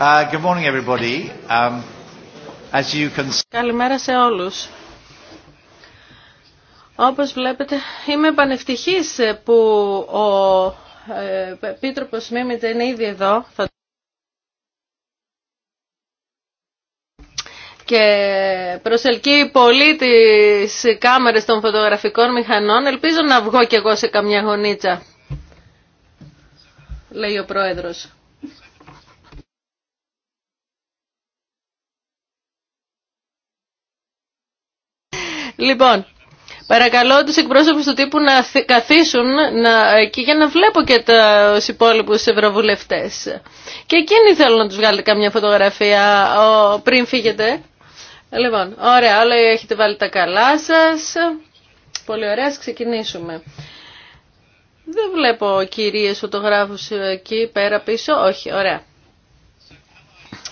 Uh, um, Καλημέρα σε όλους. Όπως βλέπετε, είμαι πανευτυχής που ο ε, Πίτροπος Μίμητ είναι ήδη εδώ. και προσελκύει πολύ τις κάμερες των φωτογραφικών μηχανών. Ελπίζω να βγω κι εγώ σε καμιά γωνίτσα, λέει ο πρόεδρος. Λοιπόν, παρακαλώ τους εκπρόσωπους του τύπου να καθίσουν να, και για να βλέπω και του υπόλοιπου ευρωβουλευτές. Και εκείνοι θέλουν να τους βγάλετε καμιά φωτογραφία ο, πριν φύγετε. Λοιπόν, ωραία, όλα έχετε βάλει τα καλά σας. Πολύ ωραία, ας ξεκινήσουμε. Δεν βλέπω κυρίες φωτογράφους εκεί πέρα πίσω. Όχι, ωραία.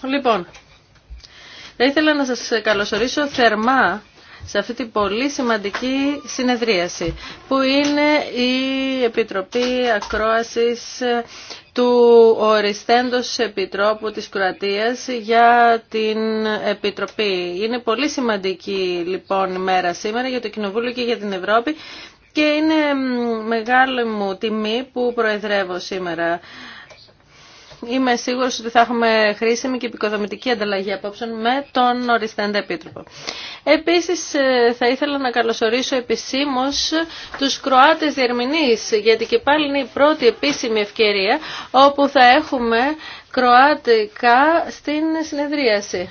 Λοιπόν, θα ήθελα να σας καλωσορίσω θερμά σε αυτή την πολύ σημαντική συνεδρίαση που είναι η Επιτροπή Ακρόασης του οριστέντος επιτρόπου της Κροατίας για την Επιτροπή. Είναι πολύ σημαντική λοιπόν η μέρα σήμερα για το Κοινοβούλιο και για την Ευρώπη και είναι μεγάλη μου τιμή που προεδρεύω σήμερα είμαι σίγουρος ότι θα έχουμε χρήσιμη και επικοδομητική ανταλλαγή απόψεων με τον Οριστέντα Επίτροπο. Επίσης ε, θα ήθελα να καλωσορίσω επισήμως τους Κροάτες Διερμηνείς, γιατί και πάλι είναι η πρώτη επίσημη ευκαιρία όπου θα έχουμε Κροάτικα στην συνεδρίαση.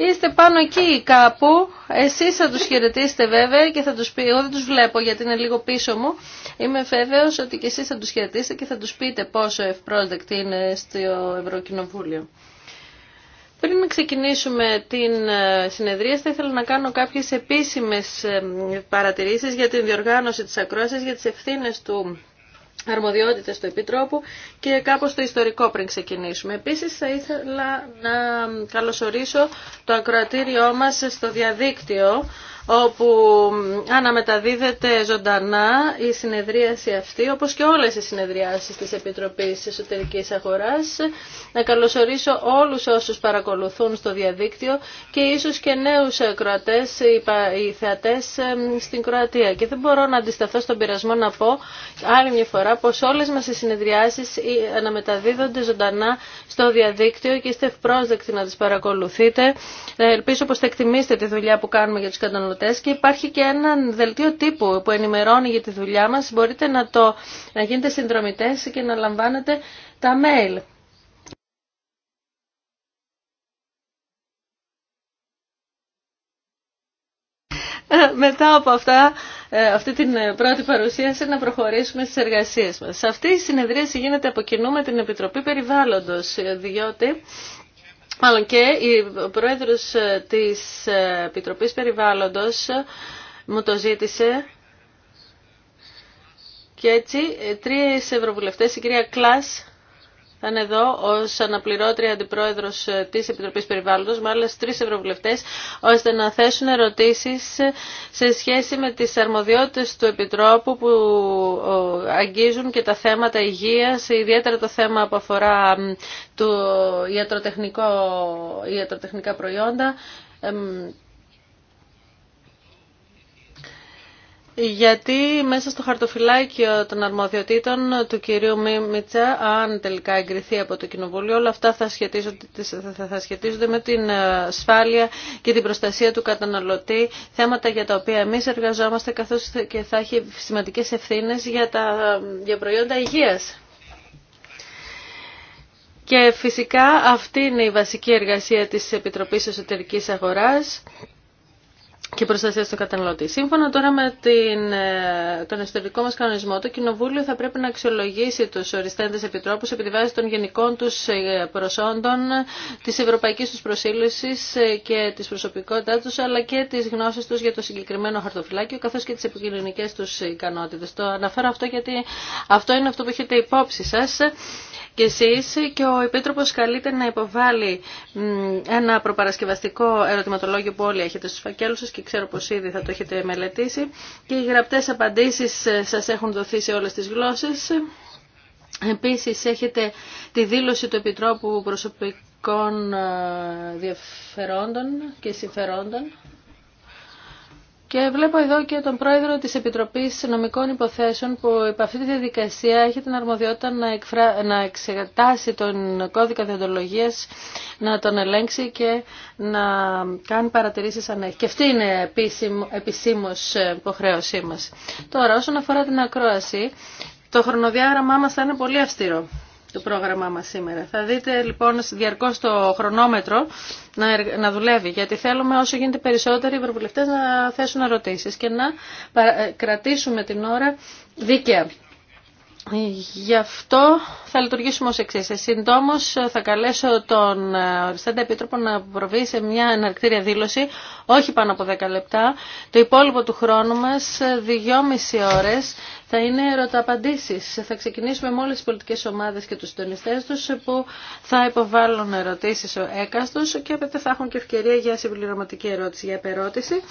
Είστε πάνω εκεί κάπου, εσείς θα τους χαιρετήσετε βέβαια και θα τους πει, εγώ δεν τους βλέπω γιατί είναι λίγο πίσω μου. Είμαι βέβαιος ότι και εσείς θα τους χαιρετήσετε και θα τους πείτε πόσο ευπρόσδεκτοι είναι στο Ευρωκοινοβούλιο. Πριν ξεκινήσουμε την ε, συνεδρία, θα ήθελα να κάνω κάποιες επίσημες ε, παρατηρήσεις για την διοργάνωση της ακρόασης, για τις ευθύνες του αρμοδιότητες του Επιτρόπου και κάπως το ιστορικό πριν ξεκινήσουμε. Επίσης θα ήθελα να καλωσορίσω το ακροατήριό μας στο διαδίκτυο όπου αναμεταδίδεται ζωντανά η συνεδρίαση αυτή, όπως και όλες οι συνεδριάσεις της Επιτροπής Εσωτερικής Αγοράς. Να καλωσορίσω όλους όσους παρακολουθούν στο διαδίκτυο και ίσως και νέους κροατές ή θεατές ε, στην Κροατία. Και δεν μπορώ να αντισταθώ στον πειρασμό να πω άλλη μια φορά πως όλες μας οι συνεδριάσεις ε, αναμεταδίδονται ζωντανά στο διαδίκτυο και είστε ευπρόσδεκτοι να τις παρακολουθείτε. Ε, ελπίζω πως θα εκτιμήσετε τη δουλειά που κάνουμε για τους καταναλωτές και υπάρχει και ένα δελτίο τύπου που ενημερώνει για τη δουλειά μας. Μπορείτε να, το, να γίνετε συνδρομητές και να λαμβάνετε τα mail. Ε, μετά από αυτά, ε, αυτή την ε, πρώτη παρουσίαση να προχωρήσουμε στις εργασίες μας. Σε αυτή η συνεδρίαση γίνεται από κοινού με την Επιτροπή Περιβάλλοντος, διότι μάλλον και ο πρόεδρος ε, της ε, Επιτροπής Περιβάλλοντος ε, μου το ζήτησε και έτσι τρεις ευρωβουλευτές, η κυρία Κλάς, θα είναι εδώ ω αναπληρώτρια αντιπρόεδρο τη Επιτροπή Περιβάλλοντο με άλλε τρει ευρωβουλευτέ, ώστε να θέσουν ερωτήσει σε σχέση με τι αρμοδιότητε του Επιτρόπου που αγγίζουν και τα θέματα υγεία, ιδιαίτερα το θέμα που αφορά το ιατροτεχνικό, ιατροτεχνικά προϊόντα γιατί μέσα στο χαρτοφυλάκιο των αρμοδιοτήτων του κυρίου Μίτσα, αν τελικά εγκριθεί από το Κοινοβούλιο, όλα αυτά θα σχετίζονται, θα με την ε, ασφάλεια και την προστασία του καταναλωτή, θέματα για τα οποία εμείς εργαζόμαστε, καθώς και θα έχει σημαντικές ευθύνες για, τα, για προϊόντα υγείας. Και φυσικά αυτή είναι η βασική εργασία της Επιτροπής Εσωτερικής Αγοράς και προστασία του καταναλωτή. Σύμφωνα τώρα με την, ε, τον εσωτερικό μα κανονισμό, το Κοινοβούλιο θα πρέπει να αξιολογήσει του οριστέντε επιτρόπου επί τη βάση των γενικών του ε, προσόντων, τη ευρωπαϊκή του προσήλωση ε, και τη προσωπικότητά του, αλλά και τις γνώσεις του για το συγκεκριμένο χαρτοφυλάκιο, καθώ και τι επικοινωνικέ του ικανότητε. Το αναφέρω αυτό γιατί αυτό είναι αυτό που έχετε υπόψη σα και εσείς και ο Επίτροπος καλείται να υποβάλει ένα προπαρασκευαστικό ερωτηματολόγιο που όλοι έχετε στους φακέλους σας και ξέρω πως ήδη θα το έχετε μελετήσει και οι γραπτές απαντήσεις ε, σας έχουν δοθεί σε όλες τις γλώσσες. Επίσης έχετε τη δήλωση του Επιτρόπου προσωπικών ε, διαφερόντων και συμφερόντων και βλέπω εδώ και τον πρόεδρο της Επιτροπής Νομικών Υποθέσεων που υπ' αυτή τη διαδικασία έχει την αρμοδιότητα να, εκφρα... να εξετάσει τον κώδικα διοντολογίας, να τον ελέγξει και να κάνει παρατηρήσεις αν έχει. Και αυτή είναι επίσημο... επισήμως υποχρέωσή μας. Τώρα όσον αφορά την ακρόαση, το χρονοδιάγραμμά μας θα είναι πολύ αυστηρό το πρόγραμμά μας σήμερα. Θα δείτε λοιπόν διαρκώς το χρονόμετρο να, να δουλεύει, γιατί θέλουμε όσο γίνεται περισσότεροι οι ευρωβουλευτές να θέσουν ερωτήσεις και να ε, κρατήσουμε την ώρα δίκαια. Γι' αυτό θα λειτουργήσουμε ως εξής. Ε, συντόμως ε, θα καλέσω τον Οριστέντα Επίτροπο να προβεί σε μια εναρκτήρια δήλωση, όχι πάνω από 10 λεπτά. Το υπόλοιπο του χρόνου μας, 2,5 ώρες, θα είναι ερωταπαντήσεις. Θα ξεκινήσουμε με όλες τις πολιτικές ομάδες και τους συντονιστές τους που θα υποβάλλουν ερωτήσεις ο έκαστος και έπειτα θα έχουν και ευκαιρία για συμπληρωματική ερώτηση, για επερώτηση.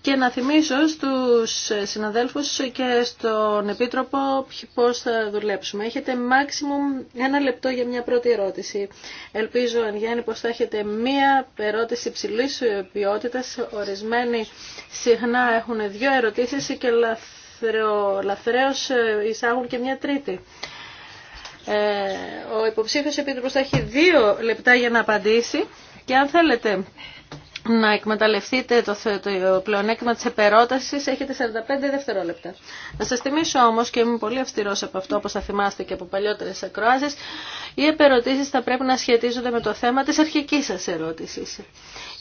Και να θυμίσω στους συναδέλφους και στον Επίτροπο πώς θα δουλέψουμε. Έχετε maximum ένα λεπτό για μια πρώτη ερώτηση. Ελπίζω, Γιάννη, πως θα έχετε μία ερώτηση ψηλής ποιότητας. Ορισμένοι συχνά έχουν δύο ερωτήσεις και λαθ λαθρέω, ε, εισάγουν και μια τρίτη. Ε, ο υποψήφιος επίτροπος θα έχει δύο λεπτά για να απαντήσει και αν θέλετε να εκμεταλλευτείτε το, το πλεονέκτημα της επερότασης έχετε 45 δευτερόλεπτα. Να σας θυμίσω όμως και είμαι πολύ αυστηρός από αυτό όπως θα θυμάστε και από παλιότερες ακροάσεις οι επερωτήσεις θα πρέπει να σχετίζονται με το θέμα της αρχικής σας ερώτησης.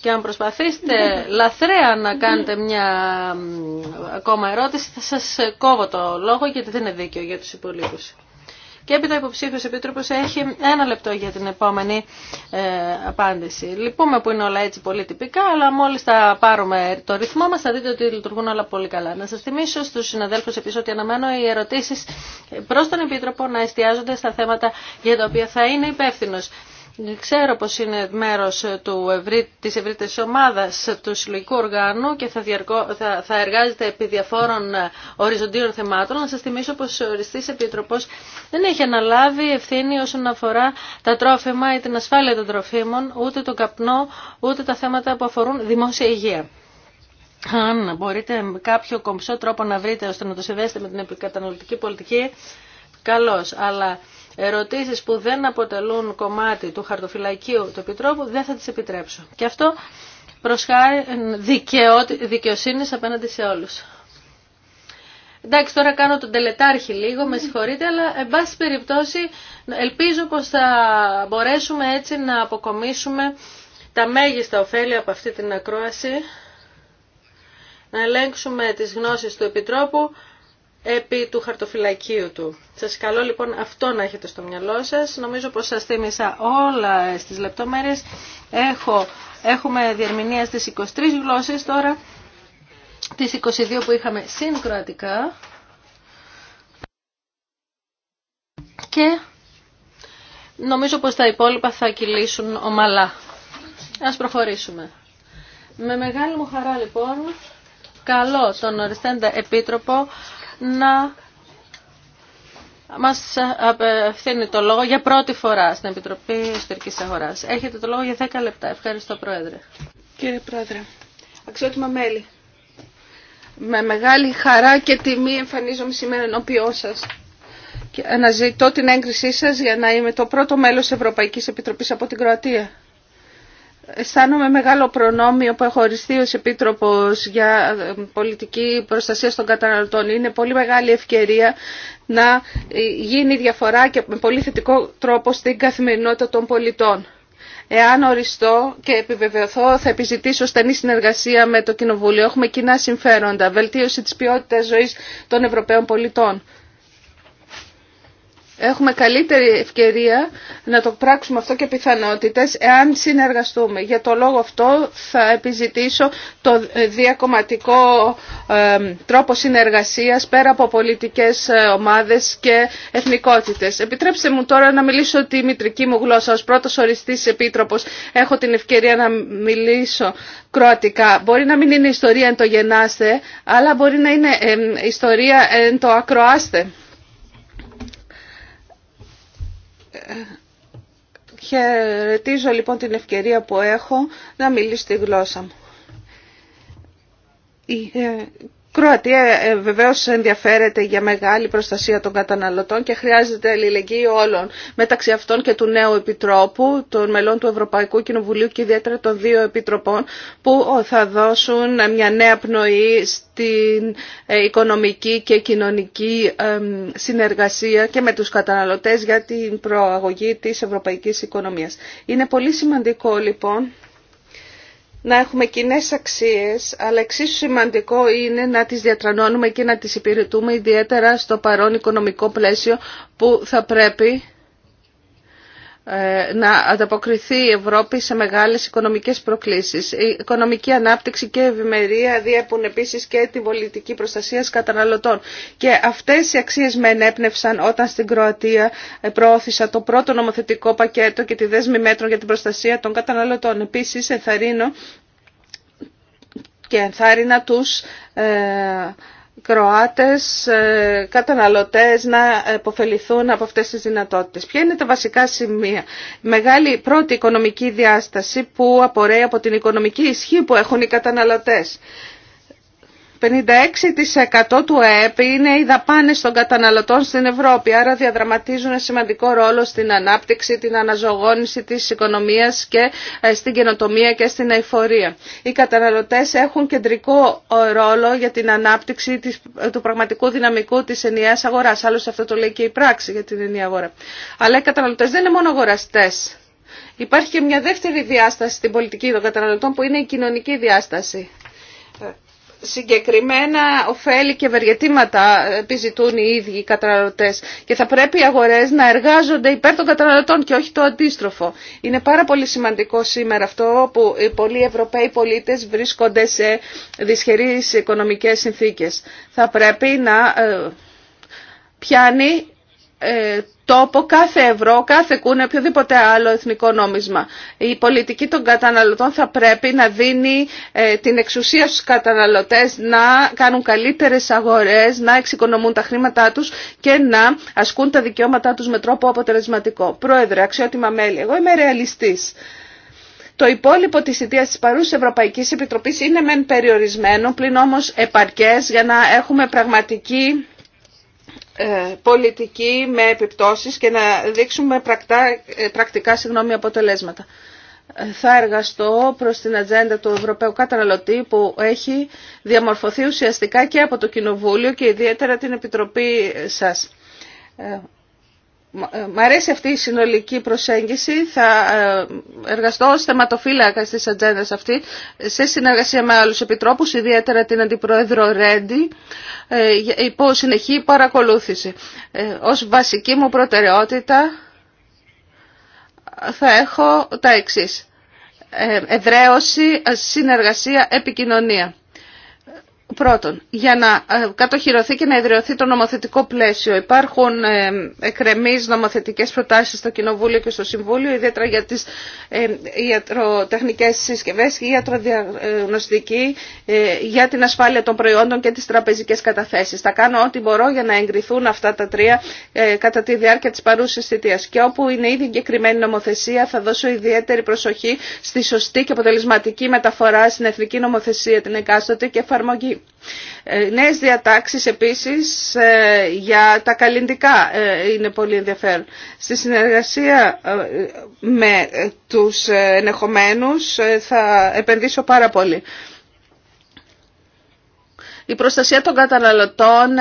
Και αν προσπαθήσετε λαθρέα να κάνετε μια ακόμα ερώτηση θα σας κόβω το λόγο γιατί δεν είναι δίκαιο για τους υπολείπους. Και έπειτα ο υποψήφιο επίτροπος έχει ένα λεπτό για την επόμενη ε, απάντηση. Λυπούμε που είναι όλα έτσι πολύ τυπικά, αλλά μόλις θα πάρουμε το ρυθμό μας θα δείτε ότι λειτουργούν όλα πολύ καλά. Να σα θυμίσω στους συναδέλφους επίσης ότι αναμένω οι ερωτήσεις προ τον επίτροπο να εστιάζονται στα θέματα για τα οποία θα είναι υπεύθυνο. Ξέρω πως είναι μέρος του ευρύ, της ευρύτερης ομάδας του συλλογικού οργάνου και θα, θα, θα εργάζεται επί διαφόρων οριζοντήρων θεμάτων. Να σας θυμίσω πως ο οριστής επιτροπός δεν έχει αναλάβει ευθύνη όσον αφορά τα τρόφιμα ή την ασφάλεια των τροφίμων, ούτε το καπνό, ούτε τα θέματα που αφορούν δημόσια υγεία. Αν μπορείτε με κάποιο κομψό τρόπο να βρείτε ώστε να το συνδέσετε με την επικαταναλωτική πολιτική, καλώς. Αλλά ερωτήσεις που δεν αποτελούν κομμάτι του χαρτοφυλακίου του Επιτρόπου δεν θα τις επιτρέψω. Και αυτό προσχάρει χάρη δικαιοσύνης απέναντι σε όλους. Εντάξει, τώρα κάνω τον τελετάρχη λίγο, με συγχωρείτε, αλλά εν πάση περιπτώσει ελπίζω πως θα μπορέσουμε έτσι να αποκομίσουμε τα μέγιστα ωφέλη από αυτή την ακρόαση, να ελέγξουμε τις γνώσεις του Επιτρόπου επί του χαρτοφυλακίου του. Σας καλώ λοιπόν αυτό να έχετε στο μυαλό σας. Νομίζω πως σας θύμισα όλα στις λεπτομέρειες. Έχω, έχουμε διερμηνία στις 23 γλώσσες τώρα, τις 22 που είχαμε συγκροατικά. Και νομίζω πως τα υπόλοιπα θα κυλήσουν ομαλά. Ας προχωρήσουμε. Με μεγάλη μου χαρά λοιπόν, καλώ τον οριστέντα επίτροπο να μας απευθύνει το λόγο για πρώτη φορά στην Επιτροπή Ιστορικής Αγοράς. Έχετε το λόγο για 10 λεπτά. Ευχαριστώ Πρόεδρε. Κύριε Πρόεδρε, αξιότιμα μέλη. Με μεγάλη χαρά και τιμή εμφανίζομαι σήμερα ενώπιό σας και αναζητώ την έγκρισή σας για να είμαι το πρώτο μέλος Ευρωπαϊκής Επιτροπής από την Κροατία αισθάνομαι μεγάλο προνόμιο που έχω οριστεί ως Επίτροπος για ε, πολιτική προστασία των καταναλωτών. Είναι πολύ μεγάλη ευκαιρία να ε, γίνει διαφορά και με πολύ θετικό τρόπο στην καθημερινότητα των πολιτών. Εάν οριστώ και επιβεβαιωθώ, θα επιζητήσω στενή συνεργασία με το Κοινοβούλιο. Έχουμε κοινά συμφέροντα, βελτίωση της ποιότητας ζωής των Ευρωπαίων πολιτών. Έχουμε καλύτερη ευκαιρία να το πράξουμε αυτό και πιθανότητες εάν συνεργαστούμε. Για το λόγο αυτό θα επιζητήσω το διακομματικό τρόπο συνεργασίας πέρα από πολιτικές ε, ομάδες και εθνικότητες. Επιτρέψτε μου τώρα να μιλήσω τη μητρική μου γλώσσα. Ως πρώτος οριστής επίτροπος έχω την ευκαιρία να μιλήσω κροατικά. Μπορεί να μην είναι ιστορία εν το γεννάστε, αλλά μπορεί να είναι ιστορία εν το ακροάστε. Χαιρετίζω λοιπόν την ευκαιρία που έχω να μιλήσω τη γλώσσα μου. Ε, Κροατία ε, βεβαίω ενδιαφέρεται για μεγάλη προστασία των καταναλωτών και χρειάζεται αλληλεγγύη όλων μεταξύ αυτών και του νέου Επιτρόπου, των μελών του Ευρωπαϊκού Κοινοβουλίου και ιδιαίτερα των δύο Επιτροπών που θα δώσουν μια νέα πνοή στην ε, οικονομική και κοινωνική συνεργασία και με τους καταναλωτές για την προαγωγή της ευρωπαϊκής οικονομίας. Είναι πολύ σημαντικό λοιπόν να έχουμε κοινέ αξίες, αλλά εξίσου σημαντικό είναι να τις διατρανώνουμε και να τις υπηρετούμε ιδιαίτερα στο παρόν οικονομικό πλαίσιο που θα πρέπει ε, να ανταποκριθεί η Ευρώπη σε μεγάλες οικονομικές προκλήσεις. Η οικονομική ανάπτυξη και ευημερία διέπουν επίσης και την πολιτική προστασία καταναλωτών. Και αυτές οι αξίες με ενέπνευσαν όταν στην Κροατία προώθησα το πρώτο νομοθετικό πακέτο και τη δέσμη μέτρων για την προστασία των καταναλωτών. Επίσης ενθαρρύνω και ενθάρρυνα τους ε, Κροάτες ε, καταναλωτές να υποφεληθούν από αυτές τις δυνατότητες. Ποια είναι τα βασικά σημεία. Μεγάλη πρώτη οικονομική διάσταση που απορρέει από την οικονομική ισχύ που έχουν οι καταναλωτές. 56% του ΕΕΠ είναι οι δαπάνες των καταναλωτών στην Ευρώπη, άρα διαδραματίζουν σημαντικό ρόλο στην ανάπτυξη, την αναζωογόνηση της οικονομίας και ε, στην καινοτομία και στην αηφορία. Οι καταναλωτές έχουν κεντρικό ρόλο για την ανάπτυξη του πραγματικού δυναμικού της ενιαίας αγοράς. Άλλωστε αυτό το λέει και η πράξη για την ενιαία αγορά. Αλλά οι καταναλωτές δεν είναι μόνο αγοραστές. Υπάρχει και μια δεύτερη διάσταση στην πολιτική των καταναλωτών που είναι η κοινωνική διάσταση συγκεκριμένα ωφέλη και ευεργετήματα επιζητούν οι ίδιοι οι καταναλωτές και θα πρέπει οι αγορές να εργάζονται υπέρ των καταναλωτών και όχι το αντίστροφο. Είναι πάρα πολύ σημαντικό σήμερα αυτό που οι πολλοί Ευρωπαίοι πολίτες βρίσκονται σε δυσχερείς οικονομικές συνθήκες. Θα πρέπει να ε, πιάνει ε, τόπο κάθε ευρώ, κάθε κούνε οποιοδήποτε άλλο εθνικό νόμισμα. Η πολιτική των καταναλωτών θα πρέπει να δίνει ε, την εξουσία στους καταναλωτές να κάνουν καλύτερες αγορές, να εξοικονομούν τα χρήματά τους και να ασκούν τα δικαιώματά τους με τρόπο αποτελεσματικό. Πρόεδρε, αξιότιμα μέλη, εγώ είμαι ρεαλιστής. Το υπόλοιπο της ιδέας της παρούσης Ευρωπαϊκής Επιτροπής είναι μεν περιορισμένο, πλην όμως επαρκές για να έχουμε πραγματική ε, πολιτική με επιπτώσεις και να δείξουμε πρακτά, ε, πρακτικά συγγνώμη, αποτελέσματα. Ε, θα εργαστώ προς την ατζέντα του Ευρωπαίου Καταναλωτή που έχει διαμορφωθεί ουσιαστικά και από το Κοινοβούλιο και ιδιαίτερα την Επιτροπή σας. Ε, μ' αρέσει αυτή η συνολική προσέγγιση. Θα ε, εργαστώ ως θεματοφύλακα της ατζέντα αυτή σε συνεργασία με άλλους επιτρόπους, ιδιαίτερα την Αντιπρόεδρο Ρέντι, ε, υπό συνεχή παρακολούθηση. Ως βασική μου προτεραιότητα θα έχω τα εξής. Εδραίωση, συνεργασία, επικοινωνία. Πρώτον, για να ε, κατοχυρωθεί και να ιδρυωθεί το νομοθετικό πλαίσιο. Υπάρχουν ε, εκρεμείς νομοθετικές προτάσεις στο Κοινοβούλιο και στο Συμβούλιο, ιδιαίτερα για τις ε, ιατροτεχνικές συσκευές και ιατροδιαγνωστική, για την ασφάλεια των προϊόντων και τις τραπεζικές καταθέσεις. Θα κάνω ό,τι μπορώ για να εγκριθούν αυτά τα τρία κατά τη διάρκεια της παρούσης θητείας. Και όπου είναι ήδη εγκεκριμένη νομοθεσία θα δώσω ιδιαίτερη προσοχή στη σωστή και αποτελεσματική μεταφορά στην εθνική νομοθεσία, την εκάστοτε και εφαρμογή ε, νέες διατάξεις επίσης ε, για τα καλλιντικά ε, είναι πολύ ενδιαφέρον. Στη συνεργασία με τους ενεχομένους θα επενδύσω πάρα πολύ. Η προστασία των καταναλωτών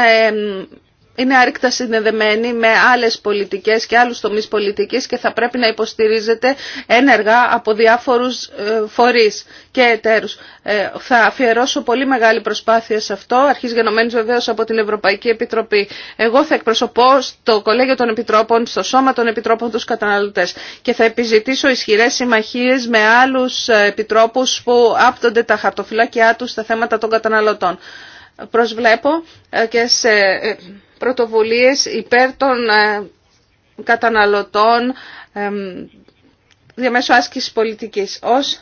είναι άρρηκτα συνδεδεμένη με άλλες πολιτικές και άλλους τομείς πολιτικής και θα πρέπει να υποστηρίζεται ένεργα από διάφορους ε, φορείς και εταίρους. Ε, θα αφιερώσω πολύ μεγάλη προσπάθεια σε αυτό, αρχής γενομένης βεβαίως από την Ευρωπαϊκή Επιτροπή. Εγώ θα εκπροσωπώ στο Κολέγιο των Επιτρόπων, στο Σώμα των Επιτρόπων του καταναλωτές και θα επιζητήσω ισχυρές συμμαχίες με άλλους ε, επιτρόπους που άπτονται τα χαρτοφυλάκια τους στα θέματα των καταναλωτών. Προσβλέπω και σε πρωτοβουλίες υπέρ των ε, καταναλωτών ε, διαμέσου άσκησης πολιτικής. Ως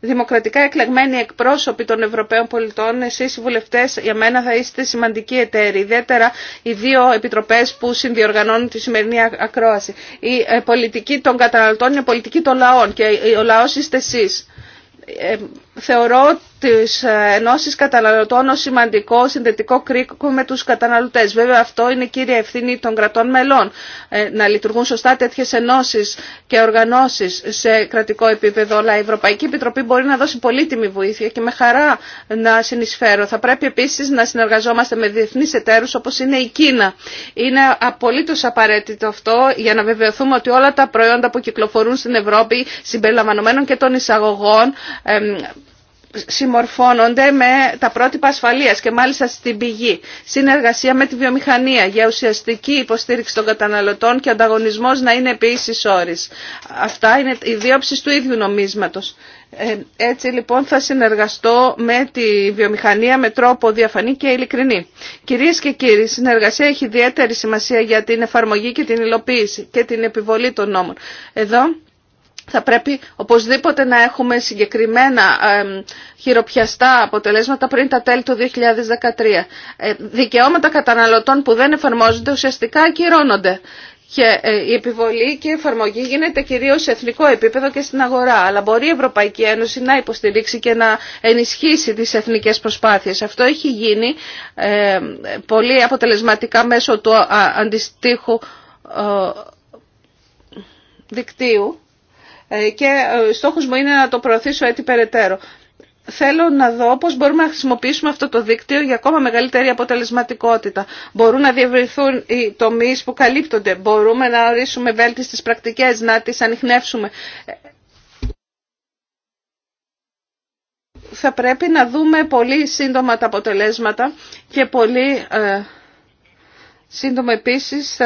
δημοκρατικά εκλεγμένοι εκπρόσωποι των Ευρωπαίων πολιτών, εσείς οι βουλευτές για μένα θα είστε σημαντικοί εταίροι, ιδιαίτερα οι δύο επιτροπές που συνδιοργανώνουν τη σημερινή ακρόαση. Η ε, πολιτική των καταναλωτών είναι πολιτική των λαών και ο λαός είστε εσείς θεωρώ τις ε, ενώσεις καταναλωτών ως σημαντικό συνδετικό κρίκο με τους καταναλωτές. Βέβαια αυτό είναι κύρια ευθύνη των κρατών μελών ε, να λειτουργούν σωστά τέτοιες ενώσεις και οργανώσεις σε κρατικό επίπεδο. Αλλά η Ευρωπαϊκή Επιτροπή μπορεί να δώσει πολύτιμη βοήθεια και με χαρά να συνεισφέρω. Θα πρέπει επίσης να συνεργαζόμαστε με διεθνείς εταίρους όπως είναι η Κίνα. Είναι απολύτως απαραίτητο αυτό για να βεβαιωθούμε ότι όλα τα προϊόντα που κυκλοφορούν στην Ευρώπη συμπεριλαμβανομένων και των εισαγωγών συμμορφώνονται με τα πρότυπα ασφαλείας και μάλιστα στην πηγή. Συνεργασία με τη βιομηχανία για ουσιαστική υποστήριξη των καταναλωτών και ανταγωνισμός να είναι επίσης όρης. Αυτά είναι οι διόψεις του ίδιου νομίσματος. Ε, έτσι λοιπόν θα συνεργαστώ με τη βιομηχανία με τρόπο διαφανή και ειλικρινή. Κυρίες και κύριοι, η συνεργασία έχει ιδιαίτερη σημασία για την εφαρμογή και την υλοποίηση και την επιβολή των νόμων. Εδώ θα πρέπει οπωσδήποτε να έχουμε συγκεκριμένα χειροπιαστά αποτελέσματα πριν τα τέλη του 2013. Ε, δικαιώματα καταναλωτών που δεν εφαρμόζονται ουσιαστικά ακυρώνονται. Και ε, η επιβολή και η εφαρμογή γίνεται κυρίως σε εθνικό επίπεδο και στην αγορά. Αλλά μπορεί η Ευρωπαϊκή Ένωση να υποστηρίξει και να ενισχύσει τις εθνικές προσπάθειες. Αυτό έχει γίνει ε, πολύ αποτελεσματικά μέσω του αντιστοίχου δικτύου ε, και ε, στόχος μου είναι να το προωθήσω έτσι περαιτέρω. Θέλω να δω πώς μπορούμε να χρησιμοποιήσουμε αυτό το δίκτυο για ακόμα μεγαλύτερη αποτελεσματικότητα. Μπορούν να διευρυνθούν οι τομείς που καλύπτονται. Μπορούμε να ορίσουμε βέλτιστες πρακτικές, να τις ανοιχνεύσουμε. Θα πρέπει να δούμε πολύ σύντομα τα αποτελέσματα και πολύ ε, σύντομα επίσης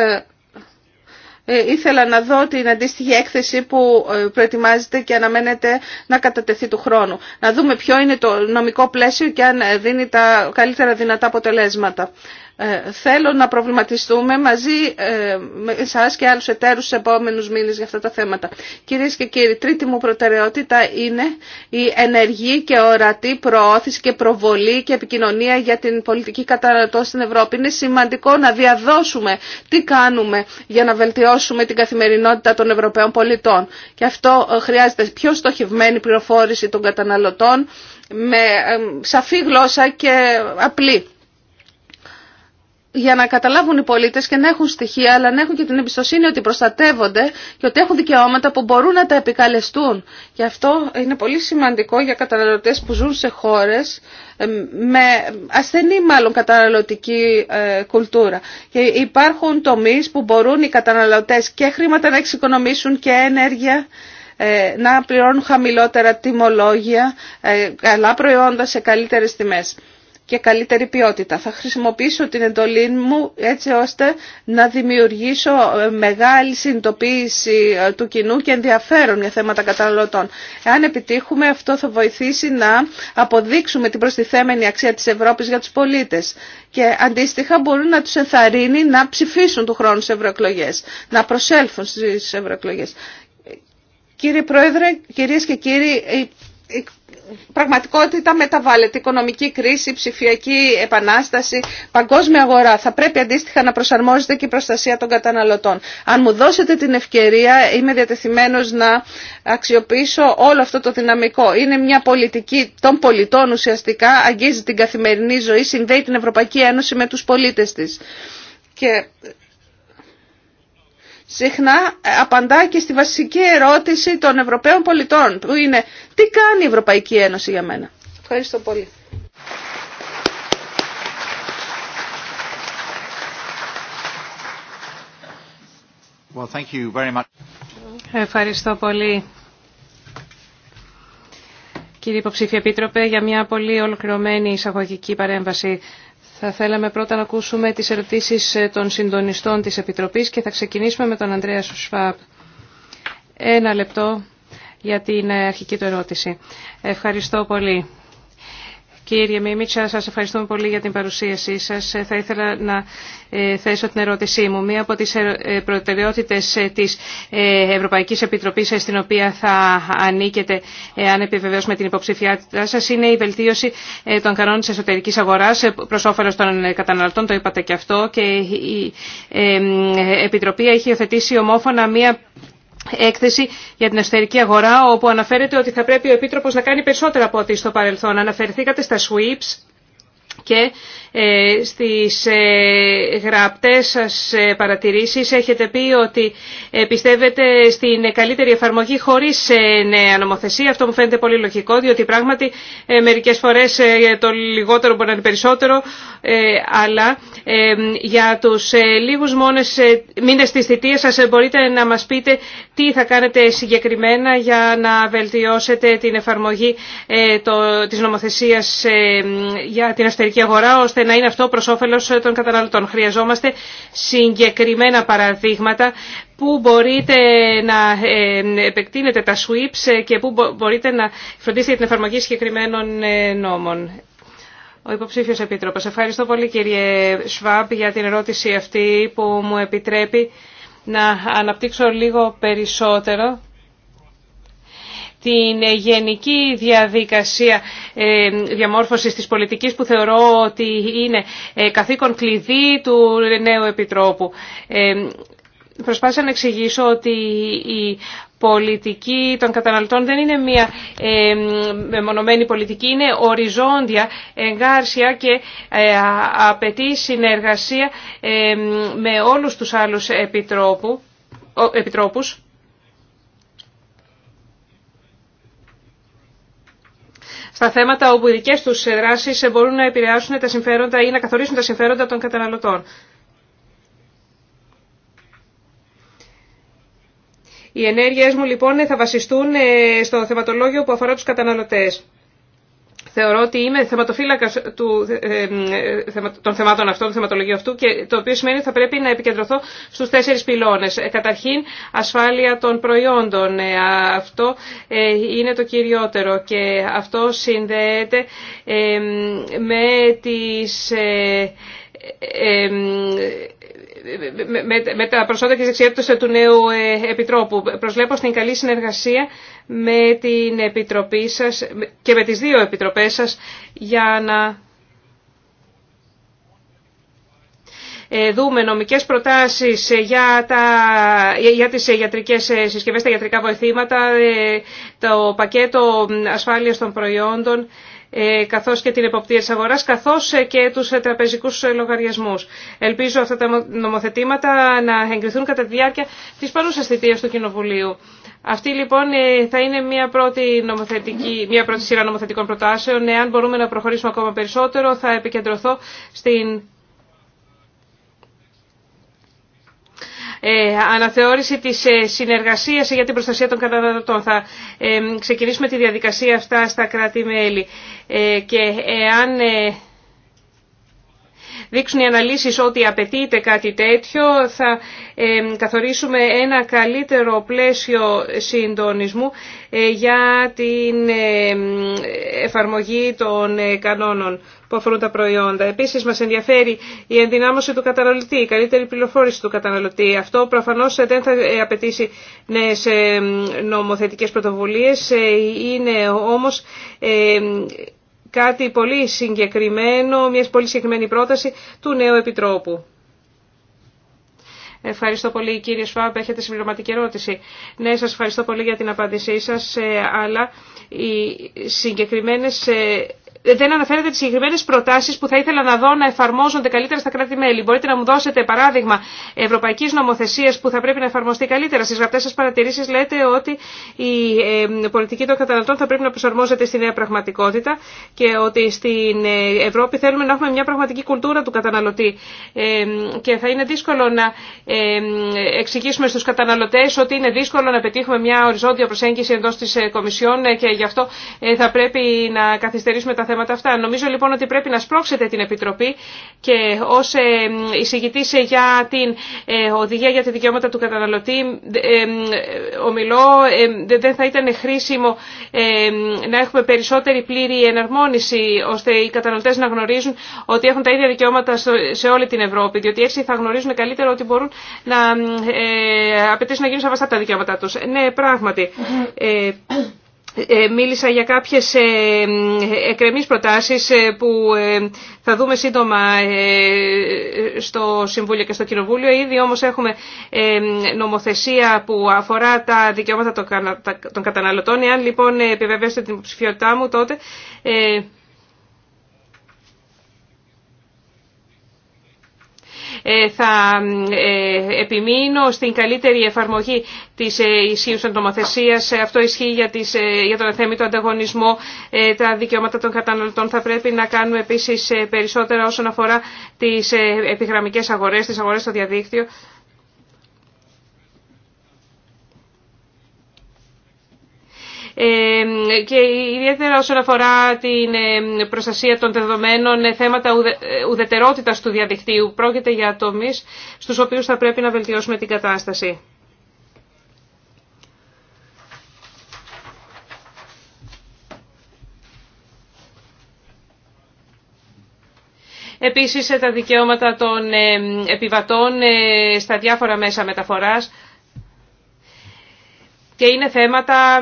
ε, ήθελα να δω την αντίστοιχη έκθεση που ε, προετοιμάζεται και αναμένεται να κατατεθεί του χρόνου. Να δούμε ποιο είναι το νομικό πλαίσιο και αν ε, δίνει τα καλύτερα δυνατά αποτελέσματα. Ε, θέλω να προβληματιστούμε μαζί ε, με εσάς και άλλους εταίρους στους επόμενους μήνες για αυτά τα θέματα. Κυρίες και κύριοι, τρίτη μου προτεραιότητα είναι η ενεργή και ορατή προώθηση και προβολή και επικοινωνία για την πολιτική καταναλωτών στην Ευρώπη. Είναι σημαντικό να διαδώσουμε τι κάνουμε για να βελτιώσουμε την καθημερινότητα των Ευρωπαίων πολιτών. Και αυτό ε, χρειάζεται πιο στοχευμένη πληροφόρηση των καταναλωτών με σαφή γλώσσα και απλή για να καταλάβουν οι πολίτες και να έχουν στοιχεία, αλλά να έχουν και την εμπιστοσύνη ότι προστατεύονται και ότι έχουν δικαιώματα που μπορούν να τα επικαλεστούν. Γι' αυτό είναι πολύ σημαντικό για καταναλωτέ που ζουν σε χώρες ε, με ασθενή μάλλον καταναλωτική ε, κουλτούρα. Και υπάρχουν τομείς που μπορούν οι καταναλωτέ και χρήματα να εξοικονομήσουν και ενέργεια ε, να πληρώνουν χαμηλότερα τιμολόγια, καλά προϊόντα σε καλύτερες τιμές και καλύτερη ποιότητα. Θα χρησιμοποιήσω την εντολή μου έτσι ώστε να δημιουργήσω ε, μεγάλη συνειδητοποίηση ε, του κοινού και ενδιαφέρον για θέματα καταναλωτών. Εάν επιτύχουμε αυτό θα βοηθήσει να αποδείξουμε την προστιθέμενη αξία της Ευρώπης για τους πολίτες και αντίστοιχα μπορούν να τους ενθαρρύνει να ψηφίσουν του χρόνου στις ευρωεκλογέ, να προσέλθουν στις ευρωεκλογέ. Κύριε Πρόεδρε, κυρίες και κύριοι, πραγματικότητα μεταβάλλεται. Οικονομική κρίση, ψηφιακή επανάσταση, παγκόσμια αγορά. Θα πρέπει αντίστοιχα να προσαρμόζεται και η προστασία των καταναλωτών. Αν μου δώσετε την ευκαιρία, είμαι διατεθειμένος να αξιοποιήσω όλο αυτό το δυναμικό. Είναι μια πολιτική των πολιτών ουσιαστικά, αγγίζει την καθημερινή ζωή, συνδέει την Ευρωπαϊκή Ένωση με του πολίτε τη συχνά ε, απαντά και στη βασική ερώτηση των Ευρωπαίων πολιτών, που είναι τι κάνει η Ευρωπαϊκή Ένωση για μένα. Ευχαριστώ πολύ. Well, thank you very much. Ευχαριστώ πολύ. Κύριε υποψήφιε Επίτροπε, για μια πολύ ολοκληρωμένη εισαγωγική παρέμβαση θα θέλαμε πρώτα να ακούσουμε τις ερωτήσεις ε, των συντονιστών της Επιτροπής και θα ξεκινήσουμε με τον Ανδρέα Σουσφάπ. Ένα λεπτό για την ε, αρχική του ερώτηση. Ευχαριστώ πολύ. Κύριε Μίμητσα, σας ευχαριστούμε πολύ για την παρουσίασή σας. Ε, θα ήθελα να ε, θέσω την ερώτησή μου. Μία από τις ε, προτεραιότητες της Ευρωπαϊκής Επιτροπής, στην οποία θα ανήκετε, αν επιβεβαιώσουμε την υποψηφιά σας, είναι η βελτίωση των κανόνων της εσωτερικής αγοράς προς όφελος των καταναλωτών, το είπατε και αυτό, και η Επιτροπή έχει υιοθετήσει ομόφωνα μία έκθεση για την εσωτερική αγορά, όπου αναφέρεται ότι θα πρέπει ο Επίτροπος να κάνει περισσότερα από ό,τι στο παρελθόν. Αναφερθήκατε στα sweeps και ε, στις ε, γραπτές σας ε, παρατηρήσεις έχετε πει ότι πιστεύετε στην καλύτερη εφαρμογή χωρίς νέα νομοθεσία. Αυτό μου φαίνεται πολύ λογικό, διότι πράγματι μερικές φορές το λιγότερο μπορεί να είναι περισσότερο, αλλά για τους λίγους μόνες μήνες της θητείας σας μπορείτε να μας πείτε τι θα κάνετε συγκεκριμένα για να βελτιώσετε την εφαρμογή της νομοθεσίας για την αστερική αγορά, να είναι αυτό προς όφελος ε, των καταναλωτών. Χρειαζόμαστε συγκεκριμένα παραδείγματα που μπορείτε να ε, επεκτείνετε τα SWIPS ε, και που μπορείτε να φροντίσετε την εφαρμογή συγκεκριμένων νόμων. Ο υποψήφιος Επίτροπος. Ευχαριστώ πολύ κύριε Σβάμπ για την ερώτηση αυτή που μου επιτρέπει να αναπτύξω λίγο περισσότερο την γενική διαδικασία ε, διαμόρφωσης της πολιτικής που θεωρώ ότι είναι ε, καθήκον κλειδί του νέου Επιτρόπου. Ε, προσπάθησα να εξηγήσω ότι η πολιτική των καταναλωτών δεν είναι μια μεμονωμένη πολιτική, είναι οριζόντια, εγκάρσια και απαιτεί συνεργασία με όλους τους άλλους επιτρόπου, επιτρόπους στα θέματα όπου οι δικές τους δράσει μπορούν να επηρεάσουν τα συμφέροντα ή να καθορίσουν τα συμφέροντα των καταναλωτών. Οι ενέργειές μου λοιπόν θα βασιστούν ε, στο θεματολόγιο που αφορά τους καταναλωτές θεωρώ ότι είμαι θεματοφύλακα ε, ε, των θεμάτων αυτών, του θεματολογίου αυτού, και το οποίο σημαίνει ότι θα πρέπει να επικεντρωθώ στου τέσσερι πυλώνε. Ε, καταρχήν, ασφάλεια των προϊόντων. Αυτό είναι το κυριότερο και αυτό συνδέεται με τις με, τα προσόντα και δεξιότητες του νέου ε, Επιτρόπου. Προσλέπω στην καλή συνεργασία με την Επιτροπή σας και με τις δύο Επιτροπές σας για να ε, δούμε νομικές προτάσεις για, τα, για τις ιατρικές συσκευές, τα ιατρικά βοηθήματα, ε, το πακέτο ασφάλειας των προϊόντων ε, καθώς και την εποπτεία της αγοράς, καθώς ε, και τους ε, τραπεζικούς λογαριασμούς. Ελπίζω αυτά τα νομοθετήματα να εγκριθούν κατά τη διάρκεια της παρούσας θητείας του Κοινοβουλίου. Αυτή λοιπόν θα είναι μια πρώτη, νομοθετική, μια πρώτη σειρά νομοθετικών προτάσεων. Εάν μπορούμε να προχωρήσουμε ακόμα περισσότερο, θα επικεντρωθώ στην Ε, αναθεώρηση της ε, συνεργασίας για την προστασία των καταναλωτών. Θα ε, ξεκινήσουμε τη διαδικασία αυτά στα κράτη-μέλη και εάν δείξουν οι αναλύσεις ότι απαιτείται κάτι τέτοιο, θα καθορίσουμε ένα καλύτερο πλαίσιο συντονισμού ε, για την εφαρμογή των ε, κανόνων που αφορούν τα προϊόντα. Επίσης μας ενδιαφέρει η ενδυνάμωση του καταναλωτή, η καλύτερη πληροφόρηση του καταναλωτή. Αυτό προφανώς δεν θα ε, απαιτήσει νέες νομοθετικές πρωτοβουλίες, είναι όμως κάτι πολύ συγκεκριμένο, μια πολύ συγκεκριμένη πρόταση του νέου Επιτρόπου. Ευχαριστώ πολύ κύριε Σφάμπ, έχετε συμπληρωματική ερώτηση. Ναι, σας ευχαριστώ πολύ για την απάντησή σας, ε, αλλά οι συγκεκριμένες ε, δεν αναφέρετε τι συγκεκριμένε προτάσει που θα ήθελα να δω να εφαρμόζονται καλύτερα στα κράτη-μέλη. Μπορείτε να μου δώσετε παράδειγμα Ευρωπαϊκή Νομοθεσία που θα πρέπει να εφαρμοστεί καλύτερα. Στι γραπτές σα παρατηρήσει, λέτε ότι η πολιτική των καταναλωτών θα πρέπει να προσαρμόζεται στη νέα πραγματικότητα και ότι στην ε, Ευρώπη θέλουμε να έχουμε μια πραγματική κουλτούρα του καταναλωτή και θα είναι δύσκολο να εξηγήσουμε στου καταναλωτέ ότι είναι δύσκολο να πετύχουμε μια οριζόντια προσέγγιση εντός της ε, Κομισιόν ε, και γι' αυτό θα πρέπει να καθυστερήσουμε τα θέματα θέματα αυτά. Νομίζω λοιπόν ότι πρέπει να σπρώξετε την Επιτροπή και ω ε, εισηγητή για την ε, οδηγία για τη δικαιώματα του καταναλωτή ε, ομιλώ δεν θα ήταν χρήσιμο να έχουμε περισσότερη πλήρη εναρμόνιση ώστε οι καταναλωτέ να γνωρίζουν ότι έχουν τα ίδια δικαιώματα σε όλη την Ευρώπη διότι έτσι θα γνωρίζουν καλύτερα ότι μπορούν να απαιτήσουν να γίνουν σεβαστά τα δικαιώματά του. Ναι, πράγματι. Ε, μίλησα για κάποιες ε, εκρεμείς προτάσεις ε, που θα δούμε σύντομα στο Συμβούλιο και στο Κοινοβούλιο. Ήδη όμως έχουμε νομοθεσία που αφορά τα δικαιώματα των καταναλωτών. Εάν λοιπόν επιβεβαιώσετε την υποψηφιότητά μου τότε Ε, θα ε, επιμείνω στην καλύτερη εφαρμογή της ε, ισχύουσας νομοθεσίας. Αυτό ισχύει για, τις, για τον αθέμητο ανταγωνισμό, τα δικαιώματα των καταναλωτών. Θα πρέπει να κάνουμε επίσης περισσότερα όσον αφορά τις επιγραμμικές αγορές, τις αγορές στο διαδίκτυο. και ιδιαίτερα όσον αφορά την προστασία των δεδομένων, ε, θέματα ε, ουδετερότητας του διαδικτύου. Πρόκειται για τομείς στους οποίους θα πρέπει να βελτιώσουμε την κατάσταση. Επίσης ε, τα δικαιώματα των επιβατών στα διάφορα μέσα μεταφοράς και είναι θέματα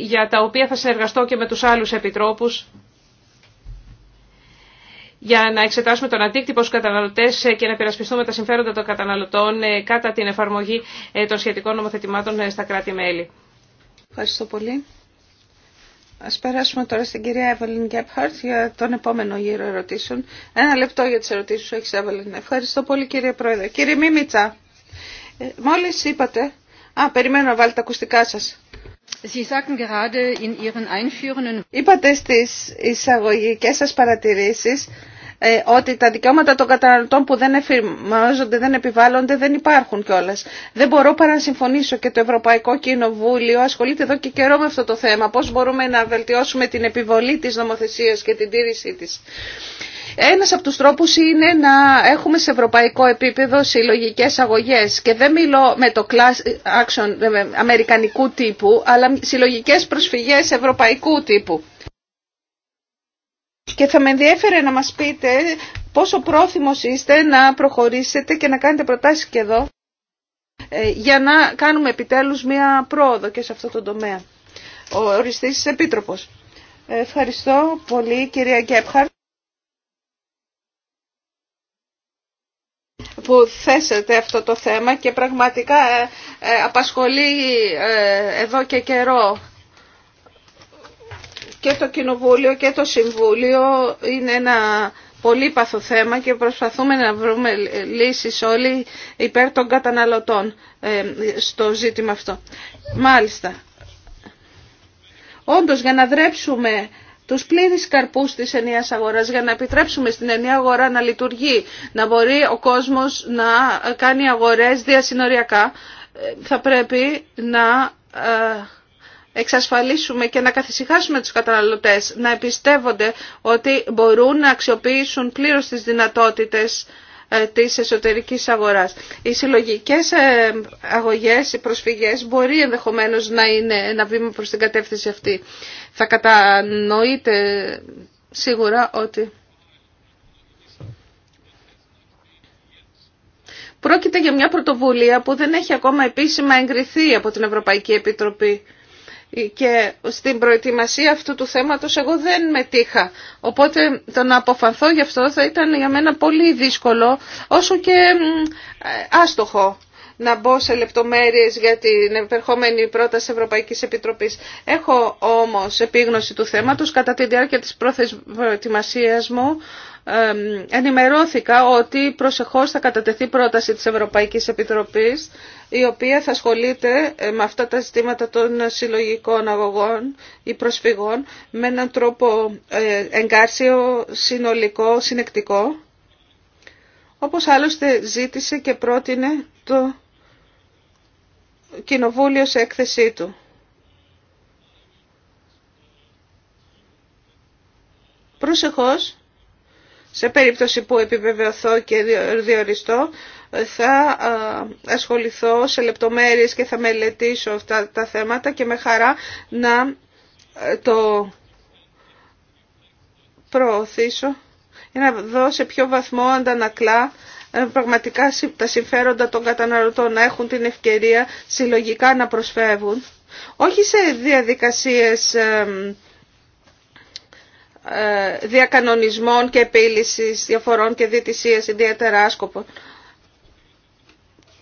για τα οποία θα συνεργαστώ και με τους άλλους επιτρόπους για να εξετάσουμε τον αντίκτυπο στους καταναλωτές ε, και να περασπιστούμε τα συμφέροντα των καταναλωτών ε, κατά την εφαρμογή ε, των σχετικών νομοθετημάτων στα κράτη-μέλη. Ευχαριστώ πολύ. Ας περάσουμε τώρα στην κυρία Evelyn Γκέπχαρτ για τον επόμενο γύρο ερωτήσεων. Ένα λεπτό για τις ερωτήσεις σου έχεις Ευχαριστώ πολύ κύριε Πρόεδρε. Κύριε Μίμητσα, μόλις είπατε Α, περιμένω να βάλετε τα ακουστικά σας. Sie sagten gerade in ihren einführenden... Είπατε στις εισαγωγικές σας παρατηρήσεις ε, ότι τα δικαιώματα των καταναλωτών που δεν εφημάζονται, δεν επιβάλλονται, δεν υπάρχουν κιόλας. Δεν μπορώ παρά να συμφωνήσω και το Ευρωπαϊκό Κοινοβούλιο ασχολείται εδώ και καιρό με αυτό το θέμα. Πώς μπορούμε να βελτιώσουμε την επιβολή της νομοθεσίας και την τήρησή της. Ένας από τους τρόπους είναι να έχουμε σε ευρωπαϊκό επίπεδο συλλογικέ αγωγές και δεν μιλώ με το class action αμερικανικού τύπου, αλλά συλλογικές προσφυγές ευρωπαϊκού τύπου. Και θα με ενδιέφερε να μας πείτε πόσο πρόθυμος είστε να προχωρήσετε και να κάνετε προτάσεις και εδώ ε, για να κάνουμε επιτέλους μία πρόοδο και σε αυτό το τομέα. Ο οριστής επίτροπος. Ευχαριστώ πολύ κυρία Γκέπχαρτ. που θέσετε αυτό το θέμα και πραγματικά ε, ε, απασχολεί ε, εδώ και καιρό. Και το Κοινοβούλιο και το Συμβούλιο είναι ένα πολύ θέμα και προσπαθούμε να βρούμε λύσεις όλοι υπέρ των καταναλωτών στο ζήτημα αυτό. Μάλιστα. Όντως για να δρέψουμε τους πλήρει καρπούς της ενιαίας αγοράς για να επιτρέψουμε στην ενιαία αγορά να λειτουργεί, να μπορεί ο κόσμος να κάνει αγορές διασυνοριακά, ε, θα πρέπει να ε, εξασφαλίσουμε και να καθησυχάσουμε τους καταναλωτές, να εμπιστεύονται ότι μπορούν να αξιοποιήσουν πλήρως τις δυνατότητες ε, της εσωτερικής αγοράς. Οι συλλογικές ε, αγωγές, οι προσφυγές μπορεί ενδεχομένως να είναι ένα βήμα προς την κατεύθυνση αυτή. Θα κατανοείτε σίγουρα ότι... Πρόκειται για μια πρωτοβουλία που δεν έχει ακόμα επίσημα εγκριθεί από την Ευρωπαϊκή Επιτροπή και στην προετοιμασία αυτού του θέματος εγώ δεν μετήχα. Οπότε το να αποφανθώ γι' αυτό θα ήταν για μένα πολύ δύσκολο, όσο και άστοχο να μπω σε λεπτομέρειες για την επερχόμενη πρόταση Ευρωπαϊκής Επιτροπής. Έχω όμως επίγνωση του θέματος κατά τη διάρκεια της προετοιμασίας μου ενημερώθηκα ότι προσεχώς θα κατατεθεί πρόταση της Ευρωπαϊκής Επιτροπής η οποία θα ασχολείται ε, με αυτά τα ζητήματα των συλλογικών αγωγών ή προσφυγών με έναν τρόπο ε, εγκάρσιο, συνολικό, συνεκτικό όπως άλλωστε ζήτησε και πρότεινε το Κοινοβούλιο σε έκθεσή του. Προσεχώς σε περίπτωση που επιβεβαιωθώ και διοριστώ, θα ασχοληθώ σε λεπτομέρειες και θα μελετήσω αυτά τα θέματα και με χαρά να ε, το προωθήσω για να δω σε ποιο βαθμό αντανακλά ε, πραγματικά τα συμφέροντα των καταναλωτών να έχουν την ευκαιρία συλλογικά να προσφεύγουν. Όχι σε διαδικασίες ε, ε, διακανονισμών και επίλυσης διαφορών και διαιτησίας ιδιαίτερα άσκοπων.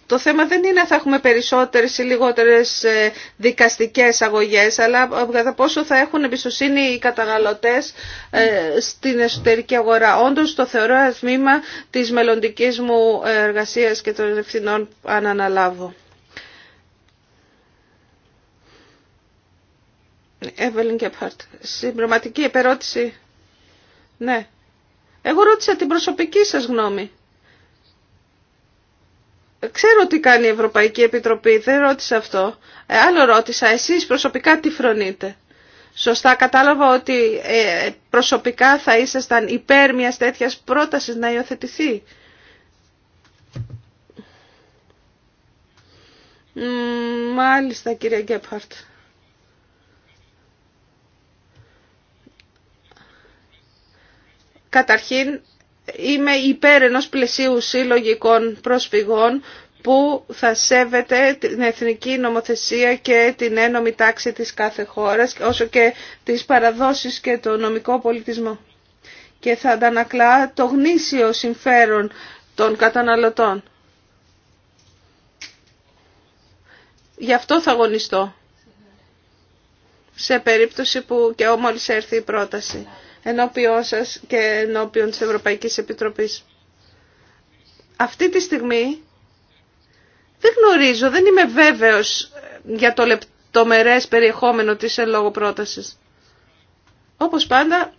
Το θέμα δεν είναι θα έχουμε περισσότερες ή λιγότερες ε, δικαστικές αγωγές, αλλά ε, κατά πόσο θα έχουν εμπιστοσύνη οι καταναλωτές στην εσωτερική αγορά. Όντως το θεωρώ ασμήμα τμήμα της μελλοντική μου εργασίας και των ευθυνών αν αναλάβω. Εύελιν Κεπχάρτ. Συμπληρωματική επερώτηση. Ναι. Εγώ ρώτησα την προσωπική σας γνώμη. Ξέρω τι κάνει η Ευρωπαϊκή Επιτροπή, δεν ρώτησα αυτό. Ε, άλλο ρώτησα, εσείς προσωπικά τι φρονείτε. Σωστά κατάλαβα ότι ε, προσωπικά θα ήσασταν υπέρ μιας τέτοιας πρότασης να υιοθετηθεί. μάλιστα κύριε Γκέπχαρτ. Καταρχήν είμαι υπέρ ενός πλαισίου συλλογικών προσφυγών που θα σέβεται την εθνική νομοθεσία και την ένομη τάξη της κάθε χώρας, όσο και τις παραδόσεις και το νομικό πολιτισμό. Και θα αντανακλά το γνήσιο συμφέρον των καταναλωτών. Γι' αυτό θα αγωνιστώ. Σε περίπτωση που και μόλις έρθει η πρόταση ενώπιό σας και ενώπιον της Ευρωπαϊκής Επιτροπής. Αυτή τη στιγμή δεν γνωρίζω, δεν είμαι βέβαιος για το λεπτομερές περιεχόμενο της εν λόγω πρότασης. Όπως πάντα,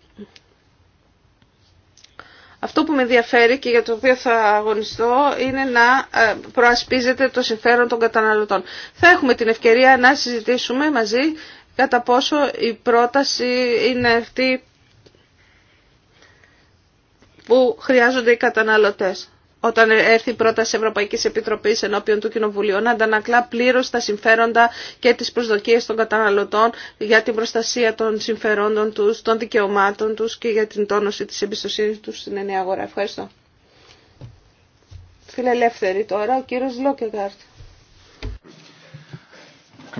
αυτό που με ενδιαφέρει και για το οποίο θα αγωνιστώ είναι να ε, προασπίζεται το συμφέρον των καταναλωτών. Θα έχουμε την ευκαιρία να συζητήσουμε μαζί κατά πόσο η πρόταση είναι αυτή που χρειάζονται οι καταναλωτές. Όταν έρθει η πρόταση Ευρωπαϊκή Επιτροπή ενώπιον του Κοινοβουλίου να αντανακλά πλήρω τα συμφέροντα και τις προσδοκίε των καταναλωτών για την προστασία των συμφερόντων τους, των δικαιωμάτων τους και για την τόνωση της εμπιστοσύνη τους στην ενιαία αγορά. Ευχαριστώ. Φιλελεύθερη τώρα, ο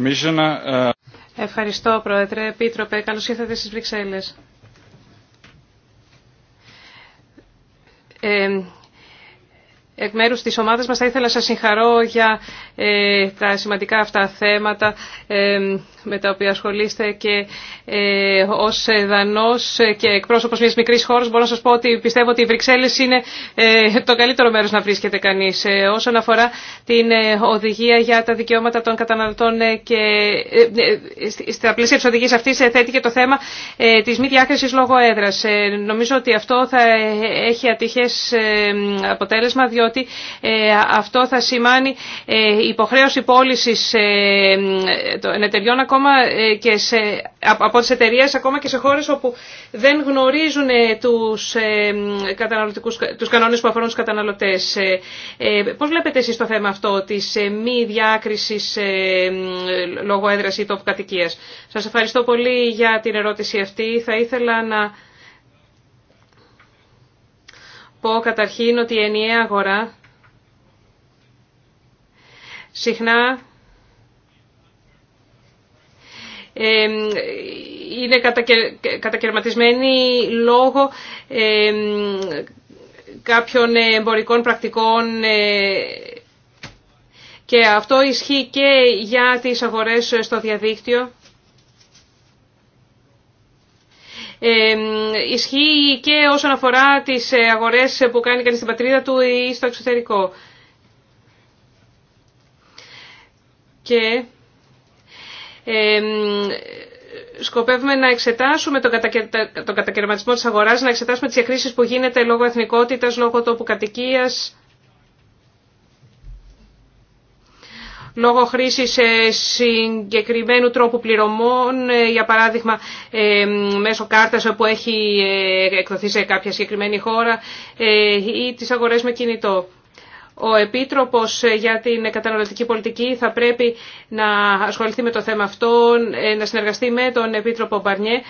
ε, Ευχαριστώ, Πρόεδρε. Επίτροπε, καλώ ήρθατε στις Βρυξέλλες. Εμ Εκ μέρους της ομάδας μας θα ήθελα να σας συγχαρώ για ε, τα σημαντικά αυτά θέματα ε, με τα οποία ασχολείστε και ε, ως δανός και εκπρόσωπος μιας μικρής χώρας μπορώ να σας πω ότι πιστεύω ότι η Βρυξέλλες είναι ε, το καλύτερο μέρος να βρίσκεται κανείς. Ε, όσον αφορά την οδηγία για τα δικαιώματα των καταναλωτών και στα πλαίσια της οδηγίας αυτής θέτει το θέμα της μη διάκρισης λόγω έδρας. Νομίζω ότι αυτό θα έχει ατυχές αποτέλεσμα διότι ε, αυτό θα σημάνει ε, υποχρέωση πώληση ε, εταιριών ακόμα και σε, από τις εταιρείε ακόμα και σε χώρες όπου δεν γνωρίζουν τους, καταναλωτικούς, τους κανόνες που αφορούν τους καταναλωτές. Πώς βλέπετε εσείς το θέμα αυτό της μη διάκρισης λόγω έδρας ή τόπου Σας ευχαριστώ πολύ για την ερώτηση αυτή. Θα ήθελα να πω καταρχήν ότι η ενιαία αγορά συχνά είναι κατακερματισμένη λόγω κάποιων εμπορικών πρακτικών ε, και αυτό ισχύει και για τις αγορές στο διαδίκτυο ισχύει και όσον αφορά τις ε, αγορές που κάνει κανείς στην πατρίδα του ή στο εξωτερικό. Και σκοπεύουμε να εξετάσουμε τον, κατακαιρματισμό της αγοράς, να εξετάσουμε τις εκκρίσεις που γίνεται λόγω εθνικότητας, λόγω τόπου κατοικίας, λόγω χρήσης ε, συγκεκριμένου τρόπου πληρωμών, ε, για παράδειγμα ε, μέσω κάρτας που έχει εκδοθεί σε κάποια συγκεκριμένη χώρα ή τις αγορές με κινητό. Ο Επίτροπος για την καταναλωτική πολιτική θα πρέπει να ασχοληθεί με το θέμα αυτό, να συνεργαστεί με τον Επίτροπο Μπαρνιέ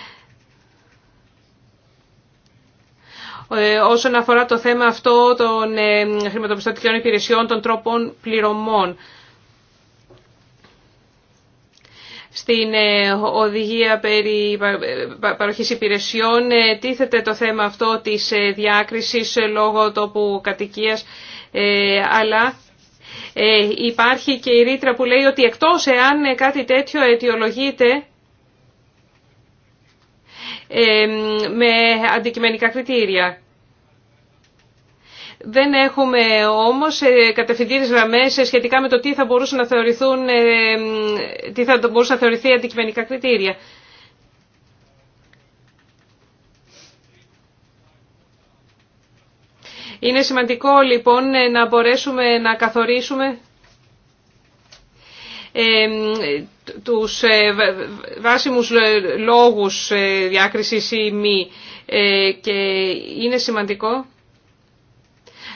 όσον αφορά το θέμα αυτό των χρηματοπιστωτικών υπηρεσιών, των τρόπων πληρωμών. Στην ε, οδηγία περί παροχής υπηρεσιών ε, τίθεται το θέμα αυτό της ε, διάκρισης λόγω τόπου κατοικίας, αλλά υπάρχει και η ρήτρα που λέει ότι εκτός εάν κάτι τέτοιο αιτιολογείται με αντικειμενικά κριτήρια. Δεν έχουμε όμως ε, κατευθυντήρες γραμμές ε, σχετικά με το τι θα μπορούσαν να θεωρηθούν, ε, τι θα μπορούσαν να θεωρηθεί αντικειμενικά κριτήρια. Είναι σημαντικό λοιπόν να μπορέσουμε να καθορίσουμε τους βάσιμους λόγους διάκρισης ή μη και είναι σημαντικό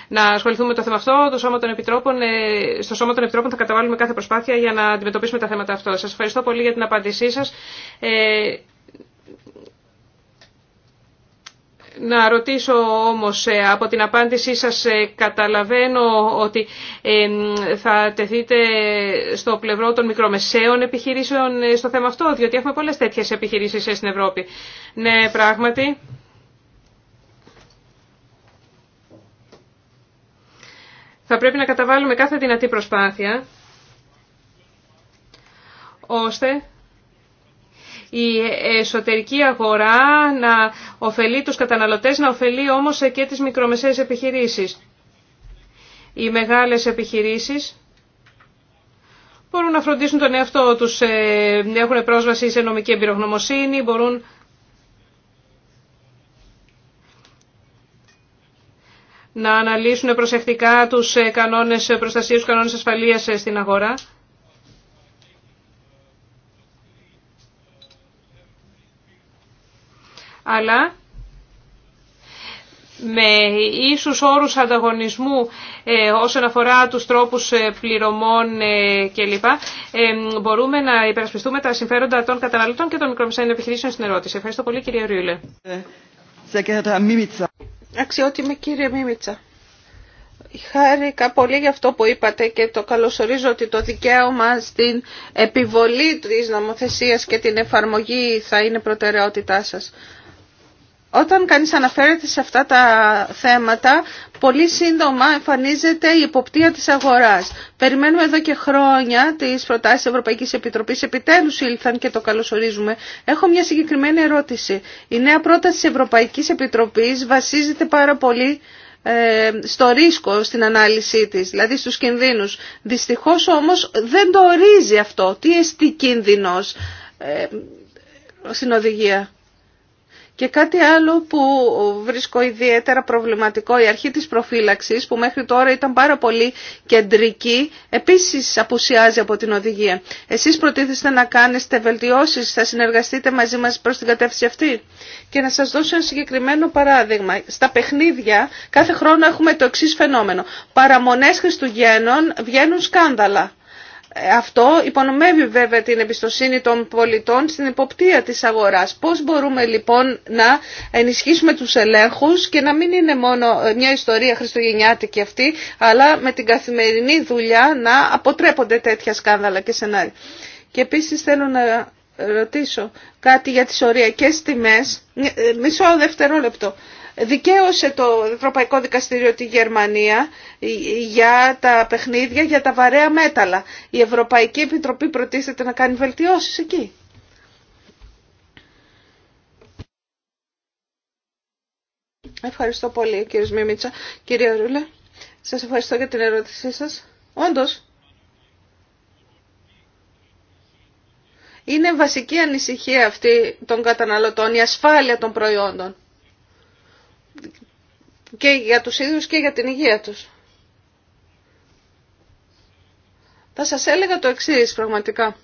να ασχοληθούμε με το θέμα αυτό. Το σώμα των Επιτρόπων, ε, στο Σώμα των Επιτρόπων θα καταβάλουμε κάθε προσπάθεια για να αντιμετωπίσουμε τα θέματα αυτά. Σας ευχαριστώ πολύ για την απάντησή σας. Ε, να ρωτήσω όμως ε, από την απάντησή σας καταλαβαίνω ότι θα τεθείτε στο πλευρό των μικρομεσαίων επιχειρήσεων στο θέμα αυτό, διότι έχουμε πολλές τέτοιες επιχειρήσεις στην Ευρώπη. Ναι, πράγματι. Θα πρέπει να καταβάλουμε κάθε δυνατή προσπάθεια ώστε η εσωτερική αγορά να ωφελεί τους καταναλωτές, να ωφελεί όμως και τις μικρομεσαίες επιχειρήσεις. Οι μεγάλες επιχειρήσεις μπορούν να φροντίσουν τον εαυτό τους, ε, έχουν πρόσβαση σε νομική εμπειρογνωμοσύνη, μπορούν να αναλύσουν προσεκτικά τους ε, κανόνες προστασίας, τους κανόνες ασφαλείας ε, στην αγορά. Αλλά με ίσους όρους ανταγωνισμού ε, όσον αφορά τους τρόπους πληρωμών κλπ. μπορούμε να υπερασπιστούμε τα συμφέροντα των καταναλωτών και των μικρομεσαίων επιχειρήσεων στην ερώτηση. Ευχαριστώ πολύ κύριε Ριούλε. Αξιότιμη κύριε Μίμητσα. Χάρηκα πολύ για αυτό που είπατε και το καλωσορίζω ότι το δικαίωμα στην επιβολή της νομοθεσίας και την εφαρμογή θα είναι προτεραιότητά σας. Όταν κανείς αναφέρεται σε αυτά τα θέματα, πολύ σύντομα εμφανίζεται η υποπτία της αγοράς. Περιμένουμε εδώ και χρόνια τις προτάσεις της Ευρωπαϊκής Επιτροπής. Επιτέλους ήλθαν και το καλωσορίζουμε. Έχω μια συγκεκριμένη ερώτηση. Η νέα πρόταση της Ευρωπαϊκής Επιτροπής βασίζεται πάρα πολύ ε, στο ρίσκο στην ανάλυση της, δηλαδή στους κινδύνους. Δυστυχώς όμως δεν το ορίζει αυτό. Τι εστί κίνδυνος ε, στην οδηγία. Και κάτι άλλο που βρίσκω ιδιαίτερα προβληματικό, η αρχή της προφύλαξης που μέχρι τώρα ήταν πάρα πολύ κεντρική, επίσης απουσιάζει από την οδηγία. Εσείς προτίθεστε να κάνετε βελτιώσεις, θα συνεργαστείτε μαζί μας προς την κατεύθυνση αυτή. Και να σας δώσω ένα συγκεκριμένο παράδειγμα. Στα παιχνίδια κάθε χρόνο έχουμε το εξή φαινόμενο. Παραμονές Χριστουγέννων βγαίνουν σκάνδαλα. Ε, αυτό υπονομεύει βέβαια την εμπιστοσύνη των πολιτών στην υποπτία της αγοράς. Πώς μπορούμε λοιπόν να ενισχύσουμε τους ελέγχους και να μην είναι μόνο μια ιστορία χριστουγεννιάτικη αυτή, αλλά με την καθημερινή δουλειά να αποτρέπονται τέτοια σκάνδαλα και σενάρια. Και επίσης θέλω να ρωτήσω κάτι για τις οριακές τιμές. Ε, μισό δευτερόλεπτο δικαίωσε το Ευρωπαϊκό Δικαστήριο τη Γερμανία για τα παιχνίδια, για τα βαρέα μέταλλα. Η Ευρωπαϊκή Επιτροπή προτίθεται να κάνει βελτιώσεις εκεί. Ευχαριστώ πολύ κύριε Μίμητσα. Κύριε Ρούλε, σας ευχαριστώ για την ερώτησή σας. Όντως, είναι βασική ανησυχία αυτή των καταναλωτών, η ασφάλεια των προϊόντων και για τους ίδιους και για την υγεία τους. Θα σας έλεγα το εξής πραγματικά.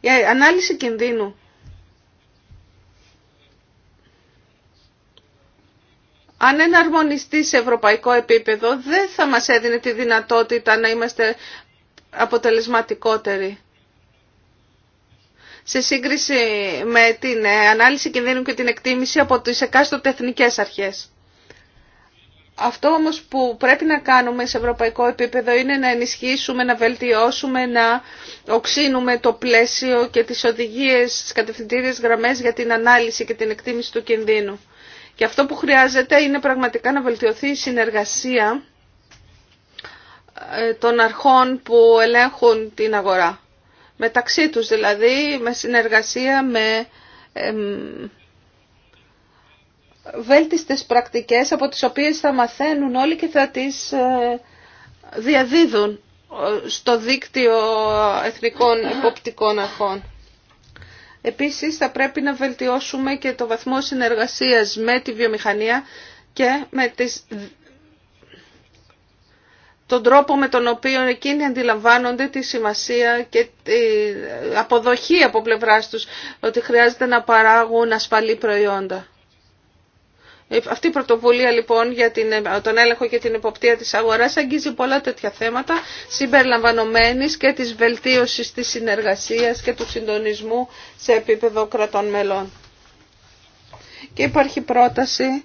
Η ανάλυση κινδύνου αν εναρμονιστεί σε ευρωπαϊκό επίπεδο δεν θα μας έδινε τη δυνατότητα να είμαστε αποτελεσματικότεροι. Σε σύγκριση με την ανάλυση κινδύνου και την εκτίμηση από τις εκάστοτε εθνικές αρχές. Αυτό όμως που πρέπει να κάνουμε σε ευρωπαϊκό επίπεδο είναι να ενισχύσουμε, να βελτιώσουμε, να οξύνουμε το πλαίσιο και τις οδηγίες, τις κατευθυντήριες γραμμές για την ανάλυση και την εκτίμηση του κινδύνου. Και αυτό που χρειάζεται είναι πραγματικά να βελτιωθεί η συνεργασία ε, των αρχών που ελέγχουν την αγορά. Μεταξύ τους δηλαδή, με συνεργασία με βέλτιστες πρακτικές από τις οποίες θα μαθαίνουν όλοι και θα τις ε, διαδίδουν ε, στο δίκτυο εθνικών υποπτικών αρχών. Επίσης θα πρέπει να βελτιώσουμε και το βαθμό συνεργασίας με τη βιομηχανία και με τις... τον τρόπο με τον οποίο εκείνοι αντιλαμβάνονται τη σημασία και την αποδοχή από πλευράς τους ότι χρειάζεται να παράγουν ασφαλή προϊόντα. Ε, αυτή η πρωτοβουλία λοιπόν για την, ε, τον έλεγχο και την εποπτεία της αγοράς αγγίζει πολλά τέτοια θέματα συμπεριλαμβανομένης και της βελτίωσης της συνεργασίας και του συντονισμού σε επίπεδο κρατών μελών. Και υπάρχει πρόταση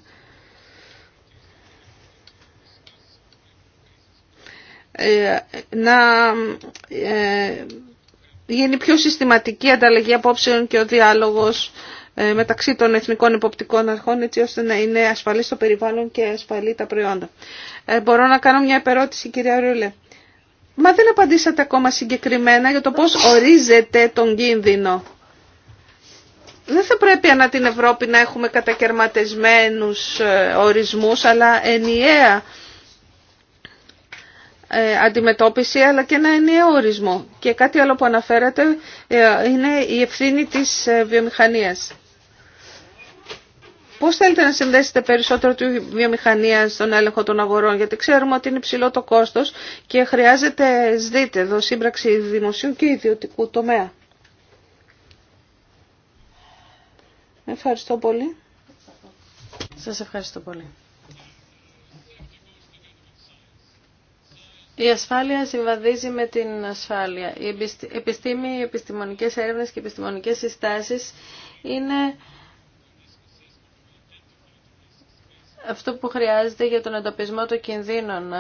ε, να γίνει πιο συστηματική ανταλλαγή απόψεων και ο διάλογος ε, μεταξύ των εθνικών υποπτικών αρχών έτσι ώστε να είναι ασφαλή το περιβάλλον και ασφαλή τα προϊόντα. Ε, μπορώ να κάνω μια επερώτηση κυρία Ρούλε. Μα δεν απαντήσατε ακόμα συγκεκριμένα για το πώς ορίζεται τον κίνδυνο. Δεν θα πρέπει ανά την Ευρώπη να έχουμε κατακαιρματισμένους ε, ορισμούς, αλλά ενιαία αντιμετώπιση, αλλά και ένα ενιαίο ορισμό. Και κάτι άλλο που αναφέρατε είναι η ευθύνη της βιομηχανίας. Πώς θέλετε να συνδέσετε περισσότερο τη βιομηχανία στον έλεγχο των αγορών, γιατί ξέρουμε ότι είναι υψηλό το κόστος και χρειάζεται, δείτε εδώ, σύμπραξη δημοσίου και ιδιωτικού τομέα. Ευχαριστώ πολύ. Σας ευχαριστώ πολύ. Η ασφάλεια συμβαδίζει με την ασφάλεια. Η επιστήμη, οι επιστημονικές έρευνες και οι επιστημονικές συστάσεις είναι αυτό που χρειάζεται για τον εντοπισμό των κινδύνων.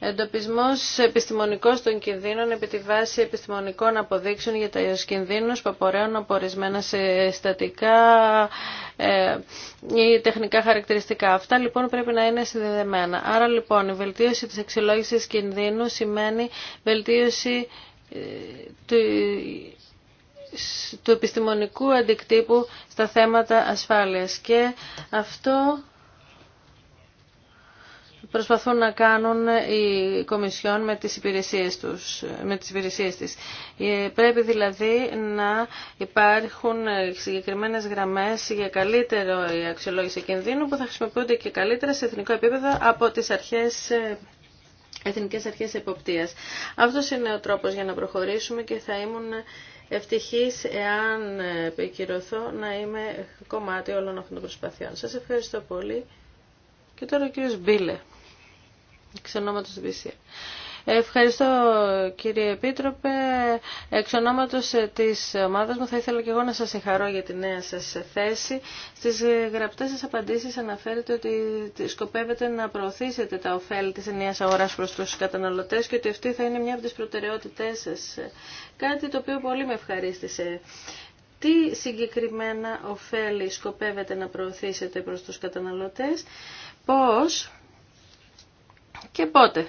Εντοπισμός επιστημονικός των κινδύνων επί τη βάση επιστημονικών αποδείξεων για τα κινδύνους που απορρέουν από ορισμένα συστατικά ε, ή τεχνικά χαρακτηριστικά. Αυτά λοιπόν πρέπει να είναι συνδεδεμένα. Άρα λοιπόν η βελτίωση της αξιολόγησης κινδύνου σημαίνει βελτίωση ε, του του επιστημονικού αντικτύπου στα θέματα ασφάλειας και αυτό προσπαθούν να κάνουν οι Κομισιόν με τις υπηρεσίες, τους, με τις υπηρεσίες της. Ε, πρέπει δηλαδή να υπάρχουν συγκεκριμένες γραμμές για καλύτερο η αξιολόγηση κινδύνου που θα χρησιμοποιούνται και καλύτερα σε εθνικό επίπεδο από τις αρχές ε, Εθνικές Αρχές Εποπτείας. Αυτός είναι ο τρόπος για να προχωρήσουμε και θα ήμουν ευτυχής εάν επικυρωθώ να είμαι κομμάτι όλων αυτών των προσπαθειών. Σας ευχαριστώ πολύ. Και τώρα ο κύριος Μπίλε εξονόματος τη Ευχαριστώ κύριε Επίτροπε. Εξ ονόματος ε, της ομάδας μου θα ήθελα και εγώ να σας συγχαρώ για τη νέα σας θέση. Στις γραπτές σας απαντήσεις αναφέρετε ότι σκοπεύετε να προωθήσετε τα ωφέλη της ενιαίας αγοράς προς τους καταναλωτές και ότι αυτή θα είναι μια από τις προτεραιότητές σας. Κάτι το οποίο πολύ με ευχαρίστησε. Τι συγκεκριμένα ωφέλη σκοπεύετε να προωθήσετε προς τους καταναλωτές, πώς και πότε.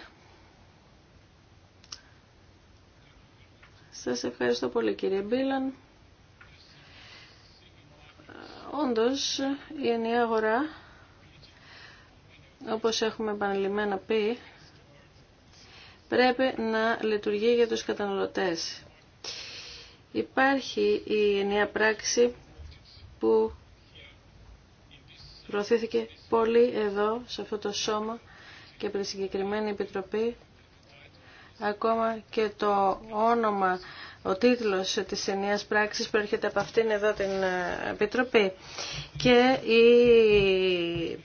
Σας ευχαριστώ πολύ κύριε Μπίλαν. Όντως η ενιαία αγορά, όπως έχουμε επανελειμμένα πει, πρέπει να λειτουργεί για τους καταναλωτές. Υπάρχει η ενιαία πράξη που προωθήθηκε πολύ εδώ, σε αυτό το σώμα, και από συγκεκριμένη επιτροπή ακόμα και το όνομα ο τίτλος της ενιαίας πράξης προέρχεται από αυτήν εδώ την ε, Επιτροπή και η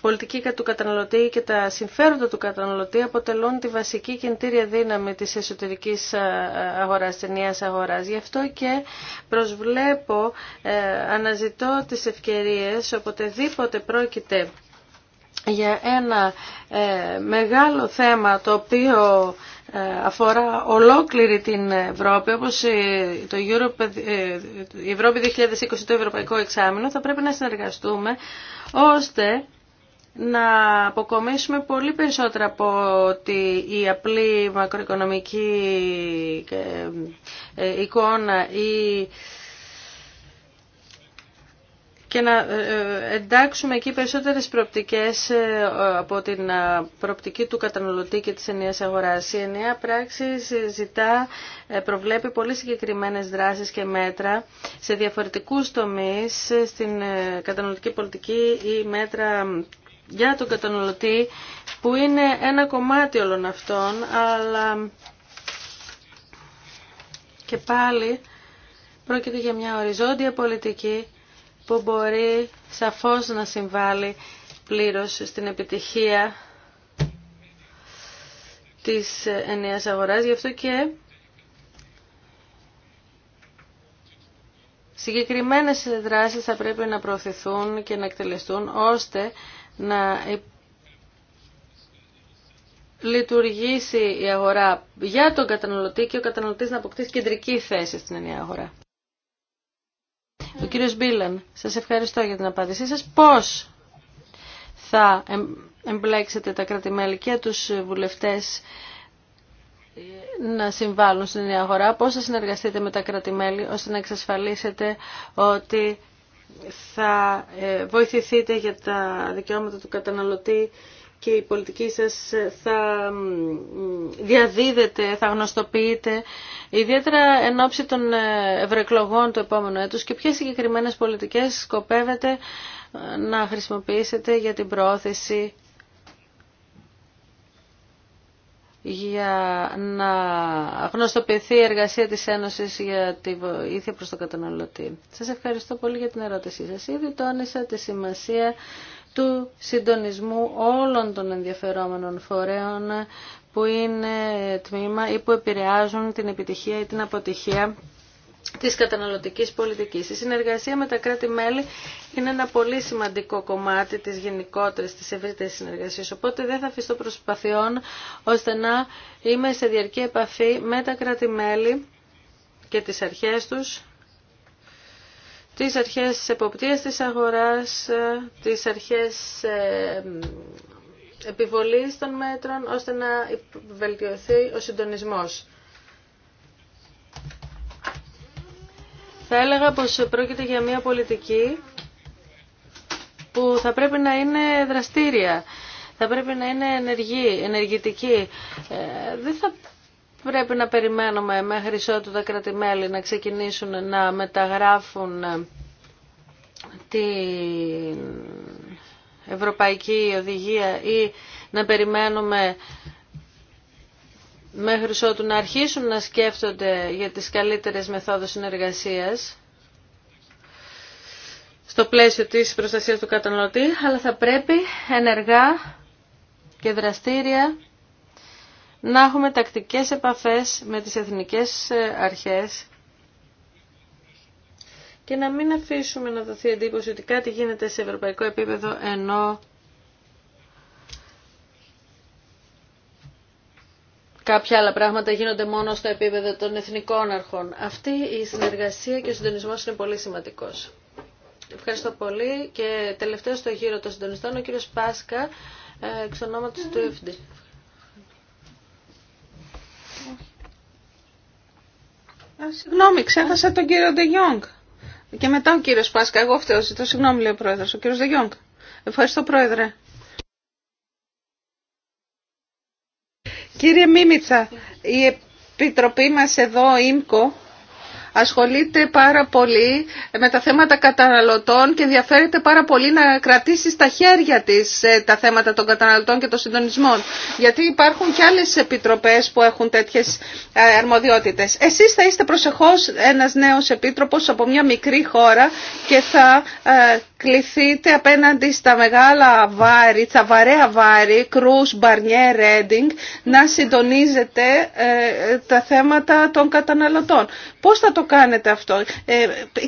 πολιτική του καταναλωτή και τα συμφέροντα του καταναλωτή αποτελούν τη βασική κινητήρια δύναμη της εσωτερικής ε, αγοράς, της ενιαίας αγοράς. Γι' αυτό και προσβλέπω, ε, αναζητώ τις ευκαιρίες, οποτεδήποτε πρόκειται για ένα ε, μεγάλο θέμα το οποίο ε, αφορά ολόκληρη την Ευρώπη, όπως ε, το Europe, η Ευρώπη 2020, το Ευρωπαϊκό Εξάμεινο, θα πρέπει να συνεργαστούμε ώστε να αποκομίσουμε πολύ περισσότερα από ότι η απλή μακροοικονομική εικόνα ή και να ε, ε, εντάξουμε εκεί περισσότερες προοπτικές ε, από την προοπτική του καταναλωτή και της ενιαίας αγοράς. Η ενιαία πράξη ζητά, προβλέπει πολύ συγκεκριμένες δράσεις και μέτρα σε διαφορετικούς τομείς στην καταναλωτική πολιτική ή μέτρα για τον καταναλωτή που είναι ένα κομμάτι όλων αυτών, αλλά και πάλι πρόκειται για μια οριζόντια πολιτική που μπορεί σαφώς να συμβάλλει πλήρως στην επιτυχία της ενιαίας αγοράς. Γι' αυτό και συγκεκριμένες δράσεις θα πρέπει να προωθηθούν και να εκτελεστούν ώστε να λειτουργήσει η αγορά για τον καταναλωτή και ο καταναλωτής να αποκτήσει κεντρική θέση στην ενιαία αγορά κύριος Μπίλαν, σας ευχαριστώ για την απάντησή σας. Πώς θα εμπλέξετε τα κρατημέλη και τους βουλευτές να συμβάλλουν στην νέα αγορά, πώς θα συνεργαστείτε με τα κρατημέλη ώστε να εξασφαλίσετε ότι θα ε, βοηθηθείτε για τα δικαιώματα του καταναλωτή και η πολιτική σας θα διαδίδεται, θα γνωστοποιείται, ιδιαίτερα εν ώψη των ε, ευρωεκλογών του επόμενου έτους και ποιες συγκεκριμένες πολιτικές σκοπεύετε ε, να χρησιμοποιήσετε για την πρόθεση για να γνωστοποιηθεί η εργασία της Ένωσης για τη βοήθεια προς τον καταναλωτή. Σας ευχαριστώ πολύ για την ερώτησή σας. Ήδη τόνισα τη σημασία του συντονισμού όλων των ενδιαφερόμενων φορέων που είναι τμήμα ή που επηρεάζουν την επιτυχία ή την αποτυχία της καταναλωτικής πολιτικής. Η συνεργασία με τα κράτη-μέλη είναι ένα πολύ σημαντικό κομμάτι της γενικότερης, της ευρύτερης συνεργασίας, οπότε δεν θα αφήσω προσπαθειών ώστε να είμαι σε διαρκή επαφή με τα κράτη-μέλη και τις αρχές τους τις αρχές εποπτείας της αγοράς, ε, τις αρχές ε, επιβολής των μέτρων, ώστε να βελτιωθεί ο συντονισμός. Θα έλεγα πως πρόκειται για μια πολιτική που θα πρέπει να είναι δραστήρια, θα πρέπει να είναι ενεργή, ενεργητική. Ε, δεν θα πρέπει να περιμένουμε μέχρι ότου τα κρατημέλη να ξεκινήσουν να μεταγράφουν ε, την Ευρωπαϊκή Οδηγία ή να περιμένουμε μέχρι ότου να αρχίσουν να σκέφτονται για τις καλύτερες μεθόδους συνεργασίας στο πλαίσιο της προστασίας του καταναλωτή, αλλά θα πρέπει ενεργά και δραστήρια να έχουμε τακτικές επαφές με τις εθνικές ε, αρχές και να μην αφήσουμε να δοθεί εντύπωση ότι κάτι γίνεται σε ευρωπαϊκό επίπεδο ενώ κάποια άλλα πράγματα γίνονται μόνο στο επίπεδο των εθνικών αρχών. Αυτή η συνεργασία και ο συντονισμός είναι πολύ σημαντικός. Ευχαριστώ πολύ και τελευταίο στο γύρο των συντονιστών ο κύριος Πάσκα ε, εξ ονόματος του ΕΦΔΙ. συγγνώμη, ξέχασα τον κύριο Ντε Γιόγκ. Και μετά ο κύριος Πάσκα, εγώ φταίω, ζητώ συγγνώμη λέει ο πρόεδρος, ο κύριος Ντε Γιόγκ. Ευχαριστώ πρόεδρε. Κύριε Μίμητσα, η Επιτροπή μας εδώ, ΙΜΚΟ, ασχολείται πάρα πολύ με τα θέματα καταναλωτών και ενδιαφέρεται πάρα πολύ να κρατήσει στα χέρια της ε, τα θέματα των καταναλωτών και των συντονισμών. Γιατί υπάρχουν και άλλες επιτροπές που έχουν τέτοιες ε, αρμοδιότητες. Εσείς θα είστε προσεχώς ένας νέος επίτροπος από μια μικρή χώρα και θα ε, κληθείτε απέναντι στα μεγάλα βάρη, τα βαρέα βάρη, Κρούς, Μπαρνιέ, Ρέντινγκ, να συντονίζετε ε, τα θέματα των καταναλωτών. Πώς θα το κάνετε αυτό. Ε,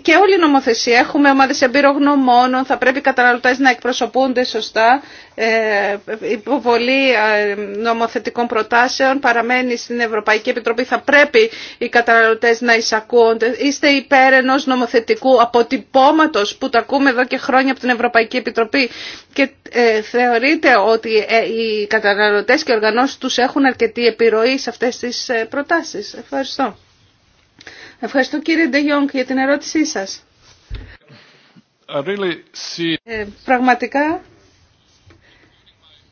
και όλη η νομοθεσία, έχουμε ομάδες εμπειρογνωμόνων, θα πρέπει οι καταναλωτές να εκπροσωπούνται σωστά ε, υποβολή ε, νομοθετικών προτάσεων παραμένει στην Ευρωπαϊκή Επιτροπή. Θα πρέπει οι καταναλωτές να εισακούονται. Είστε υπέρ ενός νομοθετικού αποτυπώματος που τα ακούμε εδώ και χρόνια από την Ευρωπαϊκή Επιτροπή και ε, θεωρείτε ότι οι καταναλωτές και οι οργανώσεις τους έχουν αρκετή επιρροή σε αυτές τις προτάσεις. Ευχαριστώ. Ευχαριστώ κύριε Ντεγιόγκ για την ερώτησή σας. πραγματικά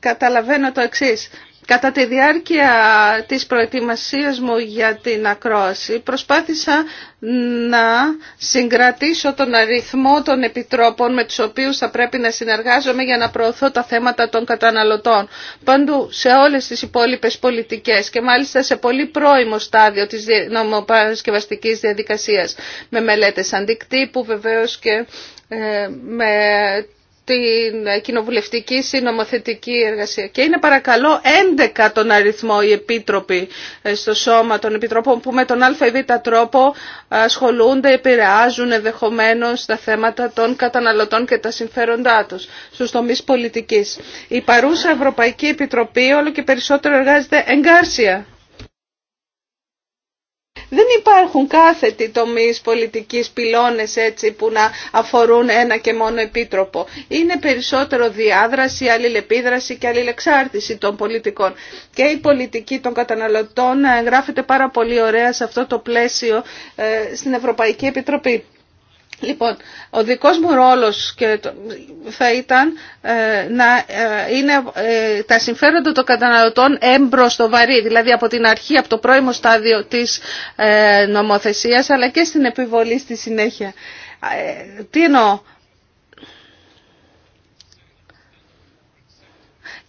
καταλαβαίνω το εξή. Κατά τη διάρκεια της προετοιμασίας μου για την ακρόαση προσπάθησα να συγκρατήσω τον αριθμό των επιτρόπων με τους οποίους θα πρέπει να συνεργάζομαι για να προωθώ τα θέματα των καταναλωτών. Παντού σε όλες τις υπόλοιπες πολιτικές και μάλιστα σε πολύ πρώιμο στάδιο της νομοπαρασκευαστικής διαδικασίας με μελέτες αντικτύπου βεβαίως και ε, με την κοινοβουλευτική συνομοθετική εργασία. Και είναι παρακαλώ 11 τον αριθμό οι επίτροποι ε, στο σώμα των επιτρόπων που με τον α β τρόπο ασχολούνται, επηρεάζουν ενδεχομένω τα θέματα των καταναλωτών και τα συμφέροντά τους στους τομείς πολιτικής. Η παρούσα Ευρωπαϊκή Επιτροπή όλο και περισσότερο εργάζεται εγκάρσια δεν υπάρχουν κάθετοι τομείς πολιτικής πυλώνες έτσι που να αφορούν ένα και μόνο επίτροπο. Είναι περισσότερο διάδραση, αλληλεπίδραση και αλληλεξάρτηση των πολιτικών. Και η πολιτική των καταναλωτών ε, γράφεται πάρα πολύ ωραία σε αυτό το πλαίσιο ε, στην Ευρωπαϊκή Επιτροπή. Λοιπόν, ο δικός μου ρόλος και θα ήταν ε, να ε, είναι ε, τα συμφέροντα των καταναλωτών έμπρος στο βαρύ, δηλαδή από την αρχή, από το πρώιμο στάδιο της νομοθεσίας, αλλά και στην επιβολή στη συνέχεια. Τι εννοώ,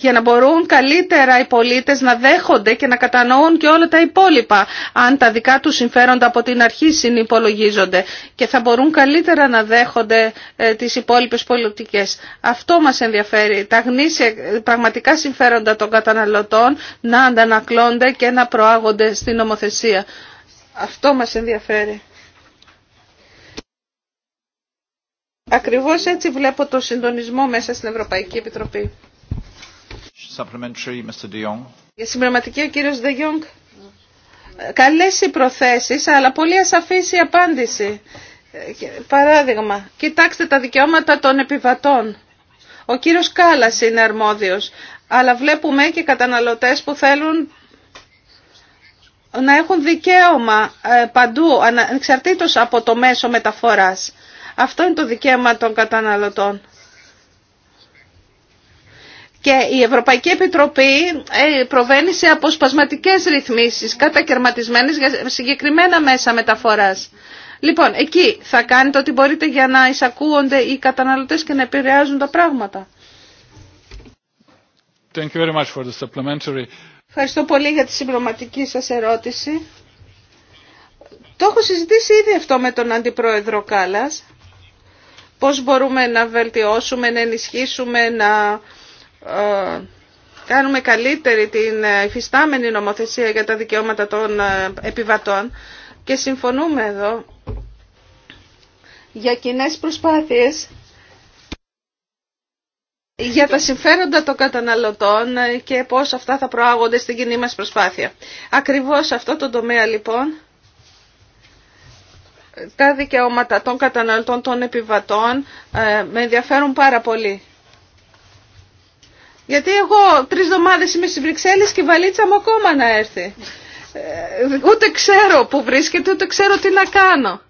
για να μπορούν καλύτερα οι πολίτες να δέχονται και να κατανοούν και όλα τα υπόλοιπα αν τα δικά τους συμφέροντα από την αρχή συνυπολογίζονται και θα μπορούν καλύτερα να δέχονται ε, τις υπόλοιπες πολιτικές. Αυτό μας ενδιαφέρει, τα γνήσια πραγματικά συμφέροντα των καταναλωτών να αντανακλώνται και να προάγονται στην νομοθεσία. Αυτό μας ενδιαφέρει. Ακριβώς έτσι βλέπω το συντονισμό μέσα στην Ευρωπαϊκή Επιτροπή. Supplementary, συμπληρωματική ο κύριος De ε, Καλές οι προθέσεις, αλλά πολύ ασαφής η απάντηση. Ε, παράδειγμα, κοιτάξτε τα δικαιώματα των επιβατών. Ο κύριος Κάλλας είναι αρμόδιος, αλλά βλέπουμε και καταναλωτές που θέλουν να έχουν δικαίωμα ε, παντού, εξαρτήτως από το μέσο μεταφοράς. Αυτό είναι το δικαίωμα των καταναλωτών. Και η Ευρωπαϊκή Επιτροπή ε, προβαίνει σε αποσπασματικές ρυθμίσεις κατακαιρματισμένες για συγκεκριμένα μέσα μεταφοράς. Λοιπόν, εκεί θα κάνετε ό,τι μπορείτε για να εισακούονται οι καταναλωτές και να επηρεάζουν τα πράγματα. Ευχαριστώ πολύ για τη συμπληρωματική σας ερώτηση. Το έχω συζητήσει ήδη αυτό με τον Αντιπρόεδρο Κάλλας. Πώς μπορούμε να βελτιώσουμε, να ενισχύσουμε, να ε, κάνουμε καλύτερη την ε, υφιστάμενη νομοθεσία για τα δικαιώματα των ε, επιβατών και συμφωνούμε εδώ για κοινέ προσπάθειες για τα συμφέροντα των καταναλωτών και πώς αυτά θα προάγονται στην κοινή μας προσπάθεια. Ακριβώς αυτό το τομέα λοιπόν τα δικαιώματα των καταναλωτών, των επιβατών με ενδιαφέρουν πάρα πολύ. Γιατί εγώ τρεις εβδομάδες είμαι στις Βρυξέλλες και η βαλίτσα μου ακόμα να έρθει. Ε, ούτε ξέρω που βρίσκεται, ούτε ξέρω τι να κάνω.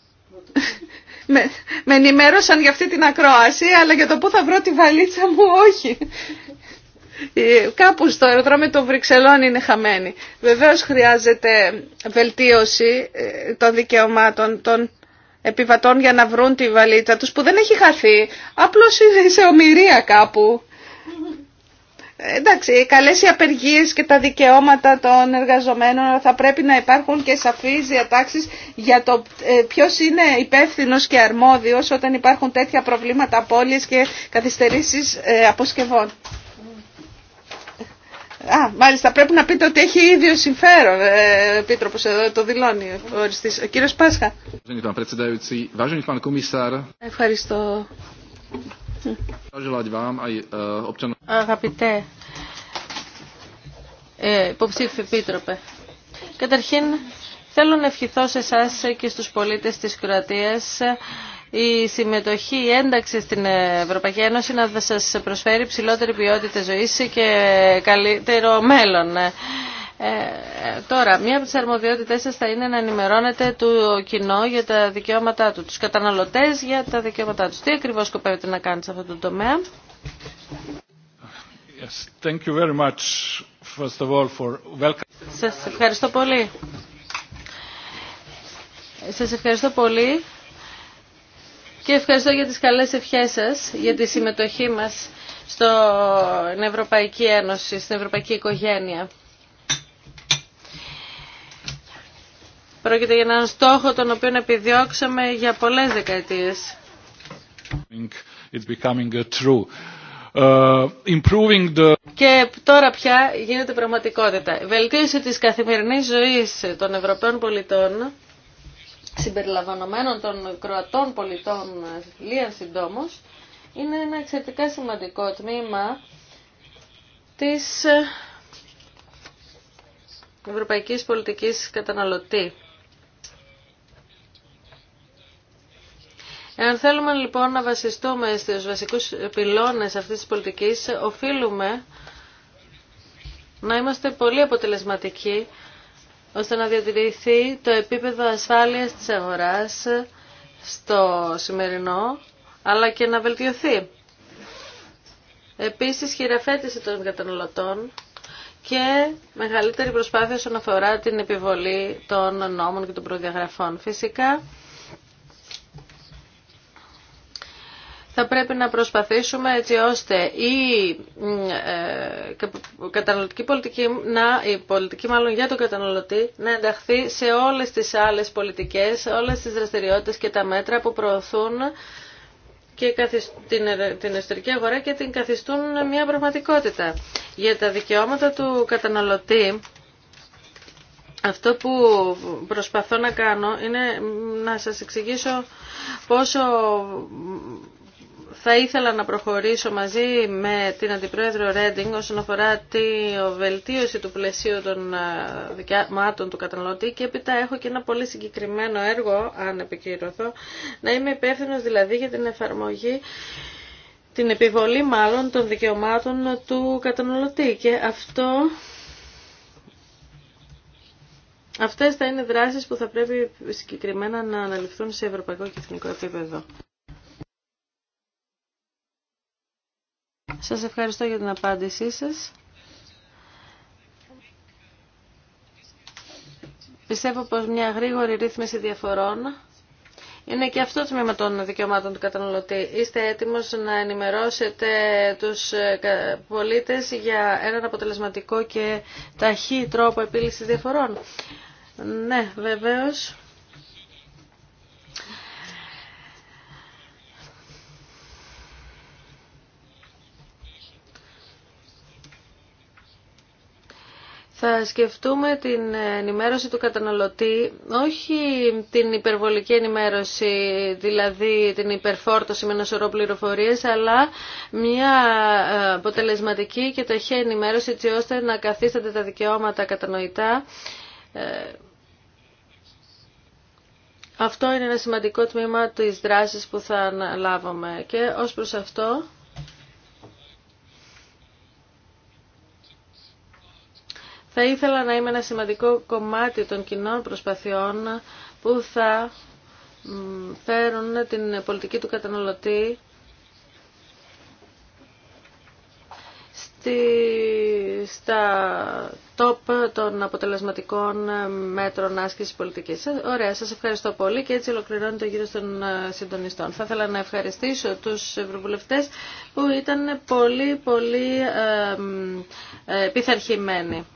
Με, με ενημέρωσαν για αυτή την ακρόαση, αλλά για το πού θα βρω τη βαλίτσα μου όχι. Ε, κάπου στο αεροδρόμιο των Βρυξελών είναι χαμένη. Βεβαίως χρειάζεται βελτίωση ε, των δικαιωμάτων των επιβατών για να βρουν τη βαλίτσα τους που δεν έχει χαθεί. Απλώς είναι σε ομοιρία κάπου. Εντάξει, καλές οι απεργίες και τα δικαιώματα των εργαζομένων θα πρέπει να υπάρχουν και σαφείς διατάξεις για το ε, ποιος είναι υπεύθυνος και αρμόδιος όταν υπάρχουν τέτοια προβλήματα απώλειες και καθυστερήσεις ε, αποσκευών. Α, μάλιστα πρέπει να πείτε ότι έχει ίδιο συμφέρον. Ε, ο Επίτροπο εδώ το δηλώνει ο οριστής. Ο κύριος Πάσχα. Ευχαριστώ. E, Αγαπητέ ε, υποψήφι επίτροπε. Καταρχήν θέλω να ευχηθώ σε εσά και στους πολίτες της Κροατίας η συμμετοχή, η ένταξη στην Ευρωπαϊκή Ένωση να σας προσφέρει ψηλότερη ποιότητα ζωής και καλύτερο μέλλον. Ε, τώρα, μία από τις αρμοδιότητές σας θα είναι να ενημερώνετε το κοινό για τα δικαιώματά του, τους καταναλωτές για τα δικαιώματά τους. Τι ακριβώς σκοπεύετε να κάνετε σε αυτό το τομέα? Yes, thank you very much, first of all, for Σας ευχαριστώ πολύ. Σας ευχαριστώ πολύ και ευχαριστώ για τις καλές ευχές σας, για τη συμμετοχή μας στην Ευρωπαϊκή Ένωση, στην Ευρωπαϊκή Οικογένεια. Πρόκειται για έναν στόχο τον οποίο επιδιώξαμε για πολλές δεκαετίες. Uh, και τώρα πια γίνεται πραγματικότητα. Βελτίωση της καθημερινής ζωής των Ευρωπαίων πολιτών συμπεριλαμβανομένων των Κροατών πολιτών ε, Λίαν συντόμως, είναι ένα εξαιρετικά σημαντικό τμήμα της ε, ευρωπαϊκής πολιτικής καταναλωτή. Εάν θέλουμε λοιπόν να βασιστούμε στους βασικούς πυλώνες αυτής της πολιτικής, οφείλουμε να είμαστε πολύ αποτελεσματικοί ώστε να διατηρηθεί το επίπεδο ασφάλειας της αγοράς στο σημερινό, αλλά και να βελτιωθεί. Επίσης, χειραφέτηση των καταναλωτών και μεγαλύτερη προσπάθεια όσον αφορά την επιβολή των νόμων και των προδιαγραφών. Φυσικά, θα πρέπει να προσπαθήσουμε έτσι ώστε η ε, καταναλωτική πολιτική, να, η πολιτική μάλλον για τον καταναλωτή, να ενταχθεί σε όλες τις άλλες πολιτικές, όλες τις δραστηριότητες και τα μέτρα που προωθούν και ε, την εσωτερική αγορά και την καθιστούν μια πραγματικότητα. Για τα δικαιώματα του καταναλωτή, αυτό που προσπαθώ να κάνω είναι να σας εξηγήσω πόσο θα ήθελα να προχωρήσω μαζί με την Αντιπρόεδρο Ρέντινγκ όσον αφορά τη βελτίωση του πλαισίου των ε, δικαιωμάτων του καταναλωτή και έπειτα έχω και ένα πολύ συγκεκριμένο έργο, αν επικυρωθώ, να είμαι υπεύθυνο δηλαδή για την εφαρμογή την επιβολή μάλλον των δικαιωμάτων του καταναλωτή και αυτό Αυτές θα είναι δράσεις που θα πρέπει συγκεκριμένα να αναλυφθούν σε ευρωπαϊκό και εθνικό επίπεδο. Σας ευχαριστώ για την απάντησή σας. Πιστεύω πως μια γρήγορη ρύθμιση διαφορών είναι και αυτό το τμήμα των δικαιωμάτων του καταναλωτή. Είστε έτοιμος να ενημερώσετε τους ε, πολίτες για έναν αποτελεσματικό και ταχύ τρόπο επίλυσης διαφορών. Ναι, βεβαίως. θα σκεφτούμε την ενημέρωση του καταναλωτή, όχι την υπερβολική ενημέρωση, δηλαδή την υπερφόρτωση με ένα σωρό πληροφορίε, αλλά μια ε, αποτελεσματική και ταχύα ενημέρωση έτσι ώστε να καθίστανται τα δικαιώματα κατανοητά. Ε, αυτό είναι ένα σημαντικό τμήμα της δράσης που θα αναλάβουμε και ως προς αυτό... Θα ήθελα να είμαι ένα σημαντικό κομμάτι των κοινών προσπαθειών που θα φέρουν την πολιτική του καταναλωτή στη, στα top των αποτελεσματικών μέτρων άσκησης πολιτικής. Ε, ωραία, σας ευχαριστώ πολύ και έτσι ολοκληρώνει το γύρο των ε, συντονιστών. Θα ήθελα να ευχαριστήσω τους ευρωβουλευτές που ήταν πολύ πολύ ε, ε πειθαρχημένοι.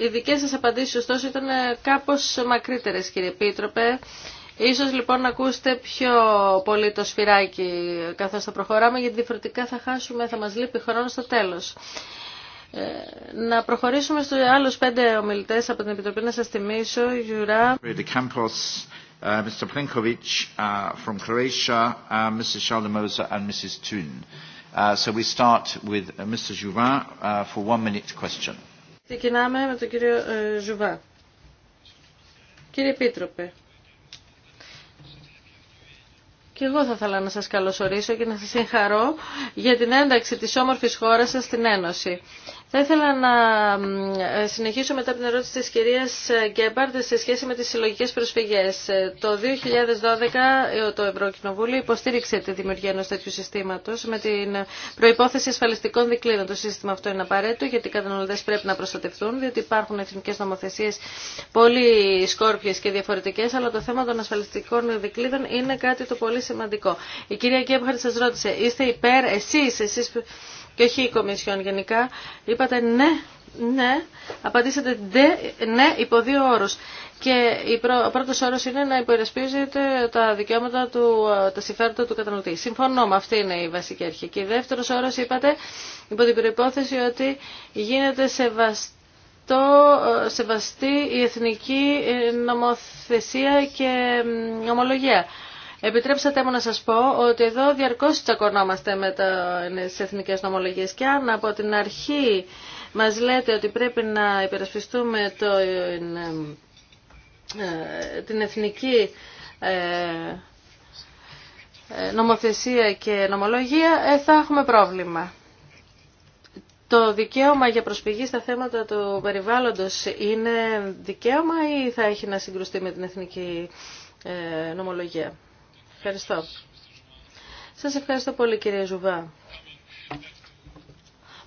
Οι δικέ σα απαντήσει, ωστόσο ήταν ε, κάπω μακρύτερες κύριε Πίτροπε. Ίσως λοιπόν να ακούσετε πιο πολύ το σφυράκι καθώς θα προχωράμε γιατί διαφορετικά θα χάσουμε, θα μας λείπει χρόνο στο τέλος. Ε, να προχωρήσουμε στους άλλους πέντε ομιλητές από την Επιτροπή να σας θυμίσω. Γιουρά. Mr. Plenkovic ε, from Croatia, so we start with Mr. for one minute question. Ξεκινάμε με τον κύριο ε, Ζουβά. Κύριε Επίτροπε, και εγώ θα ήθελα να σας καλωσορίσω και να σας συγχαρώ για την ένταξη της όμορφης χώρας σας στην Ένωση. Θα ήθελα να συνεχίσω μετά από την ερώτηση της κυρίας Γκέμπαρντ σε σχέση με τις συλλογικές προσφυγές. Ε, το 2012 ε, το Ευρωκοινοβούλιο υποστήριξε τη δημιουργία ενός τέτοιου συστήματος με την προϋπόθεση ασφαλιστικών δικλείδων. Το σύστημα αυτό είναι απαραίτητο γιατί οι καταναλωτές πρέπει να προστατευτούν διότι υπάρχουν εθνικές νομοθεσίες πολύ σκόρπιες και διαφορετικές αλλά το θέμα των ασφαλιστικών δικλείδων είναι κάτι το πολύ σημαντικό. Η κυρία Γκέμπαρντ σας ρώτησε, είστε υπέρ εσείς, εσείς και όχι η Κομισιόν γενικά, είπατε ναι, ναι, απαντήσατε ναι υπό δύο όρους. Και ο πρώτο όρο είναι να υπερασπίζεται τα δικαιώματα του, τα συμφέροντα του καταναλωτή. Συμφωνώ με αυτή είναι η βασική αρχή. Και δεύτερο όρο είπατε υπό την προπόθεση ότι γίνεται σεβαστή η εθνική νομοθεσία και ομολογία. Επιτρέψατε μου να σας πω ότι εδώ διαρκώς τσακωνόμαστε με τις εθνικές νομολογίες και αν από την αρχή μας λέτε ότι πρέπει να υπερασπιστούμε το, την ε, ε, εθνική ε, νομοθεσία και νομολογία, θα έχουμε πρόβλημα. Το δικαίωμα για προσφυγή στα θέματα του περιβάλλοντος είναι δικαίωμα ή θα έχει να συγκρουστεί με την εθνική νομολογία. Ευχαριστώ. Σας ευχαριστώ πολύ κύριε Ζουβά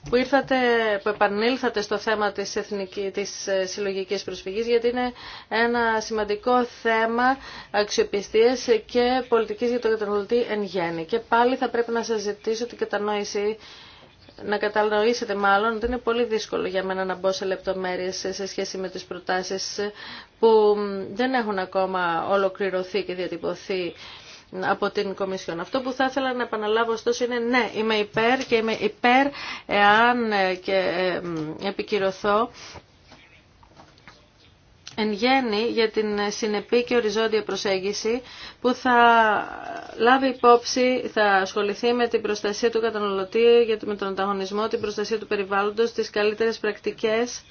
που, ήρθατε, που επανήλθατε στο θέμα της, εθνική, της ε, συλλογικής προσφυγής γιατί είναι ένα σημαντικό θέμα αξιοπιστίας και πολιτικής για τον καταναλωτή εν γέννη. Και πάλι θα πρέπει να σας ζητήσω την κατανόηση να κατανοήσετε μάλλον ότι είναι πολύ δύσκολο για μένα να μπω σε λεπτομέρειες σε σχέση με τις προτάσεις που δεν έχουν ακόμα ολοκληρωθεί και διατυπωθεί από την Κομισιόν. Αυτό που θα ήθελα να επαναλάβω ωστόσο είναι ναι, είμαι υπέρ και είμαι υπέρ εάν ε, και ε, επικυρωθώ εν γέννη για την συνεπή και οριζόντια προσέγγιση που θα λάβει υπόψη, θα ασχοληθεί με την προστασία του καταναλωτή, για με τον ανταγωνισμό, την προστασία του περιβάλλοντος, τις καλύτερες πρακτικές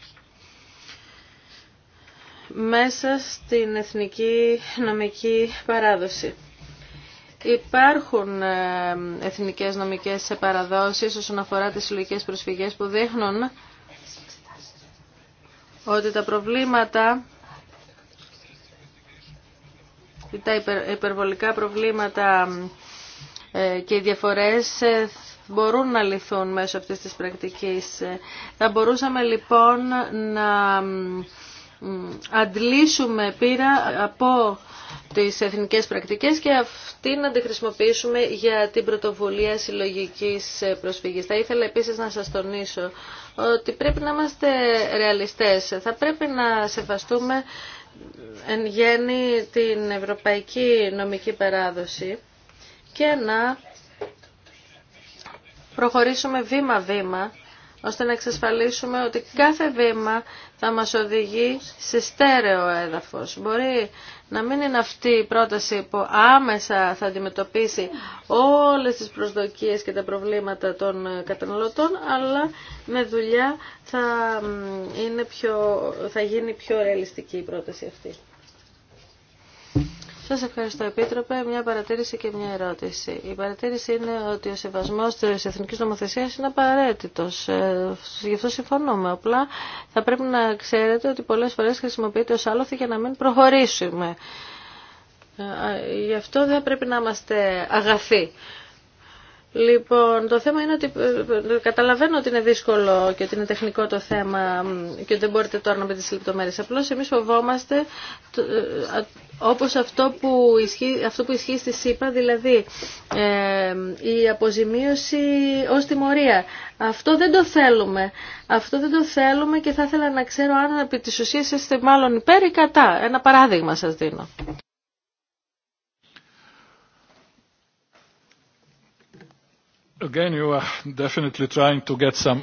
μέσα στην εθνική νομική παράδοση. Υπάρχουν ε, εθνικές νομικές παραδόσεις όσον αφορά τις συλλογικέ προσφυγές που δείχνουν ότι τα προβλήματα, τα υπερβολικά προβλήματα ε, και οι διαφορές ε, μπορούν να λυθούν μέσω αυτής της πρακτικής. Θα μπορούσαμε λοιπόν να αντλήσουμε πείρα από τις εθνικές πρακτικές και αυτή να τη χρησιμοποιήσουμε για την πρωτοβουλία συλλογικής προσφυγής. Θα ήθελα επίσης να σας τονίσω ότι πρέπει να είμαστε ρεαλιστές. Θα πρέπει να σεβαστούμε εν γέννη την ευρωπαϊκή νομική παράδοση και να προχωρήσουμε βήμα-βήμα ώστε να εξασφαλίσουμε ότι κάθε βήμα θα μας οδηγεί σε στέρεο έδαφος. Μπορεί να μην είναι αυτή η πρόταση που άμεσα θα αντιμετωπίσει όλες τις προσδοκίες και τα προβλήματα των καταναλωτών, αλλά με δουλειά θα, είναι πιο, θα γίνει πιο ρεαλιστική η πρόταση αυτή. Σα ευχαριστώ Επίτροπε. Μια παρατήρηση και μια ερώτηση. Η παρατήρηση είναι ότι ο σεβασμός τη Εθνική Νομοθεσία είναι απαραίτητος. Ε, γι' αυτό συμφωνούμε. Απλά θα πρέπει να ξέρετε ότι πολλές φορές χρησιμοποιείται ω άλοθη για να μην προχωρήσουμε. Ε, γι' αυτό δεν πρέπει να είμαστε αγαθοί. Λοιπόν, το θέμα είναι ότι ε, ε, καταλαβαίνω ότι είναι δύσκολο και ότι είναι τεχνικό το θέμα και ότι δεν μπορείτε τώρα να μπείτε στις λεπτομέρειες. Απλώς εμείς φοβόμαστε ε, όπως αυτό που ισχύει, αυτό που ισχύει στη ΣΥΠΑ, δηλαδή η αποζημίωση ως τιμωρία. Αυτό δεν το θέλουμε. Αυτό δεν το θέλουμε και θα ήθελα να ξέρω αν επί της ουσίας είστε μάλλον υπέρ ή κατά. Ένα παράδειγμα σας δίνω. Again, you are definitely trying to get some,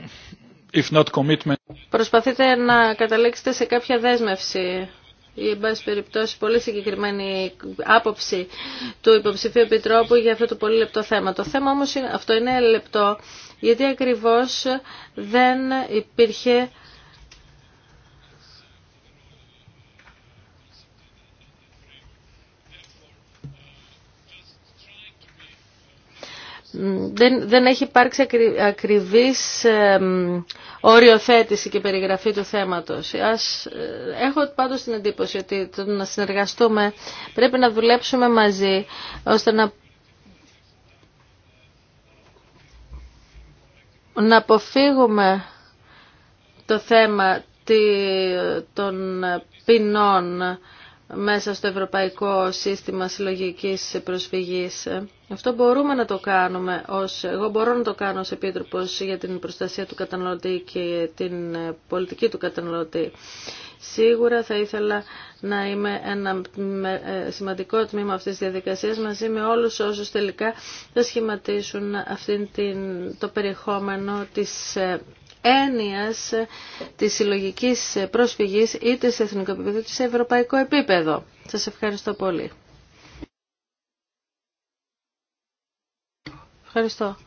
if not commitment. Προσπαθείτε να καταλήξετε σε κάποια δέσμευση ή εν πάση περιπτώσει πολύ συγκεκριμένη άποψη του υποψηφίου επιτρόπου για αυτό το πολύ λεπτό θέμα. Το θέμα όμως αυτό είναι λεπτό γιατί ακριβώς δεν υπήρχε δεν, δεν έχει υπάρξει ακρι, ακριβής οριοθέτηση και περιγραφή του θέματος. Ας, ε, έχω πάντως την εντύπωση ότι να συνεργαστούμε πρέπει να δουλέψουμε μαζί ώστε να να αποφύγουμε το θέμα των ποινών μέσα στο ευρωπαϊκό σύστημα συλλογικής προσφυγής. Αυτό μπορούμε να το κάνουμε, ως, εγώ μπορώ να το κάνω ως Επίτροπος για την προστασία του καταναλωτή και την πολιτική του καταναλωτή. Σίγουρα θα ήθελα να είμαι ένα ε, σημαντικό τμήμα αυτής της διαδικασίας μαζί με όλους όσους τελικά θα σχηματίσουν αυτήν την, το περιεχόμενο της ε, έννοιας της συλλογική προσφυγής είτε σε εθνικό επίπεδο είτε σε ευρωπαϊκό επίπεδο. Σας ευχαριστώ πολύ. Ευχαριστώ.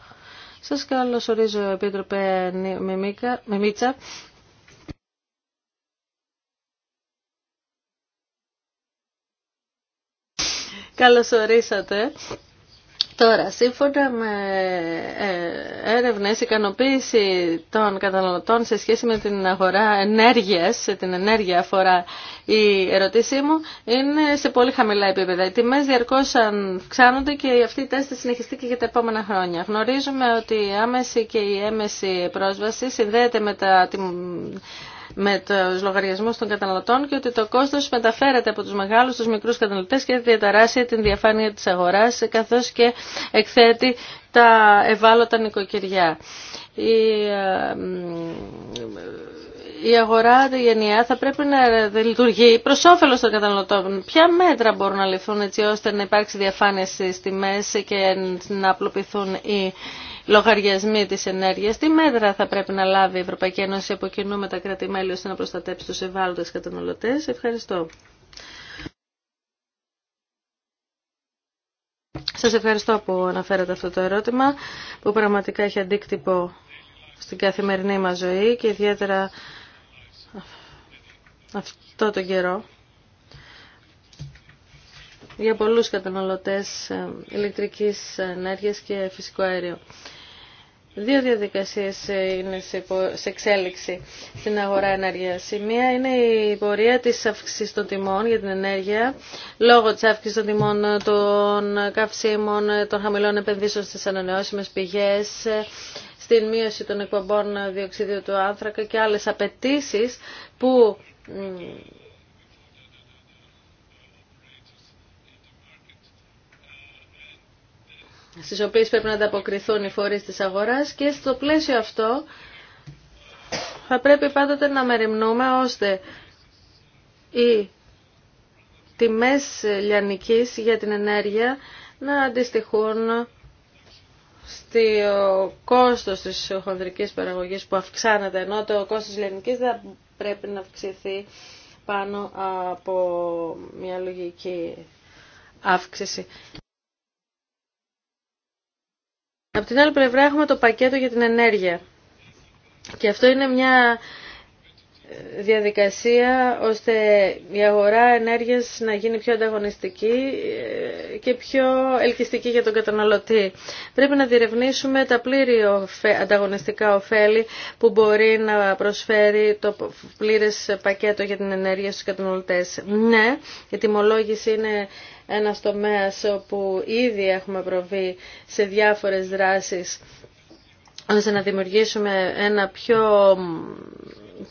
Σας καλωσορίζω, Επίτροπε Μιμίτσα. Καλωσορίσατε. ορίσατε. Τώρα, σύμφωνα με ε, έρευνες, η ικανοποίηση των καταναλωτών σε σχέση με την αγορά ενέργειας, την ενέργεια αφορά η ερώτησή μου, είναι σε πολύ χαμηλά επίπεδα. Οι τιμές διαρκώς αυξάνονται και αυτή η τάση θα συνεχιστεί και για τα επόμενα χρόνια. Γνωρίζουμε ότι η άμεση και η έμεση πρόσβαση συνδέεται με τα με του λογαριασμού των καταναλωτών και ότι το κόστος μεταφέρεται από τους μεγάλους στους μικρούς καταναλωτές και διαταράσσει την διαφάνεια της αγοράς καθώς και εκθέτει τα ευάλωτα νοικοκυριά. Η, ε, η αγορά η γενιά θα πρέπει να λειτουργεί προ όφελο των καταναλωτών. Ποια μέτρα μπορούν να ληφθούν έτσι ώστε να υπάρξει διαφάνεια στι τιμέ και να απλοποιηθούν οι λογαριασμοί της ενέργειας. Τι μέτρα θα πρέπει να λάβει η Ευρωπαϊκή Ένωση από κοινού με τα κράτη-μέλη ώστε να προστατέψει τους ευάλωτες καταναλωτές. Ευχαριστώ. Σας ευχαριστώ που αναφέρατε αυτό το ερώτημα που πραγματικά έχει αντίκτυπο στην καθημερινή μας ζωή και ιδιαίτερα αυτό το καιρό. Για πολλούς καταναλωτές ε, ηλεκτρικής ενέργειας και φυσικό αέριο. Δύο διαδικασίες ε, είναι σε εξέλιξη στην αγορά ενέργειας. Η μία είναι η πορεία της αύξησης των τιμών για την ενέργεια, λόγω της αύξησης των τιμών ε, των καυσίμων, ε, των χαμηλών επενδύσεων στις ανανεώσιμες πηγές, στην μείωση των εκπομπών διοξιδίου του άνθρακα και άλλες απαιτήσει που στις οποίες πρέπει να ανταποκριθούν οι φορείς της αγοράς και στο πλαίσιο αυτό θα πρέπει πάντοτε να μεριμνούμε ώστε οι τιμές λιανικής για την ενέργεια να αντιστοιχούν στο κόστος της χονδρικής παραγωγής που αυξάνεται, ενώ το κόστος λιανικής δεν πρέπει να αυξηθεί πάνω από μια λογική αύξηση. Από την άλλη πλευρά έχουμε το πακέτο για την ενέργεια. Και αυτό είναι μια διαδικασία ώστε η αγορά ενέργειας να γίνει πιο ανταγωνιστική ε, και πιο ελκυστική για τον καταναλωτή. Πρέπει να διερευνήσουμε τα πλήρη ανταγωνιστικά ωφέλη που μπορεί να προσφέρει το πλήρες πακέτο για την ενέργεια στους καταναλωτές. Ναι, η τιμολόγηση είναι ένας τομέας όπου ήδη έχουμε προβεί σε διάφορες δράσεις ώστε να δημιουργήσουμε ένα πιο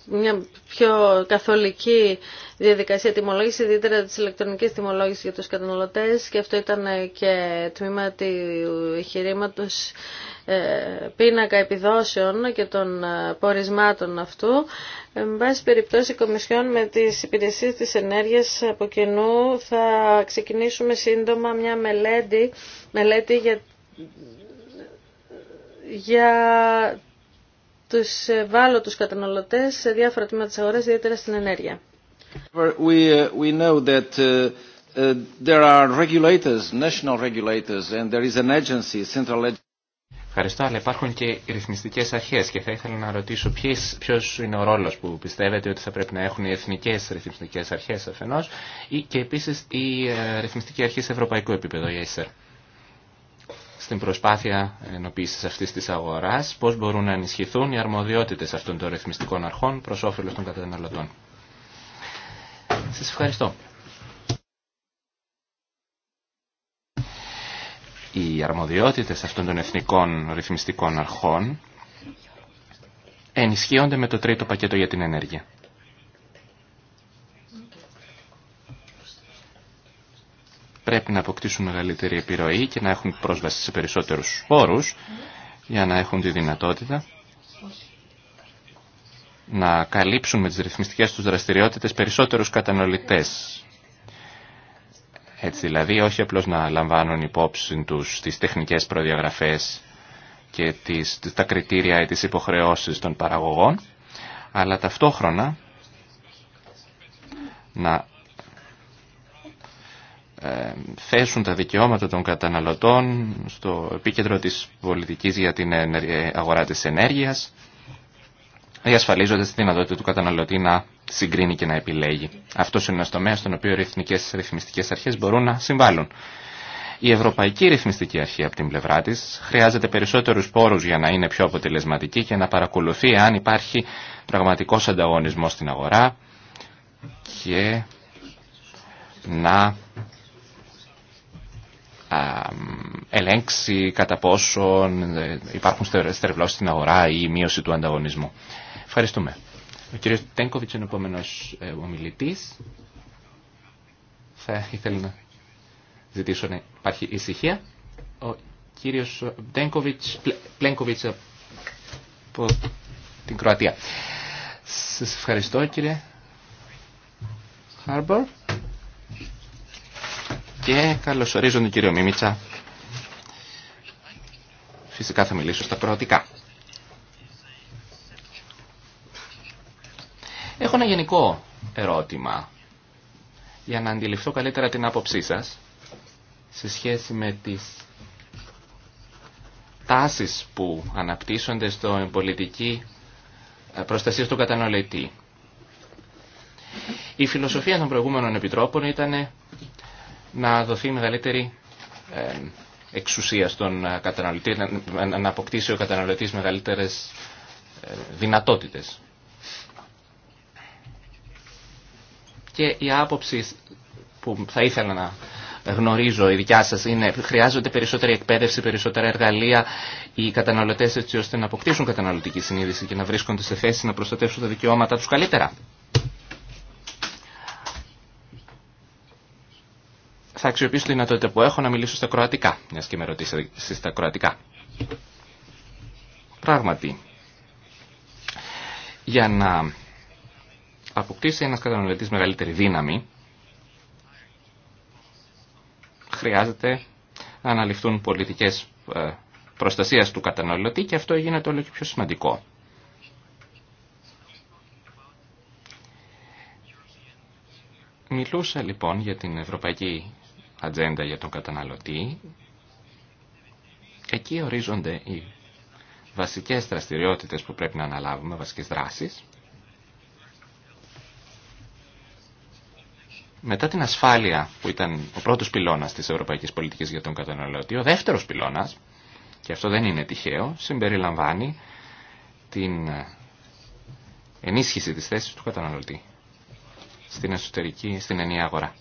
μια πιο καθολική διαδικασία τιμολόγηση, ιδιαίτερα τη ηλεκτρονικής τιμολόγησης για τους καταναλωτέ, και αυτό ήταν και τμήμα του εγχειρήματο ε, πίνακα επιδόσεων και των ε, πορισμάτων αυτού. Με βάση περιπτώσει, η Κομισιόν με τις υπηρεσίες της ενέργειας από κοινού θα ξεκινήσουμε σύντομα μια μελέτη, μελέτη για τους τους καταναλωτές σε διάφορα τμήματα της αγοράς, ιδιαίτερα στην ενέργεια. Ευχαριστώ, αλλά υπάρχουν και οι ρυθμιστικέ αρχέ και θα ήθελα να ρωτήσω ποιο είναι ο ρόλο που πιστεύετε ότι θα πρέπει να έχουν οι εθνικέ ρυθμιστικέ αρχέ αφενό και επίση η ε, ρυθμιστική αρχή σε ευρωπαϊκό επίπεδο, η ΕΣΕΡ στην προσπάθεια ενοποίησης αυτής της αγοράς, πώς μπορούν να ενισχυθούν οι αρμοδιότητες αυτών των ρυθμιστικών αρχών προς όφελος των καταναλωτών. Σας ευχαριστώ. Οι αρμοδιότητες αυτών των εθνικών ρυθμιστικών αρχών ενισχύονται με το τρίτο πακέτο για την ενέργεια. πρέπει να αποκτήσουν μεγαλύτερη επιρροή και να έχουν πρόσβαση σε περισσότερους χώρους για να έχουν τη δυνατότητα να καλύψουν με τις ρυθμιστικές τους δραστηριότητες περισσότερους καταναλωτές. Έτσι δηλαδή όχι απλώς να λαμβάνουν υπόψη τους τις τεχνικές προδιαγραφές και τις, τα κριτήρια ή τις υποχρεώσεις των παραγωγών, αλλά ταυτόχρονα να ε, θέσουν τα δικαιώματα των καταναλωτών στο επίκεντρο της πολιτικής για την ε, αγορά της ενέργειας, διασφαλίζοντα τη δυνατότητα του καταναλωτή να συγκρίνει και να επιλέγει. Αυτό είναι ένα τομέα στον οποίο οι εθνικέ ρυθμιστικέ αρχέ μπορούν να συμβάλλουν. Η Ευρωπαϊκή Ρυθμιστική Αρχή, από την πλευρά τη, χρειάζεται περισσότερου πόρου για να είναι πιο αποτελεσματική και να παρακολουθεί αν υπάρχει πραγματικό ανταγωνισμό στην αγορά και να ε, ελέγξει κατά πόσον ε, υπάρχουν στερευλώσεις στην αγορά ή η μείωση του ανταγωνισμού. Ευχαριστούμε. Ο κύριος Τένκοβιτς είναι ο επόμενος ε, ομιλητής. Θα ήθελα να ζητήσω να υπάρχει ησυχία. Ο κύριος Τένκοβιτς, Πλένκοβιτς από την Κροατία. Σας ευχαριστώ κύριε Χάρμπορ και καλωσορίζω τον κύριο Μίμητσα. Φυσικά θα μιλήσω στα προωτικά. Έχω ένα γενικό ερώτημα για να αντιληφθώ καλύτερα την άποψή σας σε σχέση με τις τάσεις που αναπτύσσονται στο πολιτική ε, προστασία του καταναλωτή. Η φιλοσοφία των προηγούμενων επιτρόπων ήταν να δοθεί μεγαλύτερη εξουσία στον ε, καταναλωτή, να αποκτήσει ο καταναλωτής μεγαλύτερες ε, δυνατότητες. Και η άποψη που θα ήθελα να γνωρίζω η δικιά σας είναι χρειάζονται περισσότερη εκπαίδευση, περισσότερα εργαλεία οι καταναλωτές έτσι ώστε να αποκτήσουν καταναλωτική συνείδηση και να βρίσκονται σε θέση να προστατεύσουν τα δικαιώματα τους καλύτερα. θα αξιοποιήσω τη δυνατότητα που έχω να μιλήσω στα κροατικά, Μια και με ρωτήσατε στα κροατικά. Πράγματι, για να αποκτήσει ένας καταναλωτής μεγαλύτερη δύναμη, χρειάζεται να αναλυφθούν πολιτικές ε, προστασίας του καταναλωτή και αυτό γίνεται όλο και πιο σημαντικό. Μιλούσα λοιπόν για την Ευρωπαϊκή ατζέντα για τον καταναλωτή, εκεί ορίζονται οι βασικές δραστηριότητες που πρέπει να αναλάβουμε, βασικές δράσεις. Μετά την ασφάλεια που ήταν ο πρώτος πυλώνας της ευρωπαϊκής πολιτικής για τον καταναλωτή, ο δεύτερος πυλώνας, και αυτό δεν είναι τυχαίο, συμπεριλαμβάνει την ενίσχυση της θέσης του καταναλωτή στην εσωτερική, στην ενιαία αγορά.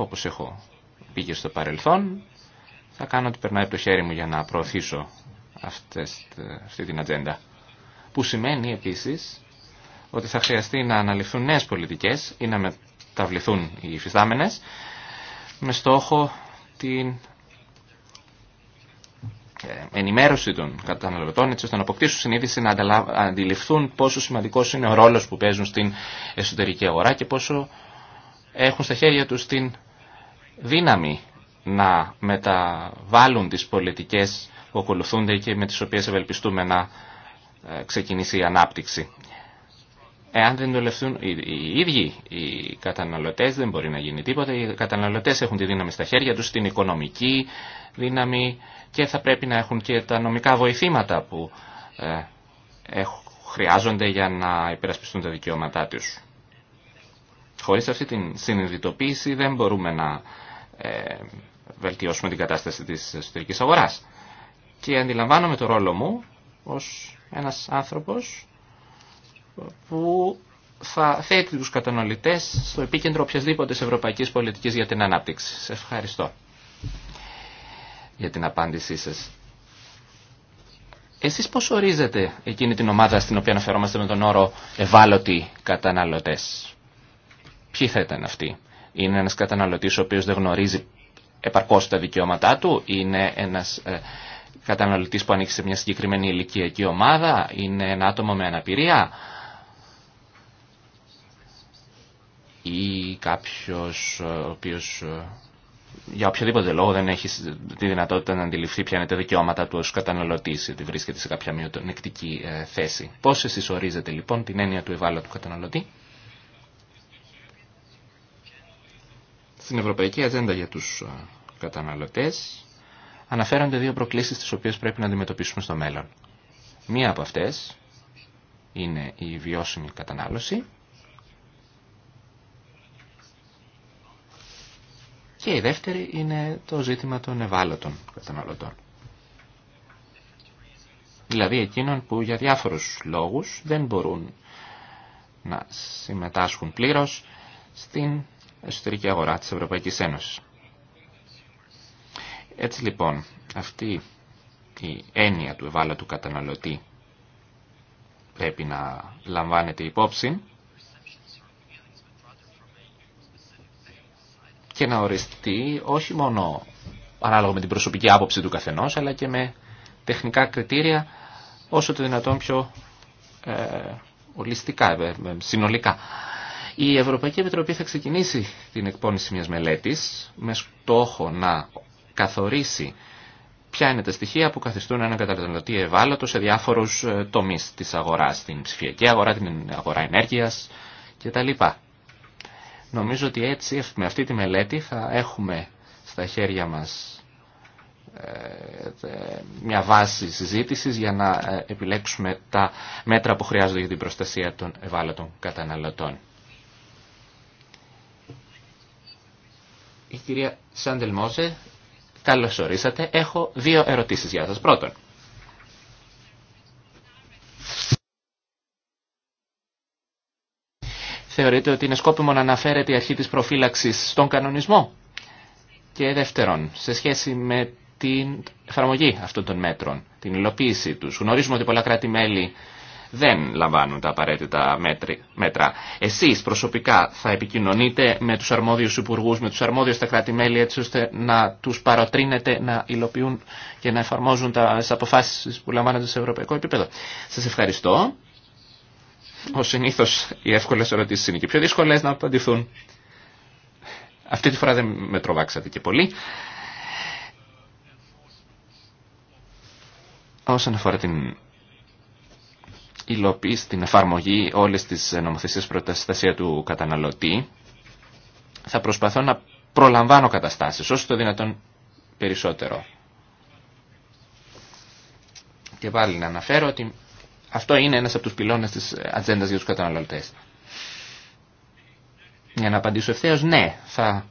όπως έχω πήγε στο παρελθόν, θα κάνω ότι περνάει από το χέρι μου για να προωθήσω αυτές, αυτή την ατζέντα. Που σημαίνει επίσης ότι θα χρειαστεί να αναλυθούν νέες πολιτικές ή να μεταβληθούν οι υφιστάμενες με στόχο την ε, ενημέρωση των καταναλωτών έτσι ώστε να αποκτήσουν συνείδηση να αντιληφθούν πόσο σημαντικός είναι ο ρόλος που παίζουν στην εσωτερική αγορά και πόσο έχουν στα χέρια τους την δύναμη να μεταβάλουν τις πολιτικές που ακολουθούνται και με τις οποίες ευελπιστούμε να ε, ξεκινήσει η ανάπτυξη. Εάν δεν δουλευτούν οι ίδιοι οι καταναλωτές δεν μπορεί να γίνει τίποτα. Οι καταναλωτές έχουν τη δύναμη στα χέρια τους, την οικονομική δύναμη και θα πρέπει να έχουν και τα νομικά βοηθήματα που ε, χρειάζονται για να υπερασπιστούν τα δικαιώματά τους. Χωρίς αυτή την συνειδητοποίηση δεν μπορούμε να ε, βελτιώσουμε την κατάσταση της εσωτερικής αγοράς. Και αντιλαμβάνομαι το ρόλο μου ως ένας άνθρωπος που θα θέτει τους καταναλωτές στο επίκεντρο οποιασδήποτε ευρωπαϊκής πολιτικής για την ανάπτυξη. Σε ευχαριστώ για την απάντησή σας. Εσείς πώς ορίζετε εκείνη την ομάδα στην οποία αναφερόμαστε με τον όρο ευάλωτοι καταναλωτές. Ποιοι θα ήταν αυτοί. Είναι ένας καταναλωτής ο οποίος δεν γνωρίζει επαρκώς τα δικαιώματά του, είναι ένας ε, καταναλωτής που ανήκει σε μια συγκεκριμένη ηλικιακή ομάδα, είναι ένα άτομο με αναπηρία ή κάποιος ε, ο οποίος ε, για οποιοδήποτε λόγο δεν έχει τη δυνατότητα να αντιληφθεί ποια είναι τα δικαιώματα του ως καταναλωτής ότι βρίσκεται σε κάποια μειονεκτική θέση. Πώς εσείς ορίζετε λοιπόν την έννοια του ευάλωτου καταναλωτή. στην Ευρωπαϊκή Ατζέντα για τους ε, καταναλωτές αναφέρονται δύο προκλήσεις τις οποίες πρέπει να αντιμετωπίσουμε στο μέλλον. Μία από αυτές είναι η βιώσιμη κατανάλωση και η δεύτερη είναι το ζήτημα των ευάλωτων καταναλωτών. Δηλαδή εκείνων που για διάφορους λόγους δεν μπορούν να συμμετάσχουν πλήρως στην εσωτερική αγορά της Ευρωπαϊκής Ένωσης. Έτσι λοιπόν, αυτή η έννοια του ευάλωτου καταναλωτή πρέπει να λαμβάνεται υπόψη και να οριστεί όχι μόνο ανάλογα με την προσωπική άποψη του καθενός, αλλά και με τεχνικά κριτήρια όσο το δυνατόν πιο ε, ολιστικά, ε, ε, συνολικά. Η Ευρωπαϊκή Επιτροπή θα ξεκινήσει την εκπόνηση μιας μελέτης με στόχο να καθορίσει ποια είναι τα στοιχεία που καθιστούν έναν καταναλωτή ευάλωτο σε διάφορους ε, τομείς της αγοράς, την ψηφιακή αγορά, την αγορά ενέργειας κτλ. Νομίζω ότι έτσι με αυτή τη μελέτη θα έχουμε στα χέρια μας ε, μια βάση συζήτησης για να ε, επιλέξουμε τα μέτρα που χρειάζονται για την προστασία των ευάλωτων καταναλωτών. Η κυρία Σάντελ Μόζε, καλώς ορίσατε. Έχω δύο ερωτήσεις για σας. Πρώτον, θεωρείτε ότι είναι σκόπιμο να αναφέρεται η αρχή της προφύλαξης στον κανονισμό. Και δεύτερον, σε σχέση με την εφαρμογή αυτών των μέτρων, την υλοποίησή τους. Γνωρίζουμε ότι πολλά κράτη-μέλη δεν λαμβάνουν τα απαραίτητα μέτρα. Εσείς προσωπικά θα επικοινωνείτε με τους αρμόδιους υπουργούς, με τους αρμόδιους στα κράτη-μέλη έτσι ώστε να τους παροτρύνετε να υλοποιούν και να εφαρμόζουν τις αποφάσεις που λαμβάνονται σε ευρωπαϊκό επίπεδο. Σας ευχαριστώ. Ως συνήθως οι εύκολες ερωτήσεις είναι και πιο δύσκολες να απαντηθούν. Αυτή τη φορά δεν με τροβάξατε και πολύ. Όσον αφορά την Υλοποιεί την εφαρμογή όλες τις ε, νομοθεσίες προστασία του καταναλωτή, θα προσπαθώ να προλαμβάνω καταστάσεις όσο το δυνατόν περισσότερο. Και πάλι να αναφέρω ότι αυτό είναι ένας από τους πυλώνες της ατζέντα για τους καταναλωτές. Για να απαντήσω ευθέω, ναι, θα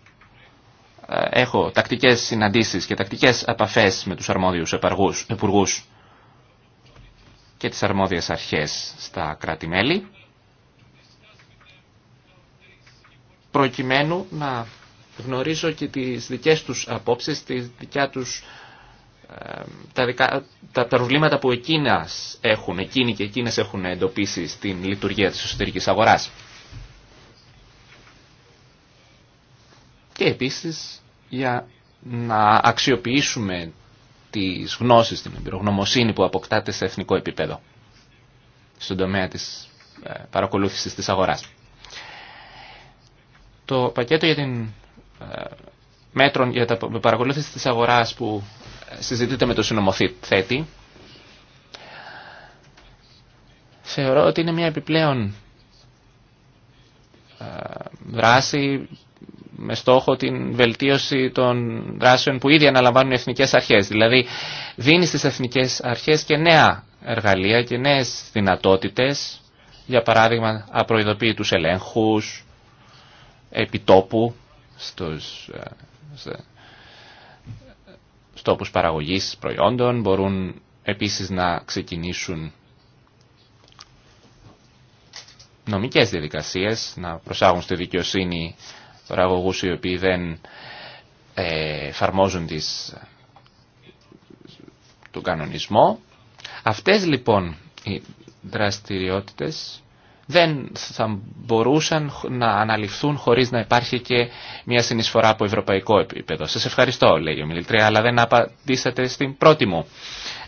ε, έχω τακτικές συναντήσεις και τακτικές επαφές με τους αρμόδιους υπουργού και τις αρμόδιες αρχές στα κράτη-μέλη προκειμένου να γνωρίζω και τις δικές τους απόψεις, τις δικιά τους, τα, δικα, τα, τα προβλήματα που εκείνες έχουν, εκείνοι και εκείνες έχουν εντοπίσει στην λειτουργία της εσωτερικής αγοράς. Και επίσης για να αξιοποιήσουμε τις γνώσεις, την εμπειρογνωμοσύνη που αποκτάται σε εθνικό επίπεδο στον τομέα της ε, παρακολούθησης της αγοράς. Το πακέτο για την ε, μέτρων για τα παρακολούθηση της αγοράς που ε, συζητείται με το θέτη. θεωρώ ότι είναι μια επιπλέον δράση με στόχο την βελτίωση των δράσεων που ήδη αναλαμβάνουν οι εθνικές αρχές. Δηλαδή δίνει στις εθνικές αρχές και νέα εργαλεία και νέες δυνατότητες, για παράδειγμα απροειδοποίητους ελέγχους, επιτόπου στους, ε, στόπους παραγωγής προϊόντων, μπορούν επίσης να ξεκινήσουν νομικές διαδικασίες, να προσάγουν στη δικαιοσύνη παραγωγού οι οποίοι δεν ε, εφαρμόζουν τις, τον κανονισμό. Αυτές λοιπόν οι δραστηριότητες δεν θα μπορούσαν να αναλυφθούν χωρίς να υπάρχει και μια συνεισφορά από ευρωπαϊκό επίπεδο. Σας ευχαριστώ, λέει ο Μιλτρία, αλλά δεν απαντήσατε στην πρώτη μου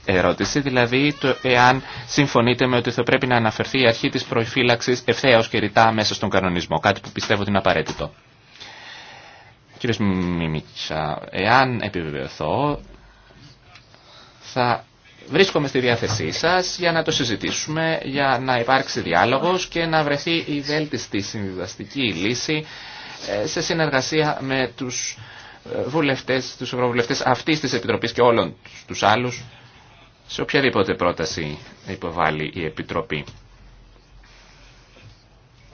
ερώτηση, δηλαδή εάν συμφωνείτε με ότι θα πρέπει να αναφερθεί η αρχή της προφύλαξης ευθέως και ρητά μέσα στον κανονισμό, κάτι που πιστεύω ότι είναι απαραίτητο. Κύριε Μιμίτσα, εάν επιβεβαιωθώ, θα βρίσκομαι στη διάθεσή σας για να το συζητήσουμε, για να υπάρξει διάλογος και να βρεθεί η βέλτιστη συνδυαστική λύση ε, σε συνεργασία με τους ε, βουλευτές, τους ευρωβουλευτές αυτής της Επιτροπής και όλων τους άλλους σε οποιαδήποτε πρόταση υποβάλλει η Επιτροπή.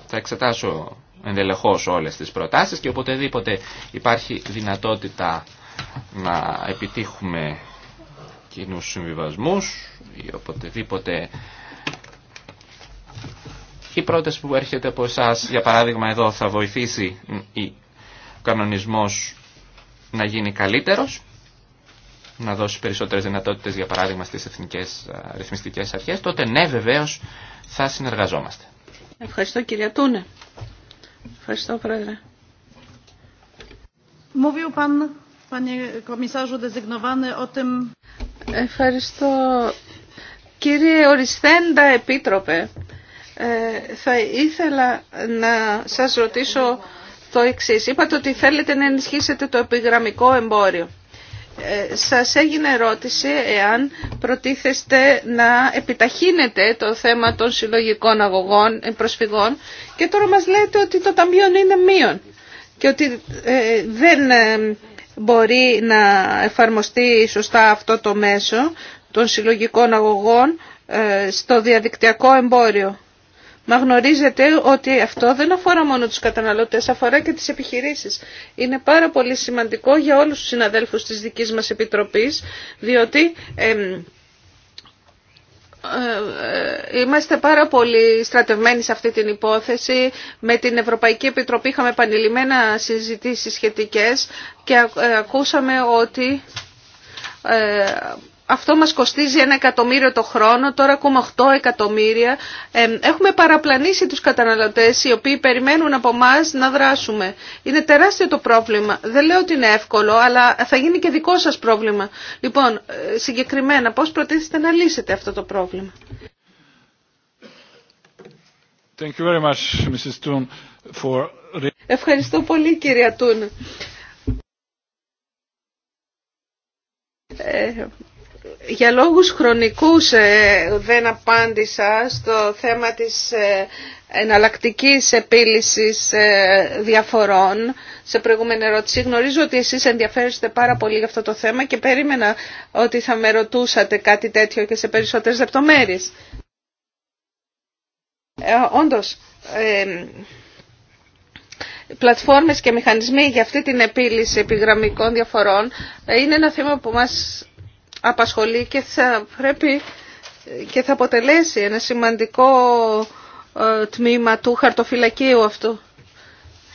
Θα εξετάσω εντελεχώς όλες τις προτάσεις και οποτεδήποτε υπάρχει δυνατότητα να επιτύχουμε κοινού συμβιβασμού ή οποτεδήποτε η πρόταση που έρχεται από εσά, για παράδειγμα εδώ θα βοηθήσει ο κανονισμός να γίνει καλύτερος, να δώσει περισσότερες δυνατότητες για παράδειγμα στις εθνικές ρυθμιστικές αρχέ, τότε ναι βεβαίω θα συνεργαζόμαστε. Ευχαριστώ κυρία Τούνε. Ευχαριστώ, Πρόεδρε. Ευχαριστώ. Κύριε Οριστέντα Επίτροπε, ε, θα ήθελα να σας ρωτήσω το εξής. Είπατε ότι θέλετε να ενισχύσετε το επιγραμμικό εμπόριο. Ε, σας έγινε ερώτηση εάν προτίθεστε να επιταχύνετε το θέμα των συλλογικών αγωγών ε, προσφυγών και τώρα μας λέτε ότι το ταμείο είναι μείον και ότι ε, δεν μπορεί να εφαρμοστεί σωστά αυτό το μέσο των συλλογικών αγωγών στο διαδικτυακό εμπόριο. Μα γνωρίζετε ότι αυτό δεν αφορά μόνο τους καταναλωτές, αφορά και τις επιχειρήσεις. Είναι πάρα πολύ σημαντικό για όλους τους συναδέλφους της δικής μας Επιτροπής, διότι ε, ε, είμαστε πάρα πολύ στρατευμένοι σε αυτή την υπόθεση. Με την Ευρωπαϊκή Επιτροπή είχαμε επανειλημμένα συζητήσεις σχετικές και ε, ακούσαμε ότι αυτό μας κοστίζει ένα εκατομμύριο το χρόνο, τώρα ακόμα 8 εκατομμύρια. Έχουμε παραπλανήσει τους καταναλωτές οι οποίοι περιμένουν από εμά να δράσουμε. Είναι τεράστιο το πρόβλημα. Δεν λέω ότι είναι εύκολο, αλλά θα γίνει και δικό σας πρόβλημα. Λοιπόν, ε, συγκεκριμένα, πώς προτίθεστε να λύσετε αυτό το πρόβλημα. Thank you very much, Mrs. for... Ευχαριστώ πολύ κυρία Τούν. Για λόγους χρονικούς ε, δεν απάντησα στο θέμα της ε, εναλλακτικής επίλυσης ε, διαφορών σε προηγούμενη ερώτηση. Γνωρίζω ότι εσείς ενδιαφέρεστε πάρα πολύ για αυτό το θέμα και περίμενα ότι θα με ρωτούσατε κάτι τέτοιο και σε περισσότερες λεπτομέρειες. Ε, όντως, πλατφόρμες και μηχανισμοί για αυτή την επίλυση επιγραμμικών διαφορών είναι ένα θέμα που μας απασχολεί και θα πρέπει και θα αποτελέσει ένα σημαντικό ε, τμήμα του χαρτοφυλακίου αυτού.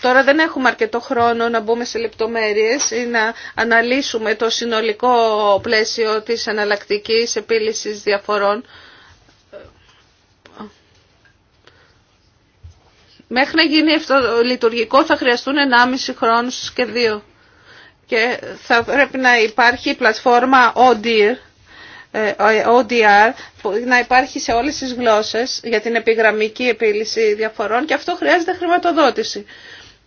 Τώρα δεν έχουμε αρκετό χρόνο να μπούμε σε λεπτομέρειες ή να αναλύσουμε το συνολικό πλαίσιο της αναλλακτική επίλυσης διαφορών. Μέχρι να γίνει αυτό λειτουργικό θα χρειαστούν 1,5 χρόνους και 2 και θα πρέπει να υπάρχει πλατφόρμα ODIR, ε, ODR που να υπάρχει σε όλες τις γλώσσες για την επιγραμμική επίλυση διαφορών και αυτό χρειάζεται χρηματοδότηση.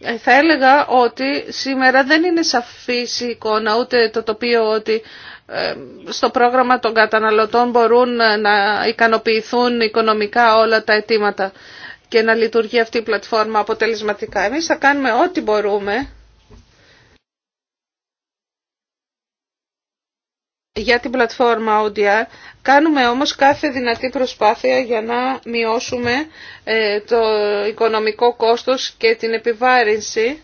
Ε, θα έλεγα ότι σήμερα δεν είναι σαφής η εικόνα ούτε το τοπίο ότι ε, στο πρόγραμμα των καταναλωτών μπορούν να ικανοποιηθούν οικονομικά όλα τα αιτήματα και να λειτουργεί αυτή η πλατφόρμα αποτελεσματικά. Εμείς θα κάνουμε ό,τι μπορούμε για την πλατφόρμα ODR. Κάνουμε όμως κάθε δυνατή προσπάθεια για να μειώσουμε ε, το οικονομικό κόστος και την επιβάρυνση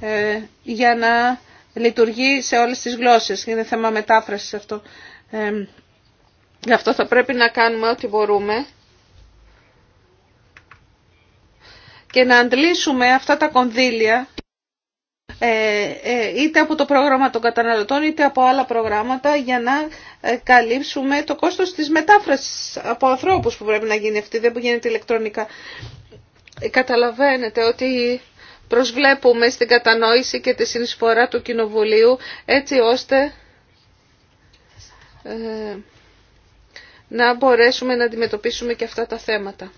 ε, για να λειτουργεί σε όλες τις γλώσσες. Είναι θέμα μετάφρασης αυτό. Ε, γι' αυτό θα πρέπει να κάνουμε ό,τι μπορούμε και να αντλήσουμε αυτά τα κονδύλια ε, ε, είτε από το πρόγραμμα των καταναλωτών είτε από άλλα προγράμματα για να ε, καλύψουμε το κόστος της μετάφρασης από ανθρώπους που πρέπει να γίνει αυτή, δεν που γίνεται ηλεκτρονικά. Καταλαβαίνετε ότι προσβλέπουμε στην κατανόηση και τη συνεισφορά του Κοινοβουλίου έτσι ώστε να μπορέσουμε να αντιμετωπίσουμε και αυτά τα θέματα.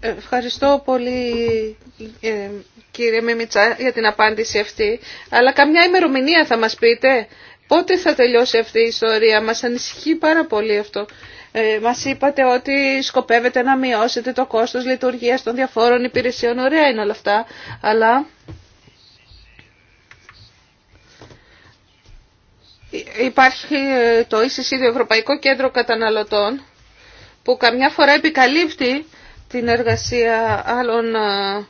Ευχαριστώ πολύ ε, κύριε Μιμιτσά για την απάντηση αυτή. Αλλά καμιά ημερομηνία θα μας πείτε. Πότε θα τελειώσει αυτή η ιστορία. Μας ανησυχεί πάρα πολύ αυτό. Ε, μας είπατε ότι σκοπεύετε να μειώσετε το κόστος λειτουργίας των διαφόρων υπηρεσιών. Ωραία είναι όλα αυτά. Αλλά Υπάρχει ε, το ECC, το Ευρωπαϊκό Κέντρο Καταναλωτών, που καμιά φορά επικαλύπτει την εργασία άλλων ε,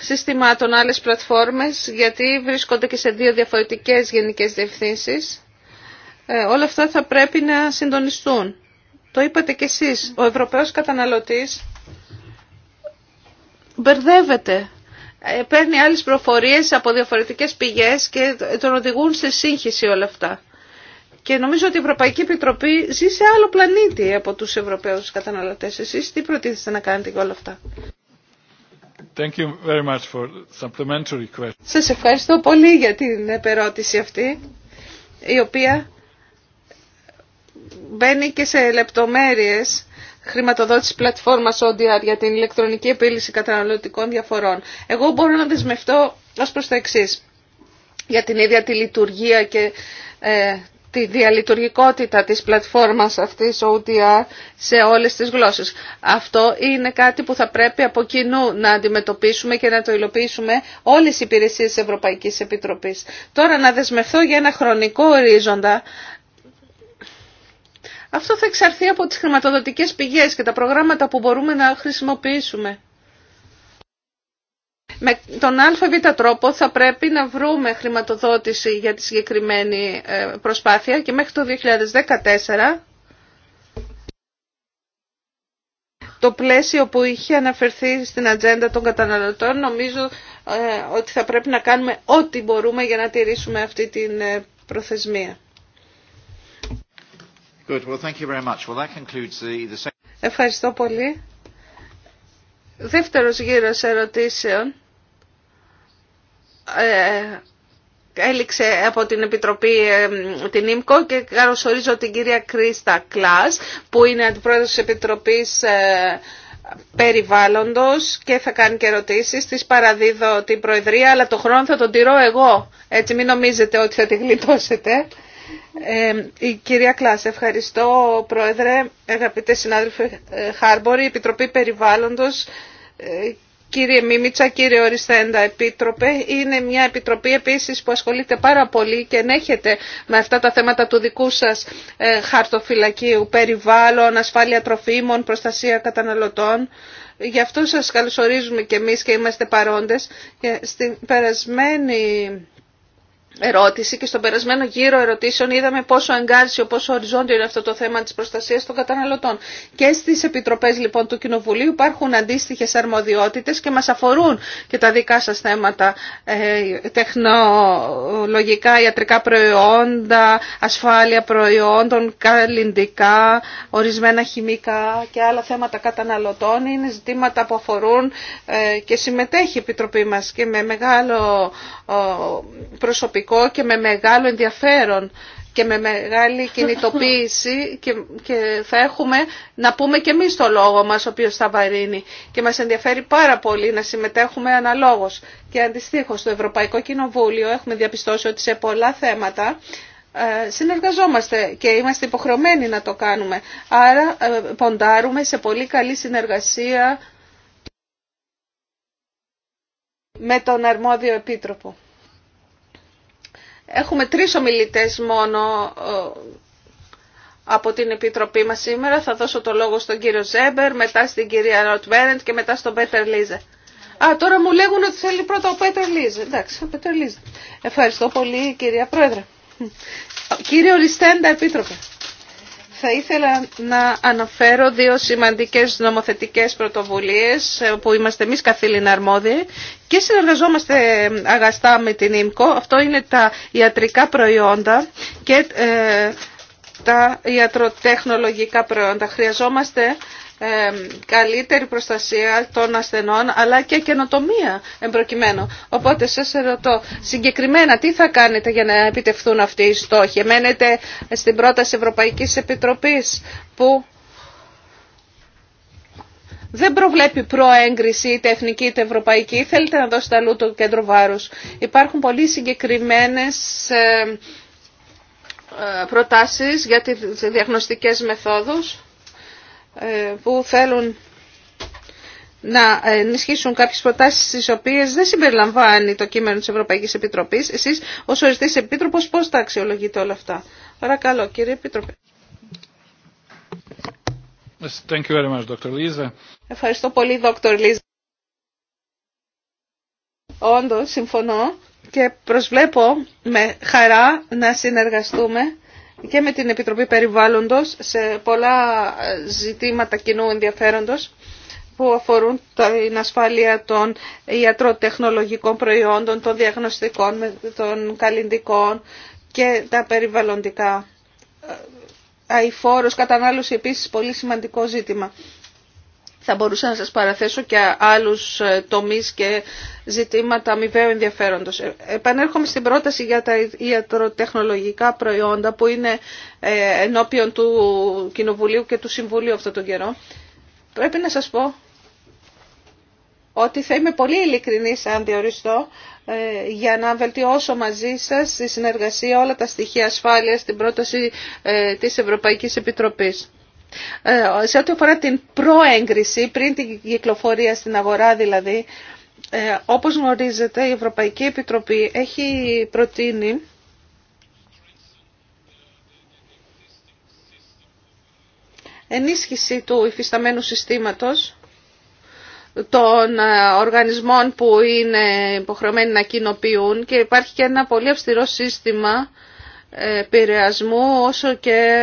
συστημάτων, άλλες πλατφόρμες, γιατί βρίσκονται και σε δύο διαφορετικές γενικές διευθύνσεις. Ε, όλα αυτά θα πρέπει να συντονιστούν. Το είπατε κι εσείς, ο Ευρωπαίος καταναλωτής μπερδεύεται ε, παίρνει άλλες προφορίες από διαφορετικές πηγές και τον οδηγούν σε σύγχυση όλα αυτά. Και νομίζω ότι η Ευρωπαϊκή Επιτροπή ζει σε άλλο πλανήτη από τους Ευρωπαίους καταναλωτές. Εσείς τι προτίθεστε να κάνετε για όλα αυτά. Thank you very much for supplementary Σας ευχαριστώ πολύ για την επερώτηση αυτή, η οποία μπαίνει και σε λεπτομέρειες χρηματοδότηση πλατφόρμας ODR για την ηλεκτρονική επίλυση καταναλωτικών διαφορών. Εγώ μπορώ να δεσμευτώ ως προς τα εξή για την ίδια τη λειτουργία και ε, τη διαλειτουργικότητα της πλατφόρμας αυτής ODR σε όλες τις γλώσσες. Αυτό είναι κάτι που θα πρέπει από κοινού να αντιμετωπίσουμε και να το υλοποιήσουμε όλες οι υπηρεσίες Ευρωπαϊκής Επιτροπής. Τώρα να δεσμευτώ για ένα χρονικό ορίζοντα αυτό θα εξαρθεί από τις χρηματοδοτικές πηγές και τα προγράμματα που μπορούμε να χρησιμοποιήσουμε. Με τον ΑΒ τρόπο θα πρέπει να βρούμε χρηματοδότηση για τη συγκεκριμένη ε, προσπάθεια και μέχρι το 2014 το πλαίσιο που είχε αναφερθεί στην ατζέντα των καταναλωτών νομίζω ε, ότι θα πρέπει να κάνουμε ό,τι μπορούμε για να τηρήσουμε αυτή την ε, προθεσμία. Ευχαριστώ πολύ. Δεύτερος γύρος ερωτήσεων ε, έληξε από την Επιτροπή ε, την ΙΜΚΟ και καλωσορίζω την κυρία Κρίστα Κλάς που είναι αντιπρόεδρος της Επιτροπής ε, περιβάλλοντος και θα κάνει και ερωτήσεις. Της παραδίδω την Προεδρία αλλά το χρόνο θα τον τηρώ εγώ. Έτσι μην νομίζετε ότι θα τη γλιτώσετε. Ε, η κυρία Κλάς, ευχαριστώ Πρόεδρε, αγαπητέ συνάδελφοι ε, Χάρμπορη, Επιτροπή Περιβάλλοντος, ε, κύριε Μίμητσα, κύριε Οριστέντα Επίτροπε. Είναι μια επιτροπή επίσης που ασχολείται πάρα πολύ και ενέχεται με αυτά τα θέματα του δικού σας ε, χαρτοφυλακίου, περιβάλλον, ασφάλεια τροφίμων, προστασία καταναλωτών. Γι' αυτό σας καλωσορίζουμε και εμείς και είμαστε παρόντες. Στην περασμένη ερώτηση και στον περασμένο γύρο ερωτήσεων είδαμε πόσο εγκάρσιο, πόσο οριζόντιο είναι αυτό το θέμα της προστασίας των καταναλωτών. Και στις επιτροπές λοιπόν του Κοινοβουλίου υπάρχουν αντίστοιχες αρμοδιότητες και μας αφορούν και τα δικά σας θέματα ε, τεχνολογικά, ιατρικά προϊόντα, ασφάλεια προϊόντων, καλλιντικά, ορισμένα χημικά και άλλα θέματα καταναλωτών. Είναι ζητήματα που αφορούν ε, και συμμετέχει η Επιτροπή μας και με μεγάλο προσωπικό και με μεγάλο ενδιαφέρον και με μεγάλη κινητοποίηση και, και θα έχουμε να πούμε και εμείς το λόγο μας ο οποίος θα βαρύνει και μας ενδιαφέρει πάρα πολύ να συμμετέχουμε αναλόγως και αντιστοίχως στο Ευρωπαϊκό Κοινοβούλιο έχουμε διαπιστώσει ότι σε πολλά θέματα ε, συνεργαζόμαστε και είμαστε υποχρεωμένοι να το κάνουμε άρα ε, ποντάρουμε σε πολύ καλή συνεργασία με τον αρμόδιο επίτροπο. Έχουμε τρεις ομιλητές μόνο ε, από την Επιτροπή μας σήμερα. Θα δώσω το λόγο στον κύριο Ζέμπερ, μετά στην κυρία Μέρεντ και μετά στον Πέτερ Λίζε. Α, τώρα μου λέγουν ότι θέλει πρώτα ο Πέτερ Λίζε. Εντάξει, ο Πέτερ Λίζε. Ευχαριστώ πολύ κυρία Πρόεδρε. Κύριε Οριστέντα Επίτροπε θα ήθελα να αναφέρω δύο σημαντικές νομοθετικές πρωτοβουλίες ε, που είμαστε εμείς καθήλυνα αρμόδιοι και συνεργαζόμαστε αγαστά με την ΙΜΚΟ. Αυτό είναι τα ιατρικά προϊόντα και ε, τα ιατροτεχνολογικά προϊόντα. Χρειαζόμαστε καλύτερη προστασία των ασθενών αλλά και καινοτομία εμπροκειμένου. Οπότε σας ερωτώ συγκεκριμένα τι θα κάνετε για να επιτευχθούν αυτοί οι στόχοι. Μένετε στην πρόταση Ευρωπαϊκής Επιτροπής που δεν προβλέπει προέγκριση είτε εθνική είτε ευρωπαϊκή. Θέλετε να δώσετε αλλού το κέντρο βάρους. Υπάρχουν πολύ συγκεκριμένες ε, προτάσεις για τι διαγνωστικές μεθόδους ε, που θέλουν να ενισχύσουν κάποιες προτάσεις τις οποίες δεν συμπεριλαμβάνει το κείμενο της Ευρωπαϊκής Επιτροπής. Εσείς ως οριστής επίτροπος πώς τα αξιολογείτε όλα αυτά. Παρακαλώ κύριε Επίτροπε. Thank you very much, Dr. Ευχαριστώ πολύ, Dr. Λίζα. Όντως, συμφωνώ και προσβλέπω με χαρά να συνεργαστούμε και με την Επιτροπή Περιβάλλοντος σε πολλά ε, ζητήματα κοινού ενδιαφέροντος που αφορούν την ασφάλεια των ιατροτεχνολογικών προϊόντων, των διαγνωστικών, των καλλιντικών και τα περιβαλλοντικά. Ε, αηφόρος, κατανάλωση επίσης πολύ σημαντικό ζήτημα. Θα μπορούσα να σας παραθέσω και άλλους ε, τομείς και ζητήματα αμοιβαίου ενδιαφέροντος. Ε, επανέρχομαι στην πρόταση για τα ιατροτεχνολογικά προϊόντα που είναι ε, ενώπιον του Κοινοβουλίου και του Συμβουλίου αυτόν τον καιρό. Πρέπει να σας πω ότι θα είμαι πολύ ειλικρινής αν διοριστώ για να βελτιώσω μαζί σας στη συνεργασία όλα τα στοιχεία ασφάλειας στην πρόταση της Ευρωπαϊκής Επιτροπής. Ε, σε ό,τι αφορά την προέγκριση, πριν την κυκλοφορία στην αγορά δηλαδή, ε, όπως γνωρίζετε η Ευρωπαϊκή Επιτροπή έχει προτείνει ενίσχυση του υφισταμένου συστήματος των ε, οργανισμών που είναι υποχρεωμένοι να κοινοποιούν και υπάρχει και ένα πολύ αυστηρό σύστημα επηρεασμού όσο και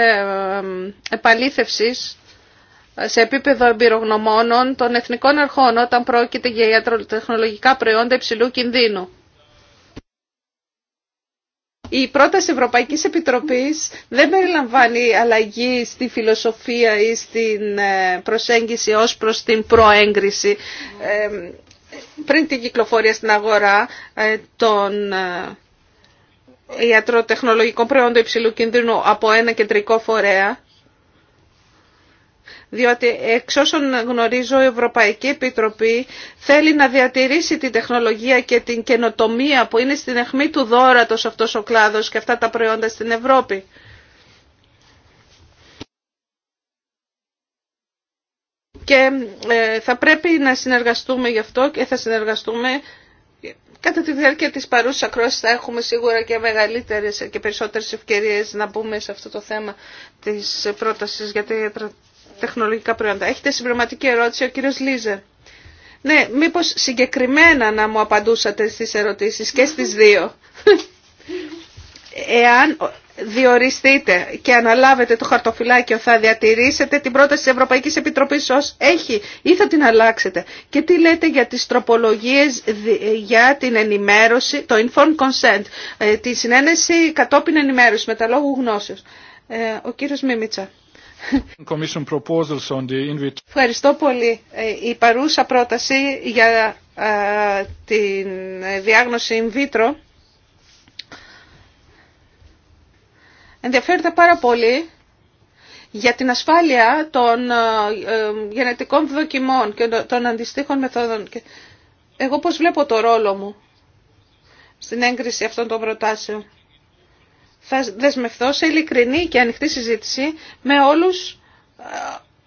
επαλήθευσης σε επίπεδο εμπειρογνωμόνων των εθνικών αρχών όταν πρόκειται για ιατροτεχνολογικά προϊόντα υψηλού κινδύνου. Η πρόταση Ευρωπαϊκής Επιτροπής δεν περιλαμβάνει αλλαγή στη φιλοσοφία ή στην ε, προσέγγιση ως προς την προέγκριση ε, πριν την κυκλοφορία στην αγορά ε, των ιατροτεχνολογικών προϊόντων υψηλού κινδύνου από ένα κεντρικό φορέα. Διότι εξ όσων γνωρίζω η Ευρωπαϊκή Επιτροπή θέλει να διατηρήσει την τεχνολογία και την καινοτομία που είναι στην αιχμή του δόρατος αυτός ο κλάδος και αυτά τα προϊόντα στην Ευρώπη. Και ε, θα πρέπει να συνεργαστούμε γι' αυτό και θα συνεργαστούμε Κατά τη διάρκεια της παρούσα κρόση, θα έχουμε σίγουρα και μεγαλύτερες και περισσότερες ευκαιρίες να μπούμε σε αυτό το θέμα της πρότασης για τα τεχνολογικά προϊόντα. Έχετε συμπληρωματική ερώτηση ο κύριος Λίζερ. Ναι, μήπως συγκεκριμένα να μου απαντούσατε στις ερωτήσεις και στις δύο. Εάν διοριστείτε και αναλάβετε το χαρτοφυλάκιο θα διατηρήσετε την πρόταση της Ευρωπαϊκής Επιτροπής ως έχει ή θα την αλλάξετε. Και τι λέτε για τις τροπολογίες για την ενημέρωση, το informed consent, ε, τη συνένεση κατόπιν ενημέρωση με τα λόγου γνώσεως. Ε, ο κύριος Μίμητσα. Ευχαριστώ πολύ. Ε, η παρούσα πρόταση για την διάγνωση in vitro ενδιαφέρεται πάρα πολύ για την ασφάλεια των ε, ε, γενετικών δοκιμών και των αντιστοίχων μεθόδων. Εγώ πώς βλέπω το ρόλο μου στην έγκριση αυτών των προτάσεων. Θα δεσμευτώ σε ειλικρινή και ανοιχτή συζήτηση με όλους ε,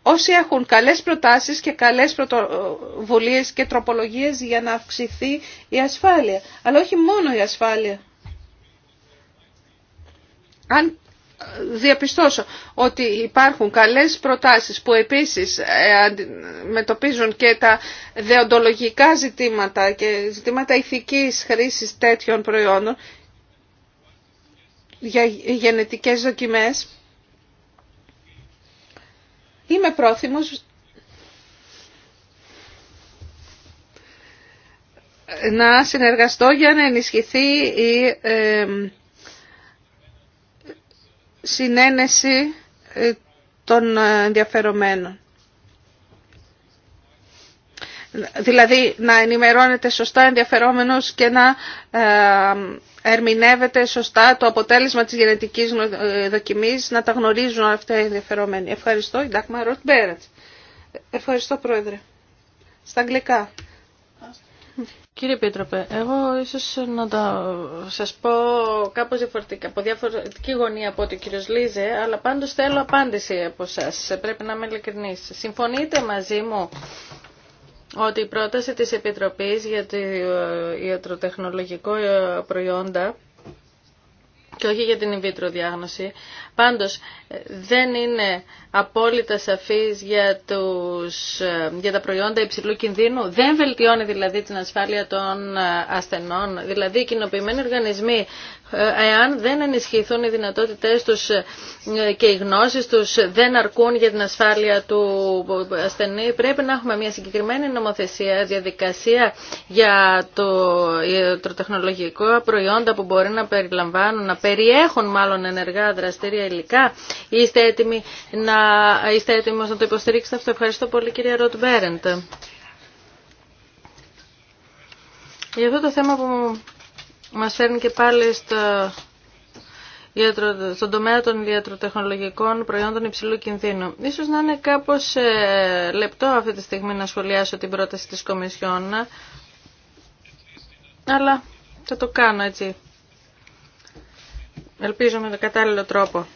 όσοι έχουν καλές προτάσεις και καλές πρωτοβουλίες και τροπολογίες για να αυξηθεί η ασφάλεια. Αλλά όχι μόνο η ασφάλεια. Αν διαπιστώσω ότι υπάρχουν καλές προτάσεις που επίσης ε, μετοπίζουν και τα δεοντολογικά ζητήματα και ζητήματα ηθικής χρήσης τέτοιων προϊόντων για γενετικές δοκιμές. Είμαι πρόθυμος να συνεργαστώ για να ενισχυθεί η ε, συνένεση ε, των ε, ενδιαφερομένων. Δηλαδή να ενημερώνεται σωστά ενδιαφερόμενος και να ε, ερμηνεύεται σωστά το αποτέλεσμα της γενετικής δοκιμής, να τα γνωρίζουν αυτά οι ενδιαφερόμενοι. Ευχαριστώ, η Ευχαριστώ, Πρόεδρε. Στα αγγλικά. Κύριε Πίτροπε, εγώ ίσως να τα σας πω κάπως διαφορετικά, από διαφορετική γωνία από ότι ο κύριος Λίζε, αλλά πάντως θέλω απάντηση από σας. Πρέπει να είμαι ειλικρινής. Συμφωνείτε μαζί μου ότι η πρόταση της Επιτροπής για το ε, ιατροτεχνολογικό ε, προϊόντα και όχι για την in διάγνωση, Πάντως ε, δεν είναι απόλυτα σαφής για, τους, ε, για τα προϊόντα υψηλού κινδύνου. Δεν βελτιώνει δηλαδή την ασφάλεια των ε, ασθενών. Δηλαδή οι κοινοποιημένοι οργανισμοί εάν δεν ενισχυθούν οι δυνατότητές τους και οι γνώσεις τους δεν αρκούν για την ασφάλεια του ασθενή, πρέπει να έχουμε μια συγκεκριμένη νομοθεσία, διαδικασία για το τεχνολογικό προϊόντα που μπορεί να περιλαμβάνουν, να περιέχουν μάλλον ενεργά δραστήρια τελικά. Είστε έτοιμοι να, είστε έτοιμοι να το υποστηρίξετε αυτό. Ευχαριστώ πολύ κυρία Ροτ Μπέρεντ. Για αυτό το θέμα που μας φέρνει και πάλι στο, στον τομέα των ιατροτεχνολογικών προϊόντων υψηλού κινδύνου. Ίσως να είναι κάπως ε, λεπτό αυτή τη στιγμή να σχολιάσω την πρόταση της Κομισιόν, αλλά θα το κάνω έτσι Ελπίζω με τον κατάλληλο τρόπο.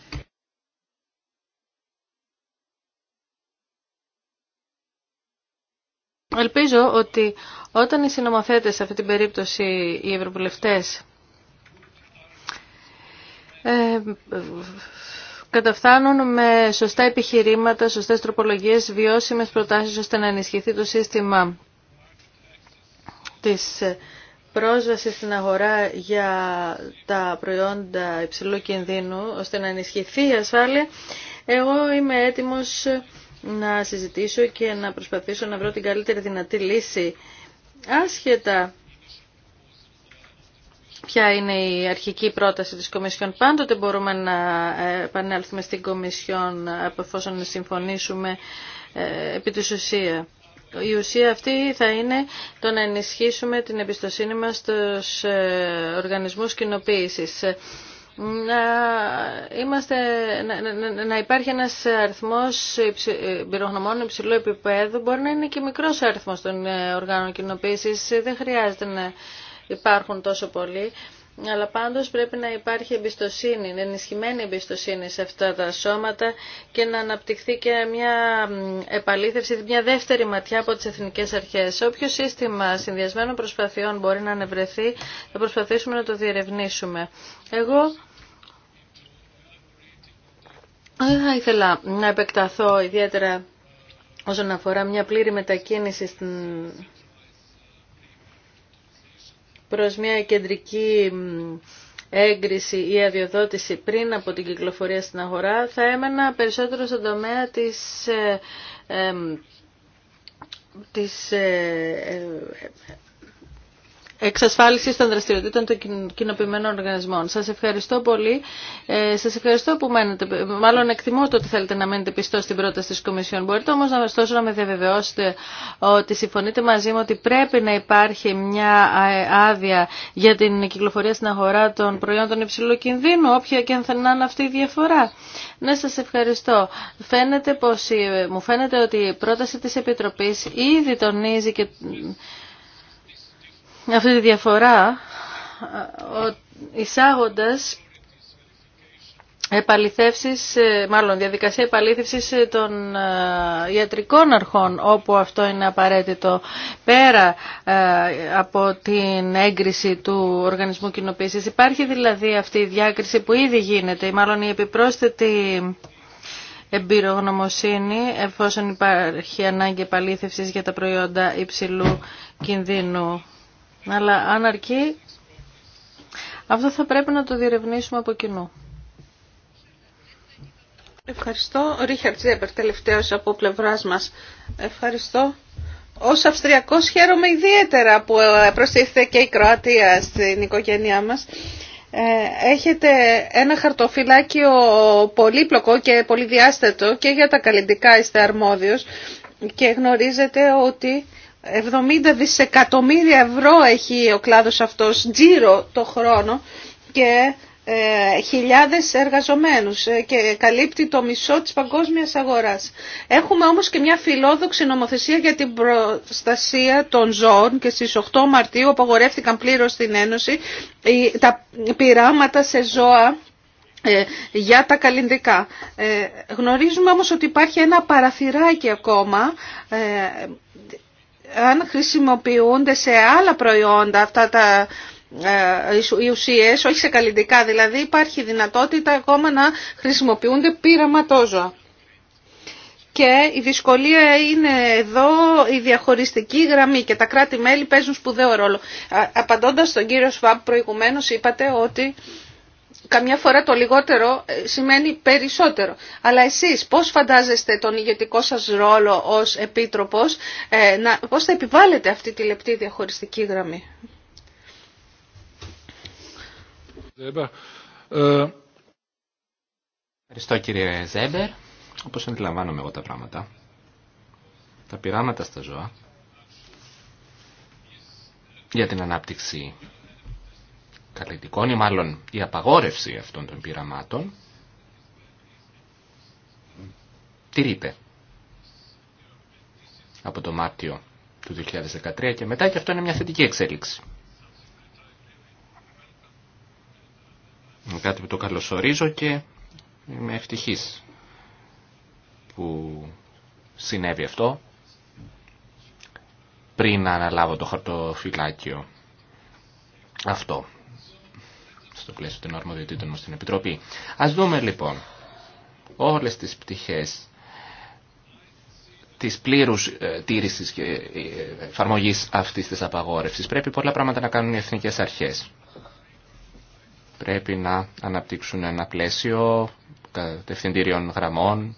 Ελπίζω ότι όταν οι συνομοθέτες, σε αυτή την περίπτωση οι ευρωβουλευτές, ε, καταφθάνουν με σωστά επιχειρήματα, σωστές τροπολογίες, βιώσιμες προτάσεις ώστε να ενισχυθεί το σύστημα της πρόσβαση στην αγορά για τα προϊόντα υψηλού κινδύνου, ώστε να ενισχυθεί η ασφάλεια, εγώ είμαι έτοιμος να συζητήσω και να προσπαθήσω να βρω την καλύτερη δυνατή λύση, άσχετα ποια είναι η αρχική πρόταση της Κομισιόν. Πάντοτε μπορούμε να επανέλθουμε στην Κομισιόν, εφόσον συμφωνήσουμε ε, επί της ουσία η ουσία αυτή θα είναι το να ενισχύσουμε την εμπιστοσύνη μας στους ε, οργανισμούς κοινοποίηση. Να, είμαστε, να, να υπάρχει ένας αριθμός ε, πυρογνωμών υψηλού επίπεδου, μπορεί να είναι και μικρός αριθμός των ε, οργάνων κοινοποίησης, δεν χρειάζεται να υπάρχουν τόσο πολλοί. Αλλά πάντως πρέπει να υπάρχει εμπιστοσύνη, ενισχυμένη εμπιστοσύνη σε αυτά τα σώματα και να αναπτυχθεί και μια επαλήθευση, μια δεύτερη ματιά από τις εθνικές αρχές. Όποιο σύστημα συνδυασμένων προσπαθειών μπορεί να ανεβρεθεί, θα προσπαθήσουμε να το διερευνήσουμε. Εγώ δεν θα ήθελα να επεκταθώ ιδιαίτερα όσον αφορά μια πλήρη μετακίνηση στην προς μια κεντρική έγκριση ή αδειοδότηση πριν από την κυκλοφορία στην αγορά, θα έμενα περισσότερο στον τομέα της, ε, ε, ε, ε εξασφάλισης των δραστηριοτήτων των κοινοποιημένων οργανισμών. Σας ευχαριστώ πολύ. Ε, σας ευχαριστώ που μένετε. Μάλλον εκτιμώ το ότι θέλετε να μένετε πιστό στην πρόταση της Κομισιόν. Μπορείτε όμως να, ωστόσο, να με διαβεβαιώσετε ότι συμφωνείτε μαζί μου ότι πρέπει να υπάρχει μια ε, άδεια για την κυκλοφορία στην αγορά των προϊόντων υψηλού κινδύνου, όποια και αν θα είναι αυτή η διαφορά. Ναι, σας ευχαριστώ. Φαίνεται πως, μου φαίνεται ότι η πρόταση της Επιτροπής ήδη τονίζει και αυτή τη διαφορά εισάγοντας επαληθεύσεις, ε, μάλλον διαδικασία επαλήθευσης ε, των ε, ιατρικών αρχών όπου αυτό είναι απαραίτητο πέρα από την έγκριση του οργανισμού κοινοποίησης. Υπάρχει δηλαδή αυτή η διάκριση που ήδη γίνεται ή μάλλον η επιπρόσθετη εμπειρογνωμοσύνη εφόσον υπάρχει ανάγκη επαλήθευσης για τα προϊόντα υψηλού κινδύνου. Αλλά αν αρκεί, αυτό θα πρέπει να το διερευνήσουμε από κοινού. Ευχαριστώ. Ρίχαρτ Ζέμπερ, από πλευρά μας. Ευχαριστώ. Ω Αυστριακό χαίρομαι ιδιαίτερα που ε, προσήλθε και η Κροατία στην οικογένειά μας. Ε, έχετε ένα χαρτοφυλάκιο πολύπλοκο και πολυδιάστατο και για τα καλλιντικά είστε αρμόδιος και γνωρίζετε ότι 70 δισεκατομμύρια ευρώ έχει ο κλάδος αυτός τζίρο το χρόνο και ε, χιλιάδες εργαζομένους ε, και καλύπτει το μισό της παγκόσμιας αγοράς. Έχουμε όμως και μια φιλόδοξη νομοθεσία για την προστασία των ζώων και στις 8 Μαρτίου απαγορεύτηκαν πλήρως στην Ένωση τα πειράματα σε ζώα ε, για τα καλλιντικά. Ε, γνωρίζουμε όμως ότι υπάρχει ένα παραθυράκι ακόμα αν χρησιμοποιούνται σε άλλα προϊόντα αυτά τα ε, οι ουσίες, όχι σε καλλιντικά δηλαδή, υπάρχει δυνατότητα ακόμα να χρησιμοποιούνται πειραματόζωα. Και η δυσκολία είναι εδώ η διαχωριστική γραμμή και τα κράτη-μέλη παίζουν σπουδαίο ρόλο. Απαντώντας στον κύριο Σφαμπ προηγουμένως είπατε ότι Καμιά φορά το λιγότερο ε, σημαίνει περισσότερο. Αλλά εσείς πώς φαντάζεστε τον ηγετικό σας ρόλο ως επίτροπος, ε, να, πώς θα επιβάλλετε αυτή τη λεπτή διαχωριστική γραμμή. Ε, Ευχαριστώ κύριε Ζέμπερ. Όπως αντιλαμβάνομαι εγώ τα πράγματα, τα πειράματα στα ζώα για την ανάπτυξη η απαγόρευση αυτών των πειραμάτων τηρείται από το Μάρτιο του 2013 και μετά και αυτό είναι μια θετική εξέλιξη. Κάτι που το καλωσορίζω και είμαι ευτυχής που συνέβη αυτό πριν να αναλάβω το χαρτοφυλάκιο αυτό στο πλαίσιο των αρμοδιοτήτων μας στην Επιτροπή. Ας δούμε λοιπόν όλες τις πτυχές της πλήρους ε, τήρησης και ε, εφαρμογής αυτής της απαγόρευσης. Πρέπει πολλά πράγματα να κάνουν οι εθνικές αρχές. Πρέπει να αναπτύξουν ένα πλαίσιο κατευθυντήριων γραμμών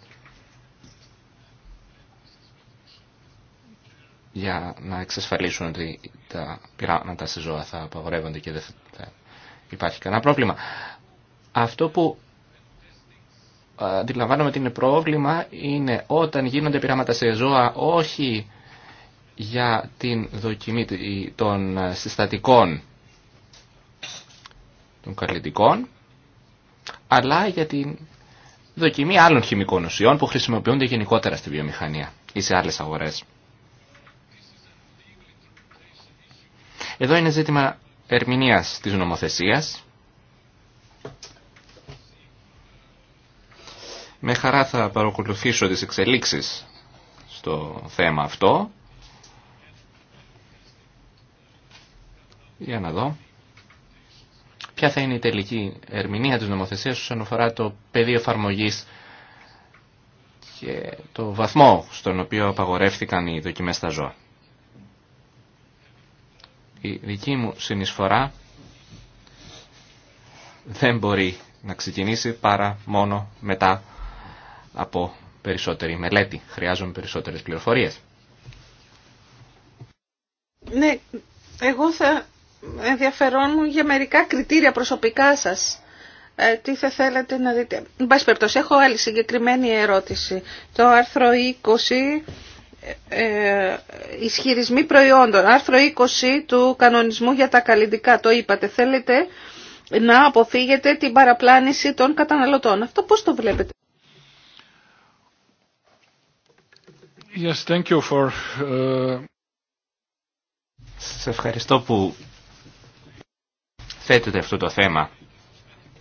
για να εξασφαλίσουν ότι τα πειράματα σε ζώα θα απαγορεύονται και δεν θα υπάρχει κανένα πρόβλημα. Αυτό που ε, αντιλαμβάνομαι ότι είναι πρόβλημα είναι όταν γίνονται πειράματα σε ζώα όχι για την δοκιμή των ε, συστατικών των καλλιτικών αλλά για την δοκιμή άλλων χημικών ουσιών που χρησιμοποιούνται γενικότερα στη βιομηχανία ή σε άλλες αγορές. Εδώ είναι ζήτημα ερμηνείας της νομοθεσίας. Με χαρά θα παρακολουθήσω τις εξελίξεις στο θέμα αυτό. Για να δω. Ποια θα είναι η τελική ερμηνεία της νομοθεσίας όσον αφορά το πεδίο εφαρμογή και το βαθμό στον οποίο απαγορεύτηκαν οι δοκιμές στα ζώα. Η δική μου συνεισφορά δεν μπορεί να ξεκινήσει παρά μόνο μετά από περισσότερη μελέτη. Χρειάζομαι περισσότερες πληροφορίες. Ναι, εγώ θα ενδιαφερόμουν για μερικά κριτήρια προσωπικά σας. Ε, τι θα θέλατε να δείτε. Εν περιπτώσει, έχω άλλη συγκεκριμένη ερώτηση. Το άρθρο 20 ε, ε, ισχυρισμοί προϊόντων. Άρθρο 20 του κανονισμού για τα καλλιντικά. Το είπατε. Θέλετε να αποφύγετε την παραπλάνηση των καταναλωτών. Αυτό πώς το βλέπετε. Yes, thank you for... Ε, Σας ευχαριστώ που θέτετε αυτό το θέμα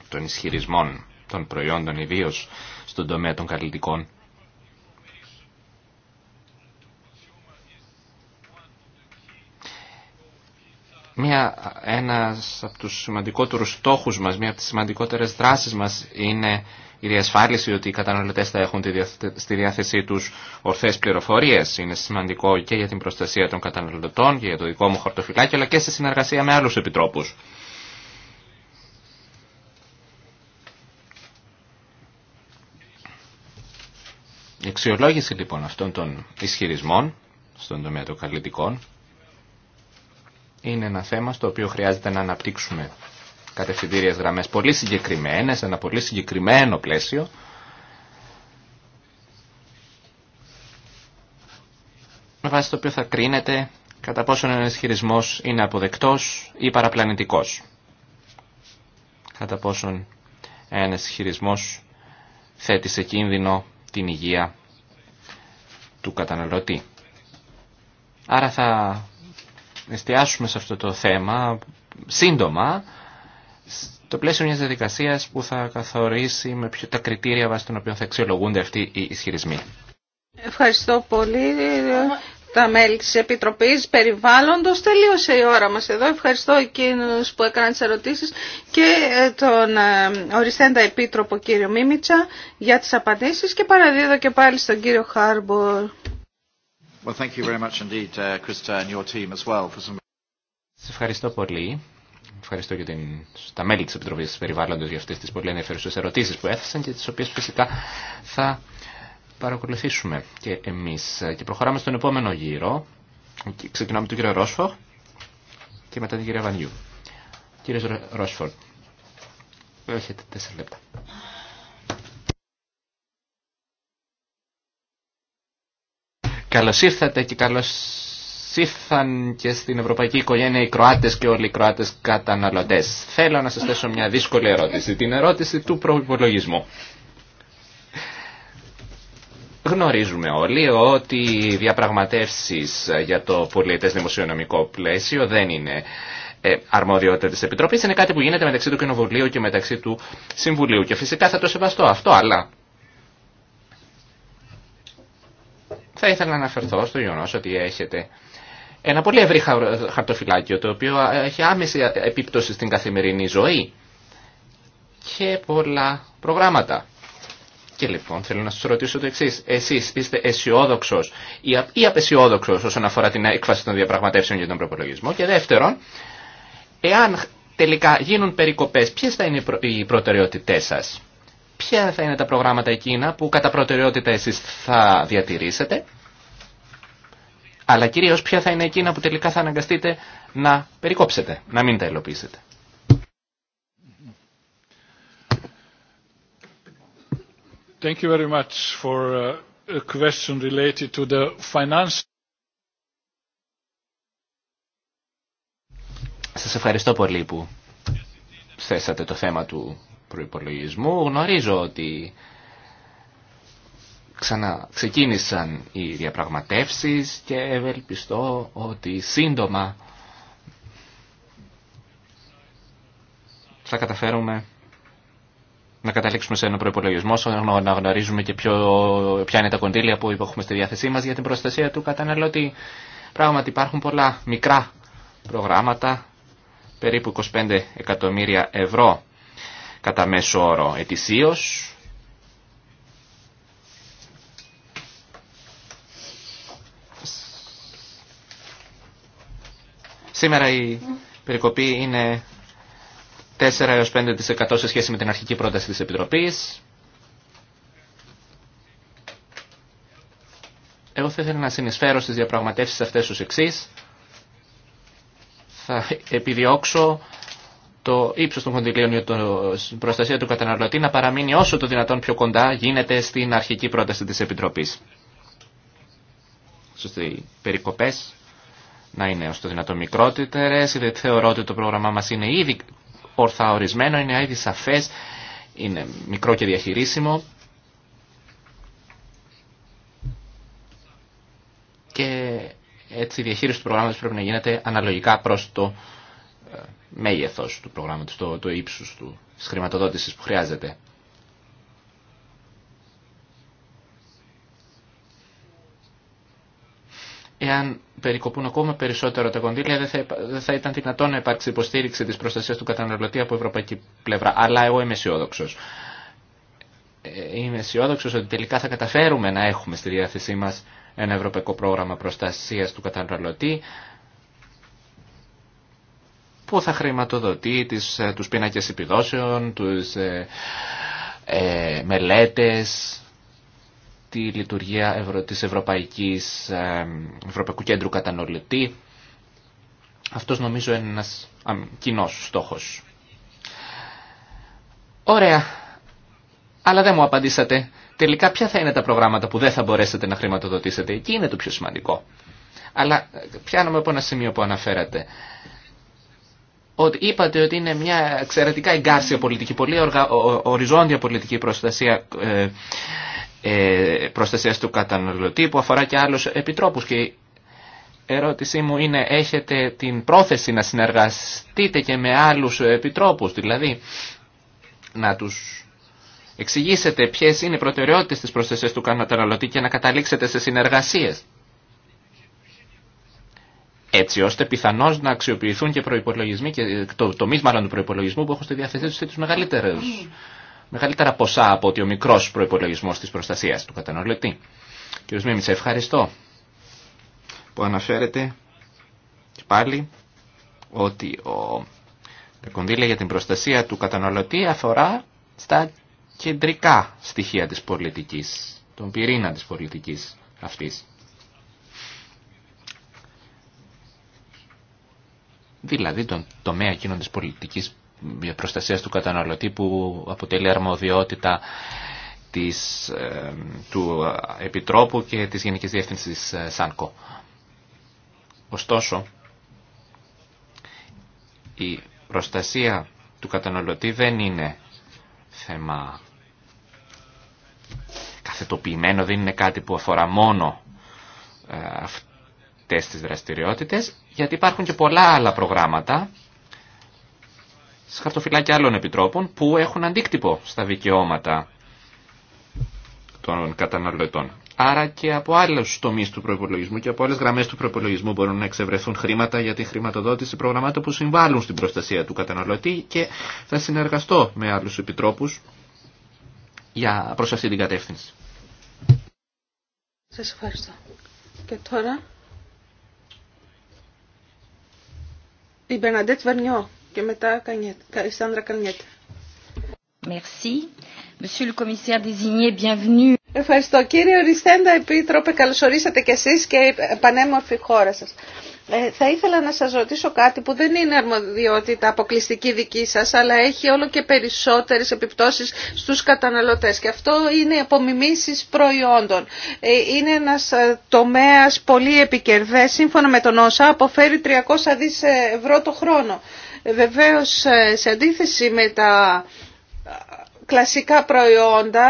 των ισχυρισμών των προϊόντων ιδίως στον τομέα των καλλιντικών. Μια, ένας από τους σημαντικότερους στόχους μας, μια από τις σημαντικότερες δράσεις μας είναι η διασφάλιση ότι οι καταναλωτές θα έχουν στη διάθεσή τους ορθές πληροφορίες. Είναι σημαντικό και για την προστασία των καταναλωτών και για το δικό μου χορτοφυλάκι, αλλά και σε συνεργασία με άλλους επιτρόπους. Η αξιολόγηση λοιπόν αυτών των ισχυρισμών στον τομέα των καλλιτικών είναι ένα θέμα στο οποίο χρειάζεται να αναπτύξουμε κατευθυντήριες γραμμές πολύ συγκεκριμένες, ένα πολύ συγκεκριμένο πλαίσιο. Με βάση το οποίο θα κρίνεται κατά πόσον ένα χειρισμός είναι αποδεκτός ή παραπλανητικός. Κατά πόσον ένα χειρισμός θέτει σε κίνδυνο την υγεία του καταναλωτή. Άρα θα εστιάσουμε σε αυτό το θέμα σύντομα στο πλαίσιο μιας διαδικασίας που θα καθορίσει με ποιο, τα κριτήρια βάσει των οποίων θα αξιολογούνται αυτοί οι ισχυρισμοί. Ευχαριστώ πολύ τα μέλη της Επιτροπής Περιβάλλοντος. Τελείωσε η ώρα μας εδώ. Ευχαριστώ εκείνους που έκαναν τις ερωτήσεις και ε, τον ε, οριστέντα Επίτροπο κύριο Μίμητσα για τις απαντήσεις και παραδίδω και πάλι στον κύριο Χάρμπορ. Well, ευχαριστώ πολύ. Ευχαριστώ και την, τα μέλη της Επιτροπής Περιβάλλοντος για αυτές τις πολύ ενδιαφέρουσες ερωτήσεις που έθεσαν και τις οποίες φυσικά θα παρακολουθήσουμε και εμείς. Και προχωράμε στον επόμενο γύρο. Ξεκινάμε τον κύριο Ρόσφορ και μετά την κυρία Βανιού. Κύριε Ρόσφορ, έχετε τέσσερα λεπτά. Καλώ ήρθατε και καλώ ήρθαν και στην ευρωπαϊκή οικογένεια οι Κροάτες και όλοι οι κροατέ καταναλωτές. Θέλω να σας θέσω μια δύσκολη ερώτηση, την ερώτηση του προπολογισμού. Γνωρίζουμε όλοι ότι οι διαπραγματεύσει για το πολιτέ δημοσιονομικό πλαίσιο δεν είναι ε, αρμοδιότητα της Επιτροπής, είναι κάτι που γίνεται μεταξύ του Κοινοβουλίου και μεταξύ του Συμβουλίου και φυσικά θα το σεβαστώ αυτό, αλλά θα ήθελα να αναφερθώ στο γεγονό ότι έχετε ένα πολύ ευρύ χαρτοφυλάκιο το οποίο έχει άμεση επίπτωση στην καθημερινή ζωή και πολλά προγράμματα. Και λοιπόν θέλω να σας ρωτήσω το εξής. Εσείς είστε αισιόδοξο ή απεσιόδοξο όσον αφορά την έκφαση των διαπραγματεύσεων για τον προπολογισμό. Και δεύτερον, εάν τελικά γίνουν περικοπές, ποιες θα είναι οι προτεραιότητές σας ποια θα είναι τα προγράμματα εκείνα που κατά προτεραιότητα εσείς θα διατηρήσετε, αλλά κυρίως ποια θα είναι εκείνα που τελικά θα αναγκαστείτε να περικόψετε, να μην τα υλοποιήσετε. Thank you very much for uh, a question related to the Σας ευχαριστώ πολύ που θέσατε το θέμα του προϋπολογισμού. Γνωρίζω ότι ξανά ξεκίνησαν οι διαπραγματεύσεις και ευελπιστώ ότι σύντομα θα καταφέρουμε να καταλήξουμε σε ένα προπολογισμό, να γνωρίζουμε και ποια είναι τα κοντήλια που έχουμε στη διάθεσή μας για την προστασία του καταναλωτή. Πράγματι υπάρχουν πολλά μικρά προγράμματα, περίπου 25 εκατομμύρια ευρώ κατά μέσο όρο ετησίως. Σήμερα η περικοπή είναι 4 5% σε σχέση με την αρχική πρόταση της Επιτροπής. Εγώ θα ήθελα να συνεισφέρω στις διαπραγματεύσεις αυτές τους εξής. Θα επιδιώξω το ύψος των κονδυλίων για την προστασία του καταναλωτή να παραμείνει όσο το δυνατόν πιο κοντά γίνεται στην αρχική πρόταση της Επιτροπής. Σωστή οι περικοπές να είναι όσο το δυνατόν μικρότερες, γιατί θεωρώ ότι το πρόγραμμά μας είναι ήδη ορθαορισμένο, είναι ήδη σαφές, είναι μικρό και διαχειρίσιμο. Και έτσι η διαχείριση του προγράμματος πρέπει να γίνεται αναλογικά προς το μέγεθος του προγράμματος, το, το ύψος του, της χρηματοδότησης που χρειάζεται. Εάν περικοπούν ακόμα περισσότερο τα κονδύλια, δεν θα, θα ήταν δυνατόν να υπάρξει υποστήριξη της προστασίας του καταναλωτή από ευρωπαϊκή πλευρά. Αλλά εγώ είμαι αισιόδοξο. Ε, είμαι αισιόδοξο ότι τελικά θα καταφέρουμε να έχουμε στη διάθεσή μας ένα ευρωπαϊκό πρόγραμμα προστασίας του καταναλωτή που θα χρηματοδοτεί τις, ε, τους πίνακες επιδόσεων, τους ε, ε, μελέτες, τη λειτουργία ευρω, της Ευρωπαϊκής, ε, Ευρωπαϊκού Κέντρου Κατανολητή. Αυτός νομίζω είναι ένας α, κοινός στόχος. Ωραία, αλλά δεν μου απαντήσατε. Τελικά ποια θα είναι τα προγράμματα που δεν θα μπορέσετε να χρηματοδοτήσετε. Εκεί είναι το πιο σημαντικό. Αλλά πιάνομαι από ένα σημείο που αναφέρατε ότι είπατε ότι είναι μια εξαιρετικά εγκάρσια πολιτική, πολύ οριζόντια πολιτική προστασία ε, ε, προστασίας του καταναλωτή που αφορά και άλλους επιτρόπους και η ερώτησή μου είναι έχετε την πρόθεση να συνεργαστείτε και με άλλους επιτρόπους δηλαδή να τους εξηγήσετε ποιες είναι οι προτεραιότητες της προστασίας του καταναλωτή και να καταλήξετε σε συνεργασίες έτσι ώστε πιθανώ να αξιοποιηθούν και προπολογισμοί και το, το μάλλον του προπολογισμού που έχω στη διάθεσή τους του ναι. μεγαλύτερα ποσά από ότι ο μικρό προπολογισμό τη προστασία του καταναλωτή. Μίμη, σε ευχαριστώ που αναφέρετε και πάλι ότι ο, τα κονδύλια για την προστασία του καταναλωτή αφορά στα κεντρικά στοιχεία της πολιτικής, τον πυρήνα της πολιτικής αυτής. δηλαδή τον τομέα εκείνων της πολιτικής προστασίας του καταναλωτή που αποτελεί αρμοδιότητα της, ε, του Επιτρόπου και της Γενικής Διεύθυνσης ε, ΣΑΝΚΟ. Ωστόσο, η προστασία του καταναλωτή δεν είναι θέμα καθετοποιημένο, δεν είναι κάτι που αφορά μόνο ε, αυτές τις δραστηριότητες γιατί υπάρχουν και πολλά άλλα προγράμματα σε χαρτοφυλάκια άλλων επιτρόπων που έχουν αντίκτυπο στα δικαιώματα των καταναλωτών. Άρα και από άλλου τομεί του προπολογισμού και από άλλε γραμμέ του προπολογισμού μπορούν να εξευρεθούν χρήματα για τη χρηματοδότηση προγραμμάτων που συμβάλλουν στην προστασία του καταναλωτή και θα συνεργαστώ με άλλου επιτρόπου για προ αυτή την κατεύθυνση. Σα ευχαριστώ. Και τώρα η Μπερναντέτ Βαρνιό και μετά η Σάντρα Κανιέτ. Merci. Monsieur le commissaire désigné, bienvenue. Ευχαριστώ. Κύριε Οριστέντα, Επίτροπε, καλωσορίσατε κι εσείς και η πανέμορφη χώρα σας. Ε, θα ήθελα να σας ρωτήσω κάτι που δεν είναι αρμοδιότητα αποκλειστική δική σας, αλλά έχει όλο και περισσότερες επιπτώσεις στους καταναλωτές. Και αυτό είναι οι απομιμήσεις προϊόντων. Ε, είναι ένας ε, τομέας πολύ επικερδές, σύμφωνα με τον ΩΣΑ, αποφέρει 300 δις ευρώ το χρόνο. Βεβαίως, σε αντίθεση με τα κλασικά προϊόντα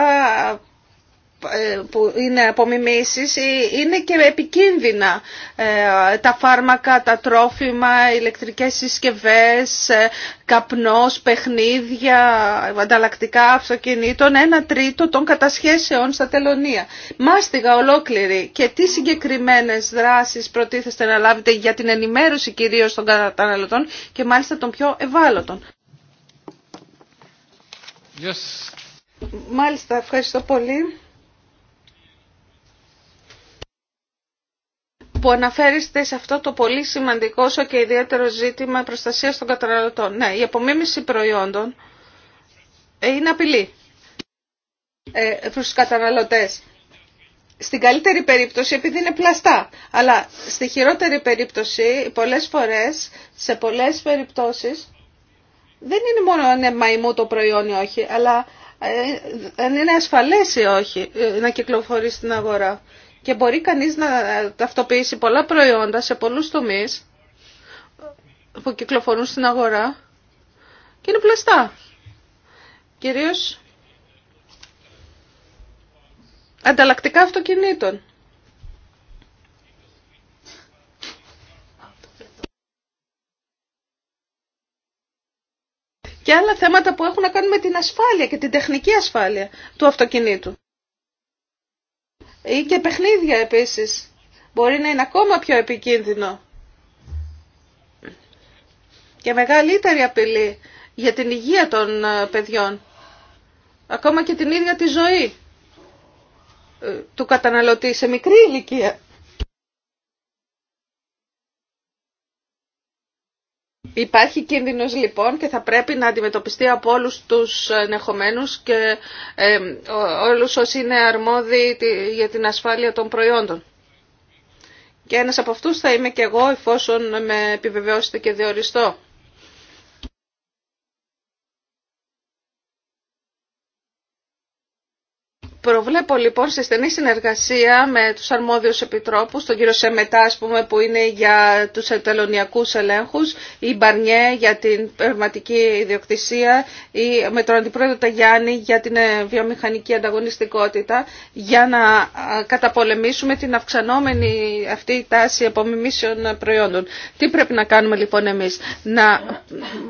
ε, που είναι απομιμήσεις ε, είναι και επικίνδυνα ε, τα φάρμακα, τα τρόφιμα, ηλεκτρικές συσκευές, καπνός, παιχνίδια, ανταλλακτικά αυτοκινήτων, ένα τρίτο των κατασχέσεων στα τελωνία. Μάστιγα ολόκληρη και τι συγκεκριμένες δράσεις προτίθεστε να λάβετε για την ενημέρωση κυρίως των καταναλωτών και μάλιστα των πιο ευάλωτων. Μάλιστα, ευχαριστώ πολύ. που αναφέρεστε σε αυτό το πολύ σημαντικό και ιδιαίτερο ζήτημα προστασίας των καταναλωτών. Ναι, η απομίμηση προϊόντων είναι απειλή ε, προς τους καταναλωτές. Στην καλύτερη περίπτωση επειδή είναι πλαστά, αλλά στη χειρότερη περίπτωση πολλές φορές, σε πολλές περιπτώσεις, δεν είναι μόνο αν είναι μαϊμού το προϊόν ή όχι, αλλά ε, αν είναι ασφαλές ή όχι ε, να κυκλοφορεί στην αγορά και μπορεί κανείς να ταυτοποιήσει πολλά προϊόντα σε πολλούς τομείς που κυκλοφορούν στην αγορά και είναι πλαστά. Κυρίως ανταλλακτικά αυτοκινήτων. Και άλλα θέματα που έχουν να κάνουν με την ασφάλεια και την τεχνική ασφάλεια του αυτοκινήτου ή και παιχνίδια επίσης. Μπορεί να είναι ακόμα πιο επικίνδυνο και μεγαλύτερη απειλή για την υγεία των ε, παιδιών, ακόμα και την ίδια τη ζωή ε, του καταναλωτή σε μικρή ηλικία. Υπάρχει κίνδυνος λοιπόν και θα πρέπει να αντιμετωπιστεί από όλους τους ενεχομένους και ε, όλους όσοι είναι αρμόδιοι για την ασφάλεια των προϊόντων. Και ένας από αυτούς θα είμαι και εγώ εφόσον με επιβεβαιώσετε και διοριστώ. Βλέπω λοιπόν σε στενή συνεργασία με τους αρμόδιους επιτρόπους, τον κύριο Σεμετά ας πούμε, που είναι για τους τελωνιακούς ελέγχους, η Μπαρνιέ για την πνευματική ιδιοκτησία, ή με τον αντιπρόεδρο Ταγιάννη για την ε, βιομηχανική ανταγωνιστικότητα, για να καταπολεμήσουμε την αυξανόμενη αυτή τάση απομιμήσεων προϊόντων. Τι πρέπει να κάνουμε λοιπόν εμείς, να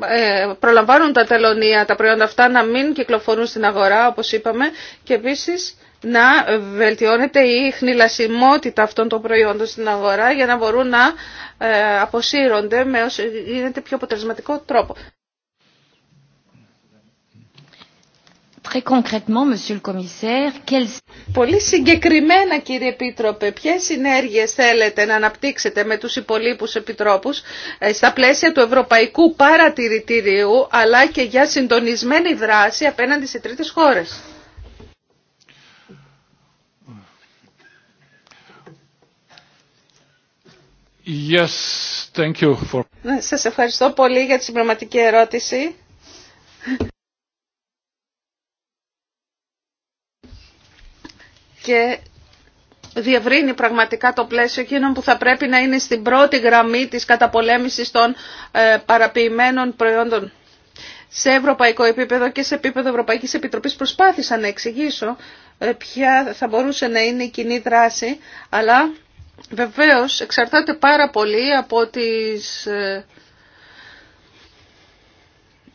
ε, προλαμβάνουν τα τελωνία τα προϊόντα αυτά να μην κυκλοφορούν στην αγορά όπως είπαμε και επίσης να βελτιώνεται η χνηλασιμότητα αυτών των προϊόντων στην αγορά για να μπορούν να ε, αποσύρονται με όσο γίνεται πιο αποτελεσματικό τρόπο. Πολύ συγκεκριμένα κύριε Επίτροπε, ποιε συνέργειε θέλετε να αναπτύξετε με τους υπόλείπου επιτρόπους ε, στα πλαίσια του Ευρωπαϊκού Παρατηρητηρίου αλλά και για συντονισμένη δράση απέναντι σε τρίτες χώρε. Yes, ναι, Σας ευχαριστώ πολύ για τη συμπληρωματική ερώτηση. Και διευρύνει πραγματικά το πλαίσιο εκείνων που θα πρέπει να είναι στην πρώτη γραμμή της καταπολέμησης των ε, παραποιημένων προϊόντων. Σε ευρωπαϊκό επίπεδο και σε επίπεδο Ευρωπαϊκής Επιτροπής προσπάθησα να εξηγήσω ε, ποια θα μπορούσε να είναι η κοινή δράση, αλλά Βεβαίως εξαρτάται πάρα πολύ από τις ε,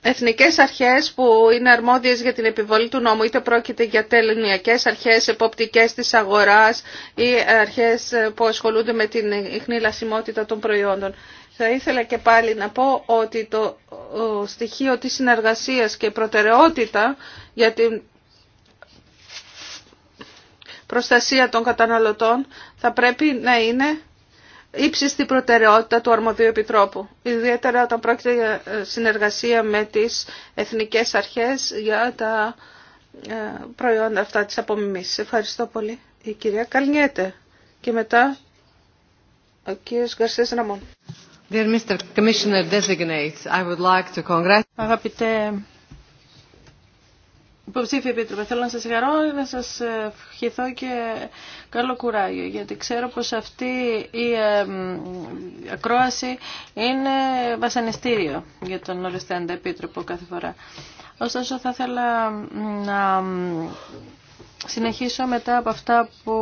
εθνικές αρχές που είναι αρμόδιες για την επιβολή του νόμου, είτε πρόκειται για τελωνιακές αρχές, εποπτικές της αγοράς ή αρχές ε, που ασχολούνται με την ιχνή λασιμότητα των προϊόντων. Θα ήθελα και πάλι να πω ότι το στοιχείο της συνεργασίας και προτεραιότητα για την προστασία των καταναλωτών θα πρέπει να είναι ύψιστη προτεραιότητα του αρμοδίου επιτρόπου, ιδιαίτερα όταν πρόκειται για ε, συνεργασία με τις εθνικές αρχές για τα ε, προϊόντα αυτά της απομιμήσης. Ευχαριστώ πολύ. Η κυρία Καλνιέτε και μετά ο κύριος Γκαρσές Ραμών. Υποψήφιοι Επίτροπε, θέλω να σας συγχαρώ, να σας ευχηθώ και καλό κουράγιο, γιατί ξέρω πως αυτή η ακρόαση είναι βασανιστήριο για τον οριστέντα Επίτροπο κάθε φορά. Ωστόσο θα ήθελα να συνεχίσω μετά από αυτά που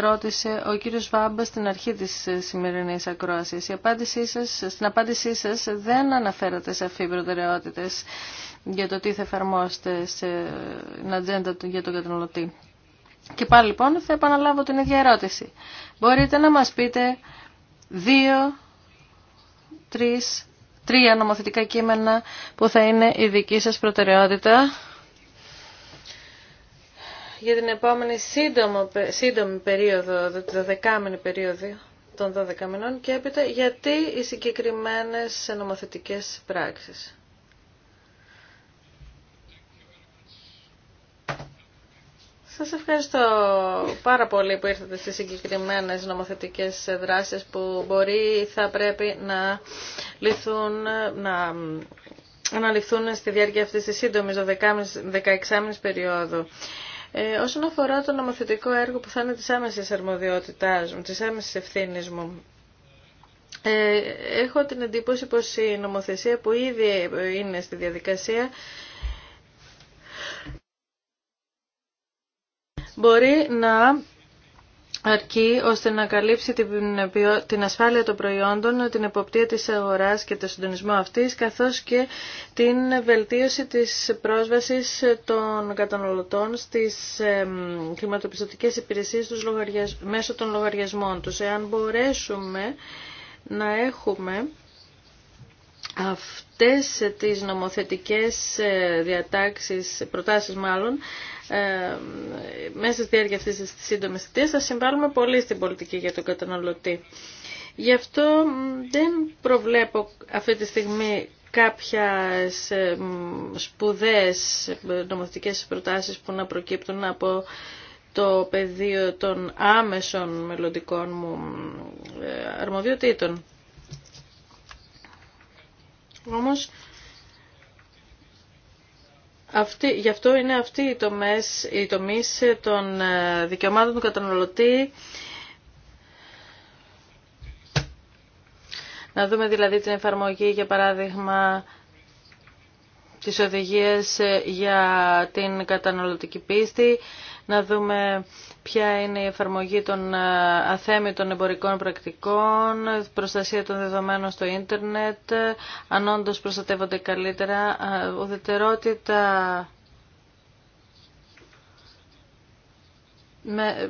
ρώτησε ο κύριος Βάμπα στην αρχή της σημερινής ακρόασης. Η απάντησή σας, στην απάντησή σας δεν αναφέρατε σαφή προτεραιότητες για το τι θα εφαρμόσετε στην ε, ατζέντα για τον καταναλωτή. Και πάλι λοιπόν θα επαναλάβω την ίδια ερώτηση. Μπορείτε να μας πείτε δύο, τρεις, τρία νομοθετικά κείμενα που θα είναι η δική σας προτεραιότητα για την επόμενη σύντομη περίοδο, τη δεκάμενη περίοδο των 12 μηνών και έπειτα γιατί οι συγκεκριμένες νομοθετικές πράξεις. Σας ευχαριστώ πάρα πολύ που ήρθατε στις συγκεκριμένες νομοθετικές δράσεις που μπορεί θα πρέπει να λυθούν, να αναλυθούν στη διάρκεια αυτής της σύντομης 16η περίοδου. Ε, όσον αφορά το νομοθετικό έργο που θα είναι της άμεσης αρμοδιότητά μου, τη άμεση ευθύνης μου, ε, έχω την εντύπωση πως η νομοθεσία που ήδη είναι στη διαδικασία μπορεί να αρκεί ώστε να καλύψει την ασφάλεια των προϊόντων, την εποπτεία της αγοράς και το συντονισμό αυτής, καθώς και την βελτίωση της πρόσβασης των καταναλωτών στις κλιματοπιστωτικές υπηρεσίες τους μέσω των λογαριασμών τους. Εάν μπορέσουμε να έχουμε αυτές τις νομοθετικές ε, διατάξεις, προτάσεις μάλλον, ε, μέσα στη διάρκεια αυτής της σύντομης θητείας θα συμβάλλουμε πολύ στην πολιτική για τον καταναλωτή. Γι' αυτό δεν προβλέπω αυτή τη στιγμή κάποιες ε, σπουδές νομοθετικές προτάσεις που να προκύπτουν από το πεδίο των άμεσων μελλοντικών μου ε, αρμοδιοτήτων. Όμως γι' αυτό είναι αυτή η τομές, οι τομείς των ε, δικαιωμάτων του καταναλωτή. Να δούμε δηλαδή την εφαρμογή, για παράδειγμα, τις οδηγίες ε, για την καταναλωτική πίστη, να δούμε ποια είναι η εφαρμογή των ε, αθέμητων εμπορικών πρακτικών, προστασία των δεδομένων στο ίντερνετ, αν όντω προστατεύονται καλύτερα, ε, ουδετερότητα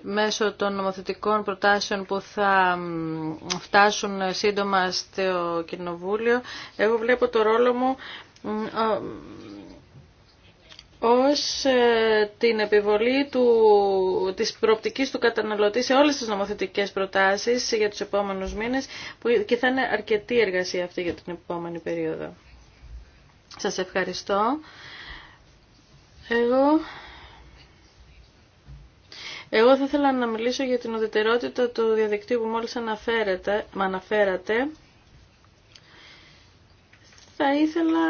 μέσω των νομοθετικών προτάσεων που θα φτάσουν σύντομα στο Κοινοβούλιο. Εγώ βλέπω το ρόλο μου ως ε, την επιβολή του, της προοπτικής του καταναλωτή σε όλες τις νομοθετικές προτάσεις για τους επόμενους μήνες που, και θα είναι αρκετή εργασία αυτή για την επόμενη περίοδο. Σας ευχαριστώ. Εγώ... Εγώ θα ήθελα να μιλήσω για την ουδετερότητα του διαδικτύου που μόλις αναφέρατε, αναφέρατε. Θα ήθελα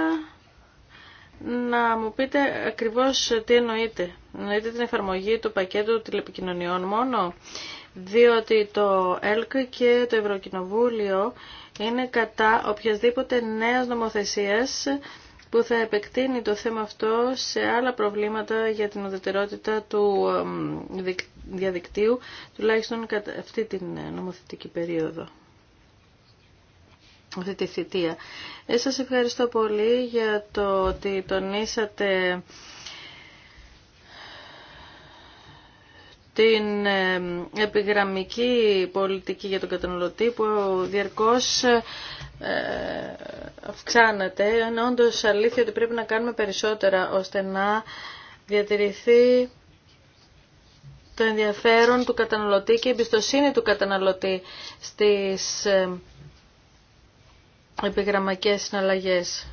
να μου πείτε ακριβώς τι εννοείτε. Εννοείτε την εφαρμογή του πακέτου τηλεπικοινωνιών μόνο, διότι το ΕΛΚ και το Ευρωκοινοβούλιο είναι κατά οποιασδήποτε νέας νομοθεσίας που θα επεκτείνει το θέμα αυτό σε άλλα προβλήματα για την οδετερότητα του διαδικτύου, τουλάχιστον κατά αυτή την νομοθετική περίοδο αυτή τη ε, σας ευχαριστώ πολύ για το ότι τονίσατε την ε, επιγραμμική πολιτική για τον καταναλωτή που διαρκώς ε, αυξάνεται. Είναι όντως αλήθεια ότι πρέπει να κάνουμε περισσότερα ώστε να διατηρηθεί το ενδιαφέρον του καταναλωτή και η εμπιστοσύνη του καταναλωτή στις επιγραμμακές συναλλαγές.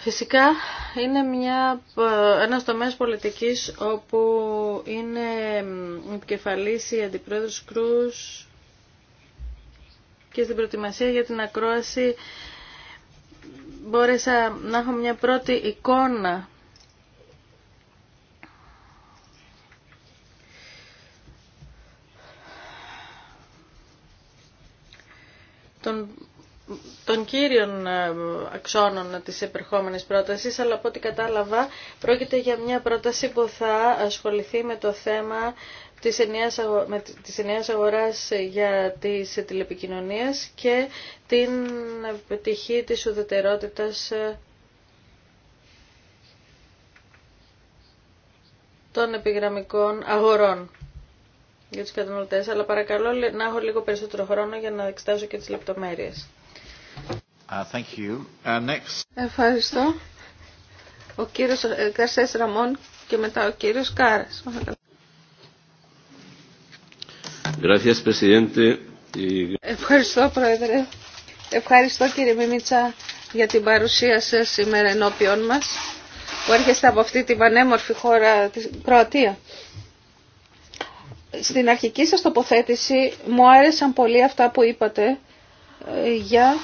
Φυσικά είναι μια, ένας τομέας πολιτικής όπου είναι επικεφαλής η Αντιπρόεδρος Κρούς και στην προετοιμασία για την ακρόαση μπόρεσα να έχω μια πρώτη εικόνα των των κύριων αξώνων ε, της επερχόμενης πρότασης, αλλά από ό,τι κατάλαβα πρόκειται για μια πρόταση που θα ασχοληθεί με το θέμα της ενιαίας, αγορά αγοράς για τις τηλεπικοινωνίες και την πτυχή της ουδετερότητας ε, των επιγραμμικών αγορών για τους καταναλωτές, αλλά παρακαλώ να έχω λίγο περισσότερο χρόνο για να εξετάσω και τις λεπτομέρειες. Uh, uh, Ευχαριστώ. Ο κύριος ε, Καρσές Ραμόν και μετά ο κύριος Κάρας. Ευχαριστώ, Πρόεδρε. Ευχαριστώ, κύριε Μιμίτσα, για την παρουσία σας σήμερα ενώπιον μας, που έρχεστε από αυτή την πανέμορφη χώρα της Κροατία. Στην αρχική σας τοποθέτηση μου άρεσαν πολύ αυτά που είπατε ε, για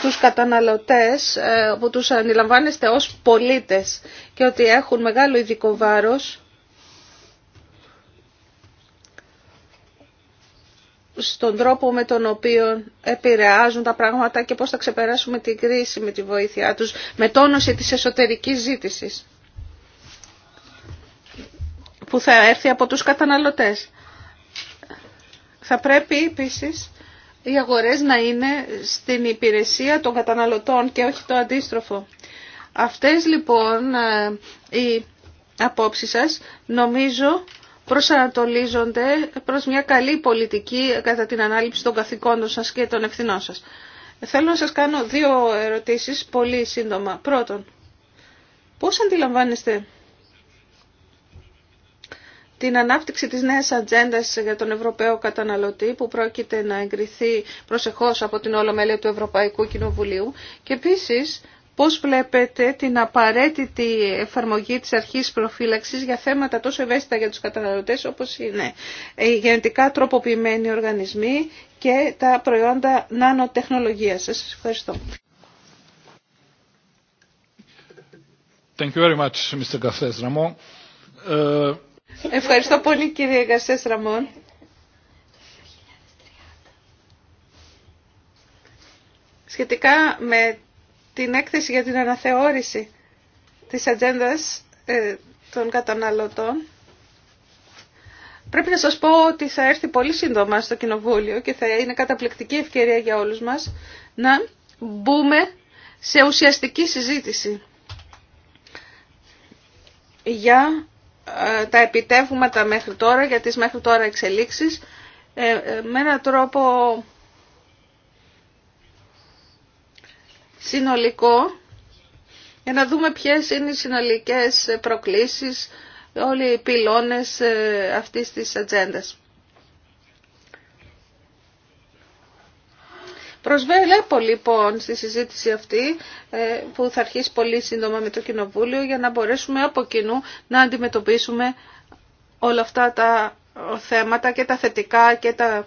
τους καταναλωτές ε, που τους αντιλαμβάνεστε ως πολίτες και ότι έχουν μεγάλο ειδικό βάρος στον τρόπο με τον οποίο επηρεάζουν τα πράγματα και πώς θα ξεπεράσουμε την κρίση με τη βοήθειά τους, με τόνωση της εσωτερικής ζήτησης που θα έρθει από τους καταναλωτές. Θα πρέπει επίσης οι αγορές να είναι στην υπηρεσία των καταναλωτών και όχι το αντίστροφο. Αυτές λοιπόν ε, οι απόψεις σας νομίζω προσανατολίζονται προς μια καλή πολιτική κατά την ανάληψη των καθηκόντων σας και των ευθυνών σας. Θέλω να σας κάνω δύο ερωτήσεις πολύ σύντομα. Πρώτον, πώς αντιλαμβάνεστε την ανάπτυξη της νέας ατζέντα για τον Ευρωπαίο καταναλωτή που πρόκειται να εγκριθεί προσεχώς από την Ολομέλεια του Ευρωπαϊκού Κοινοβουλίου και επίσης πώς βλέπετε την απαραίτητη εφαρμογή της αρχής προφύλαξης για θέματα τόσο ευαίσθητα για τους καταναλωτές όπως είναι οι γενετικά τροποποιημένοι οργανισμοί και τα προϊόντα νανοτεχνολογίας. Σας ευχαριστώ. Thank you very much, Mr. Ευχαριστώ πολύ κύριε Γασές Ραμόν. Σχετικά με την έκθεση για την αναθεώρηση της ατζέντα ε, των καταναλωτών, πρέπει να σας πω ότι θα έρθει πολύ σύντομα στο Κοινοβούλιο και θα είναι καταπληκτική ευκαιρία για όλους μας να μπούμε σε ουσιαστική συζήτηση για ε, τα επιτεύγματα μέχρι τώρα, για τις μέχρι τώρα εξελίξεις, ε, ε, με έναν τρόπο συνολικό, για να δούμε ποιες είναι οι συνολικές προκλήσεις, όλοι οι πυλώνες αυτής της ατζέντας. Προσβέλεπω λοιπόν στη συζήτηση αυτή ε, που θα αρχίσει πολύ σύντομα με το Κοινοβούλιο για να μπορέσουμε από κοινού να αντιμετωπίσουμε όλα αυτά τα θέματα και τα θετικά και τα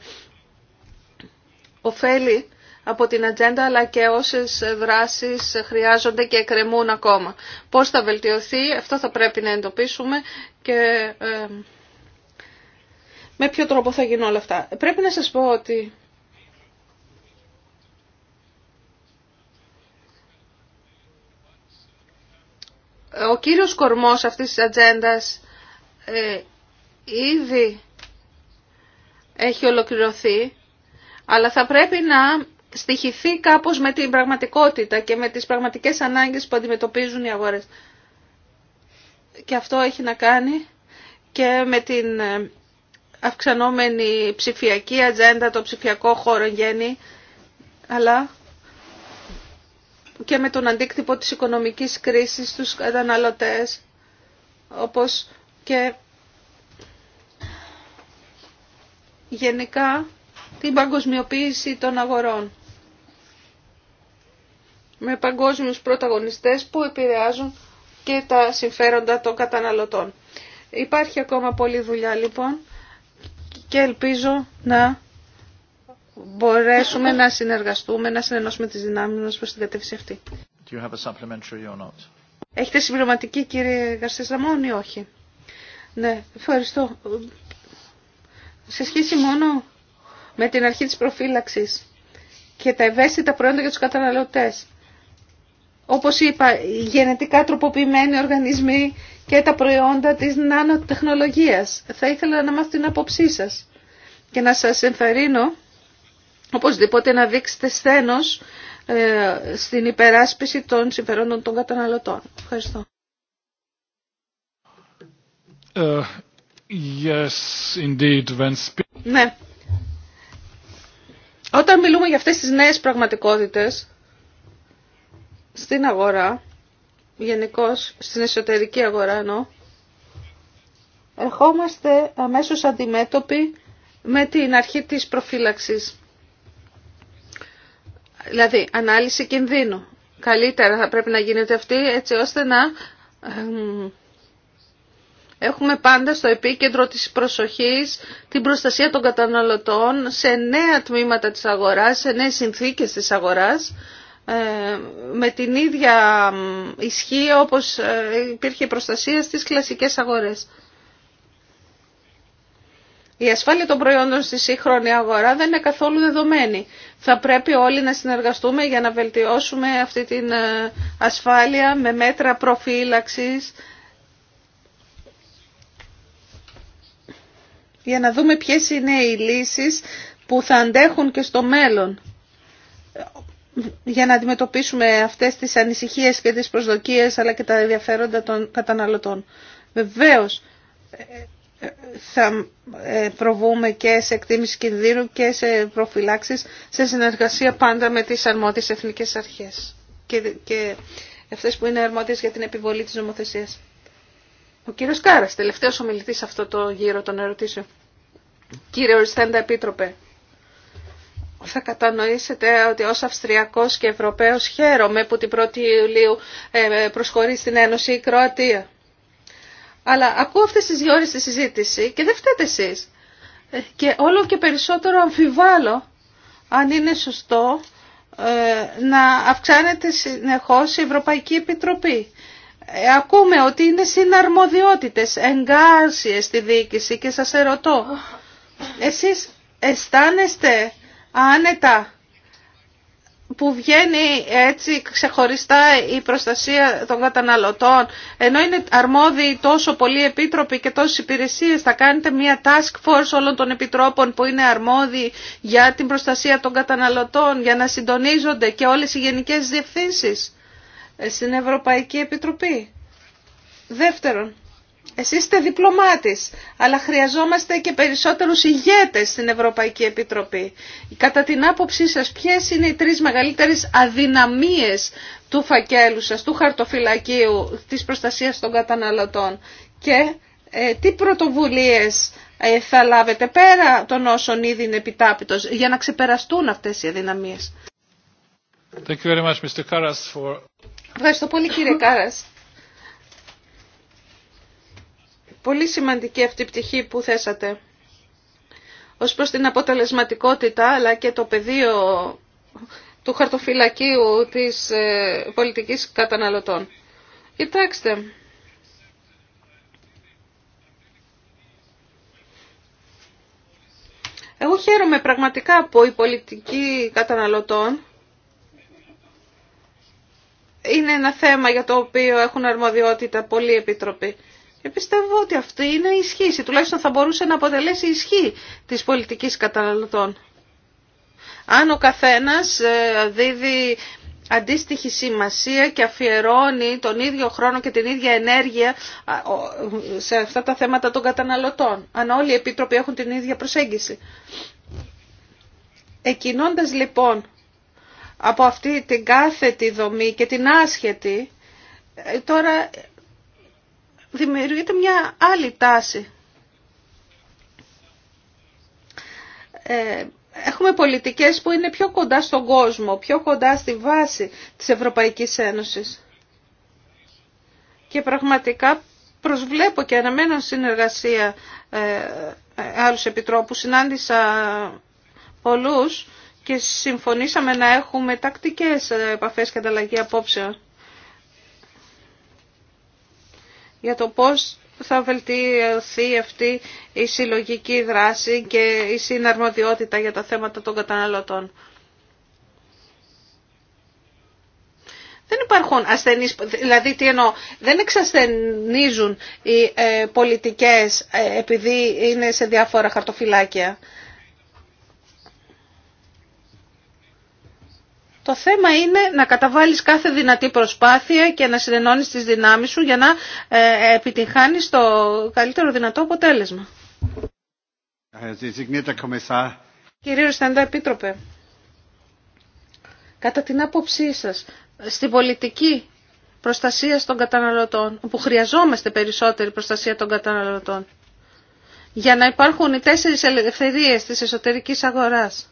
ωφέλη από την ατζέντα αλλά και όσες δράσεις χρειάζονται και εκκρεμούν ακόμα. Πώς θα βελτιωθεί, αυτό θα πρέπει να εντοπίσουμε και ε, με ποιο τρόπο θα γίνουν όλα αυτά. Πρέπει να σας πω ότι Ο κύριος κορμός αυτής της ατζέντα ε, ήδη έχει ολοκληρωθεί, αλλά θα πρέπει να στοιχηθεί κάπως με την πραγματικότητα και με τις πραγματικές ανάγκες που αντιμετωπίζουν οι αγορές. Και αυτό έχει να κάνει και με την ε, αυξανόμενη ψηφιακή ατζέντα, το ψηφιακό χώρο γέννη, αλλά και με τον αντίκτυπο της οικονομικής κρίσης στους καταναλωτές, όπως και γενικά την παγκοσμιοποίηση των αγορών με παγκόσμιους πρωταγωνιστές που επηρεάζουν και τα συμφέροντα των καταναλωτών. Υπάρχει ακόμα πολλή δουλειά λοιπόν και ελπίζω να μπορέσουμε να συνεργαστούμε, να συνενώσουμε τις δυνάμεις μας προς την κατεύθυνση αυτή. Έχετε συμπληρωματική κύριε Γαρσές ή όχι. Ναι, ευχαριστώ. Σε σχέση μόνο με την αρχή της προφύλαξης και τα ευαίσθητα προϊόντα για τους καταναλωτές. Όπως είπα, οι γενετικά τροποποιημένοι οργανισμοί και τα προϊόντα της νανοτεχνολογίας. Θα ήθελα να μάθω την άποψή σας και να σας ενθαρρύνω οπωσδήποτε να δείξετε σθένος ε, στην υπεράσπιση των συμφερόντων των καταναλωτών. Ευχαριστώ. Ε, yes, indeed, when... Ναι. Όταν μιλούμε για αυτές τις νέες πραγματικότητες στην αγορά, γενικώ στην εσωτερική αγορά ερχόμαστε αμέσως αντιμέτωποι με την αρχή της προφύλαξης. Δηλαδή, ανάλυση κινδύνου. Καλύτερα θα πρέπει να γίνεται αυτή έτσι ώστε να έχουμε πάντα στο επίκεντρο της προσοχής την προστασία των καταναλωτών σε νέα τμήματα της αγοράς, σε νέες συνθήκες της αγοράς, ε, με την ίδια ισχύ όπως ε, υπήρχε προστασία στις κλασικές αγορές. Η ασφάλεια των προϊόντων στη σύγχρονη αγορά δεν είναι καθόλου δεδομένη. Θα πρέπει όλοι να συνεργαστούμε για να βελτιώσουμε αυτή την ε, ασφάλεια με μέτρα προφύλαξης, για να δούμε ποιες είναι οι λύσεις που θα αντέχουν και στο μέλλον για να αντιμετωπίσουμε αυτές τις ανησυχίες και τις προσδοκίες αλλά και τα ενδιαφέροντα των καταναλωτών. Βεβαίως, θα ε, προβούμε και σε εκτίμηση κινδύνου και σε προφυλάξεις σε συνεργασία πάντα με τις αρμόδιες εθνικές αρχές και, και αυτές που είναι αρμόδιες για την επιβολή της νομοθεσίας. Ο κύριος Κάρας, τελευταίος ομιλητής σε αυτό το γύρο των ερωτήσεων. Κύριε Οριστέντα Επίτροπε, θα κατανοήσετε ότι ως Αυστριακός και Ευρωπαίος χαίρομαι που την 1η Ιουλίου ε, ε, προσχωρεί στην Ένωση η Κροατία. Αλλά ακούω αυτές τις δύο ώρες τη συζήτηση και δεν φταίτε εσείς. Ε, και όλο και περισσότερο αμφιβάλλω αν είναι σωστό ε, να αυξάνεται συνεχώς η Ευρωπαϊκή Επιτροπή. Ε, ακούμε ότι είναι συναρμοδιότητες, εγκάρσιες στη διοίκηση και σας ερωτώ. Εσείς αισθάνεστε άνετα που βγαίνει έτσι ξεχωριστά η προστασία των καταναλωτών, ενώ είναι αρμόδιοι τόσο πολλοί επίτροποι και τόσες υπηρεσίες, θα κάνετε μια task force όλων των επιτρόπων που είναι αρμόδιοι για την προστασία των καταναλωτών, για να συντονίζονται και όλες οι γενικές διευθύνσεις ε, στην Ευρωπαϊκή Επιτροπή. Δεύτερον, εσείς είστε διπλωμάτης, αλλά χρειαζόμαστε και περισσότερους ηγέτες στην Ευρωπαϊκή Επιτροπή. Κατά την άποψή σας, ποιες είναι οι τρεις μεγαλύτερες αδυναμίες του φακέλου σας, του χαρτοφυλακίου, της προστασίας των καταναλωτών και ε, τι πρωτοβουλίες ε, θα λάβετε πέρα των όσων ήδη είναι επιτάπητος για να ξεπεραστούν αυτές οι αδυναμίες. Thank you very much, Mr. Karas, for... Ευχαριστώ πολύ κύριε Κάρας Πολύ σημαντική αυτή η πτυχή που θέσατε ως προς την αποτελεσματικότητα αλλά και το πεδίο του χαρτοφυλακίου της ε, πολιτικής καταναλωτών. Κοιτάξτε, εγώ χαίρομαι πραγματικά που η πολιτική καταναλωτών είναι ένα θέμα για το οποίο έχουν αρμοδιότητα πολλοί επιτροποί. Και πιστεύω ότι αυτή είναι η ισχύση, τουλάχιστον θα μπορούσε να αποτελέσει η ισχύ της πολιτικής καταναλωτών. Αν ο καθένας ε, δίδει αντίστοιχη σημασία και αφιερώνει τον ίδιο χρόνο και την ίδια ενέργεια σε αυτά τα θέματα των καταναλωτών. Αν όλοι οι επίτροποι έχουν την ίδια προσέγγιση. Εκινώντας λοιπόν από αυτή την κάθετη δομή και την άσχετη, ε, τώρα δημιουργείται μια άλλη τάση. Ε, έχουμε πολιτικές που είναι πιο κοντά στον κόσμο, πιο κοντά στη βάση της Ευρωπαϊκής Ένωσης. Και πραγματικά προσβλέπω και αναμένω συνεργασία ε, ε, άλλους επιτρόπους. Συνάντησα πολλούς και συμφωνήσαμε να έχουμε τακτικές επαφές και ανταλλαγή απόψεων. για το πώς θα βελτιωθεί αυτή η συλλογική δράση και η συναρμοδιότητα για τα θέματα των καταναλωτών. Δεν υπάρχουν ασθενείς, δηλαδή τι εννοώ, δεν εξασθενίζουν οι ε, πολιτικές ε, επειδή είναι σε διάφορα χαρτοφυλάκια. Το θέμα είναι να καταβάλεις κάθε δυνατή προσπάθεια και να συνενώνεις τις δυνάμεις σου για να ε, επιτυχάνεις το καλύτερο δυνατό αποτέλεσμα. Κύριε Ρουσταντά Επίτροπε, κατά την άποψή σας, στην πολιτική προστασία των καταναλωτών, όπου χρειαζόμαστε περισσότερη προστασία των καταναλωτών, για να υπάρχουν οι τέσσερις ελευθερίες της εσωτερικής αγοράς,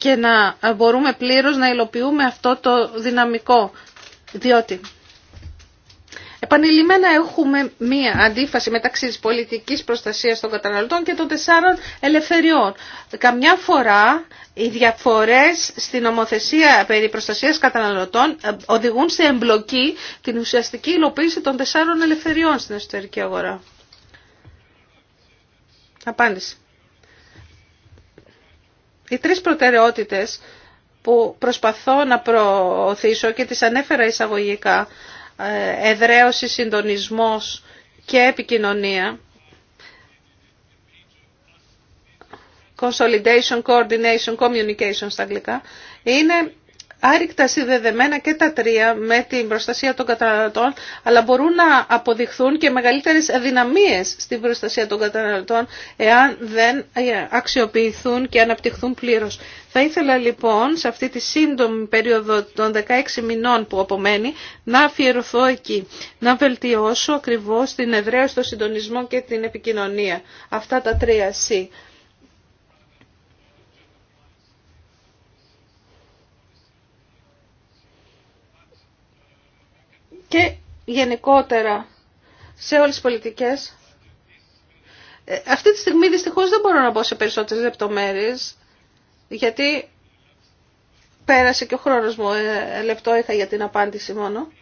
και να μπορούμε πλήρως να υλοποιούμε αυτό το δυναμικό. Διότι επανειλημμένα έχουμε μία αντίφαση μεταξύ της πολιτικής προστασίας των καταναλωτών και των τεσσάρων ελευθεριών. Καμιά φορά οι διαφορές στην νομοθεσία περί προστασίας καταναλωτών ε, οδηγούν σε εμπλοκή την ουσιαστική υλοποίηση των τεσσάρων ελευθεριών στην εσωτερική αγορά. Απάντηση. Οι τρεις προτεραιότητες που προσπαθώ να προωθήσω και τις ανέφερα εισαγωγικά, ε, εδραίωση, συντονισμός και επικοινωνία, consolidation, coordination, communication στα αγγλικά, είναι άρρηκτα συνδεδεμένα και τα τρία με την προστασία των καταναλωτών, αλλά μπορούν να αποδειχθούν και μεγαλύτερες αδυναμίες στην προστασία των καταναλωτών, εάν δεν ε, αξιοποιηθούν και αναπτυχθούν πλήρως. Θα ήθελα λοιπόν σε αυτή τη σύντομη περίοδο των 16 μηνών που απομένει να αφιερωθώ εκεί, να βελτιώσω ακριβώς την εδραίωση, τον συντονισμό και την επικοινωνία. Αυτά τα τρία C. και γενικότερα σε όλες τις πολιτικές. Ε, αυτή τη στιγμή δυστυχώς δεν μπορώ να μπω σε περισσότερες λεπτομέρειες, γιατί πέρασε και ο χρόνος μου, ε, λεπτό είχα για την απάντηση μόνο.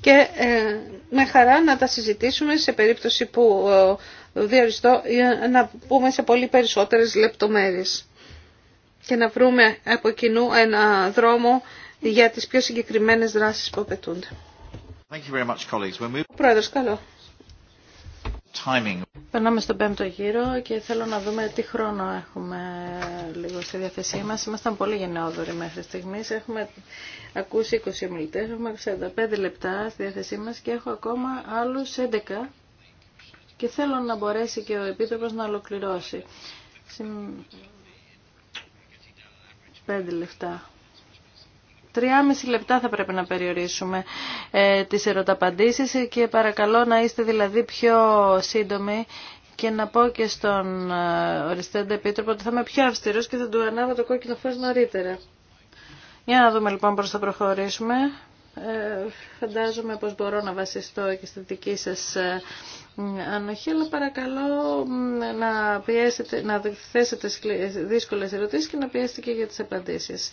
Και ε, με χαρά να τα συζητήσουμε σε περίπτωση που ε, διοριστώ να πούμε σε πολύ περισσότερες λεπτομέρειες και να βρούμε από κοινού ένα δρόμο για τις πιο συγκεκριμένες δράσεις που απαιτούνται. Thank καλό. Περνάμε στον πέμπτο γύρο και θέλω να δούμε τι χρόνο έχουμε λίγο στη διαθεσή μας. Ήμασταν πολύ γενναιόδοροι μέχρι στιγμή. Έχουμε ακούσει 20 ομιλητές, έχουμε 45 λεπτά στη διαθεσή μας και έχω ακόμα άλλους 11 και θέλω να μπορέσει και ο Επίτροπος να ολοκληρώσει. 5 λεπτά μισή λεπτά θα πρέπει να περιορίσουμε ε, τις ερωταπαντήσεις και παρακαλώ να είστε δηλαδή πιο σύντομοι και να πω και στον ε, οριστέντε επίτροπο ότι θα είμαι πιο αυστηρός και θα του ανάβω το κόκκινο φως νωρίτερα. Για να δούμε λοιπόν πώς θα προχωρήσουμε. Ε, φαντάζομαι πως μπορώ να βασιστώ και στη δική σας ε, ανοχή, αλλά παρακαλώ να, πιέσετε, να θέσετε δύσκολες ερωτήσεις και να πιέσετε και για τις απαντήσεις.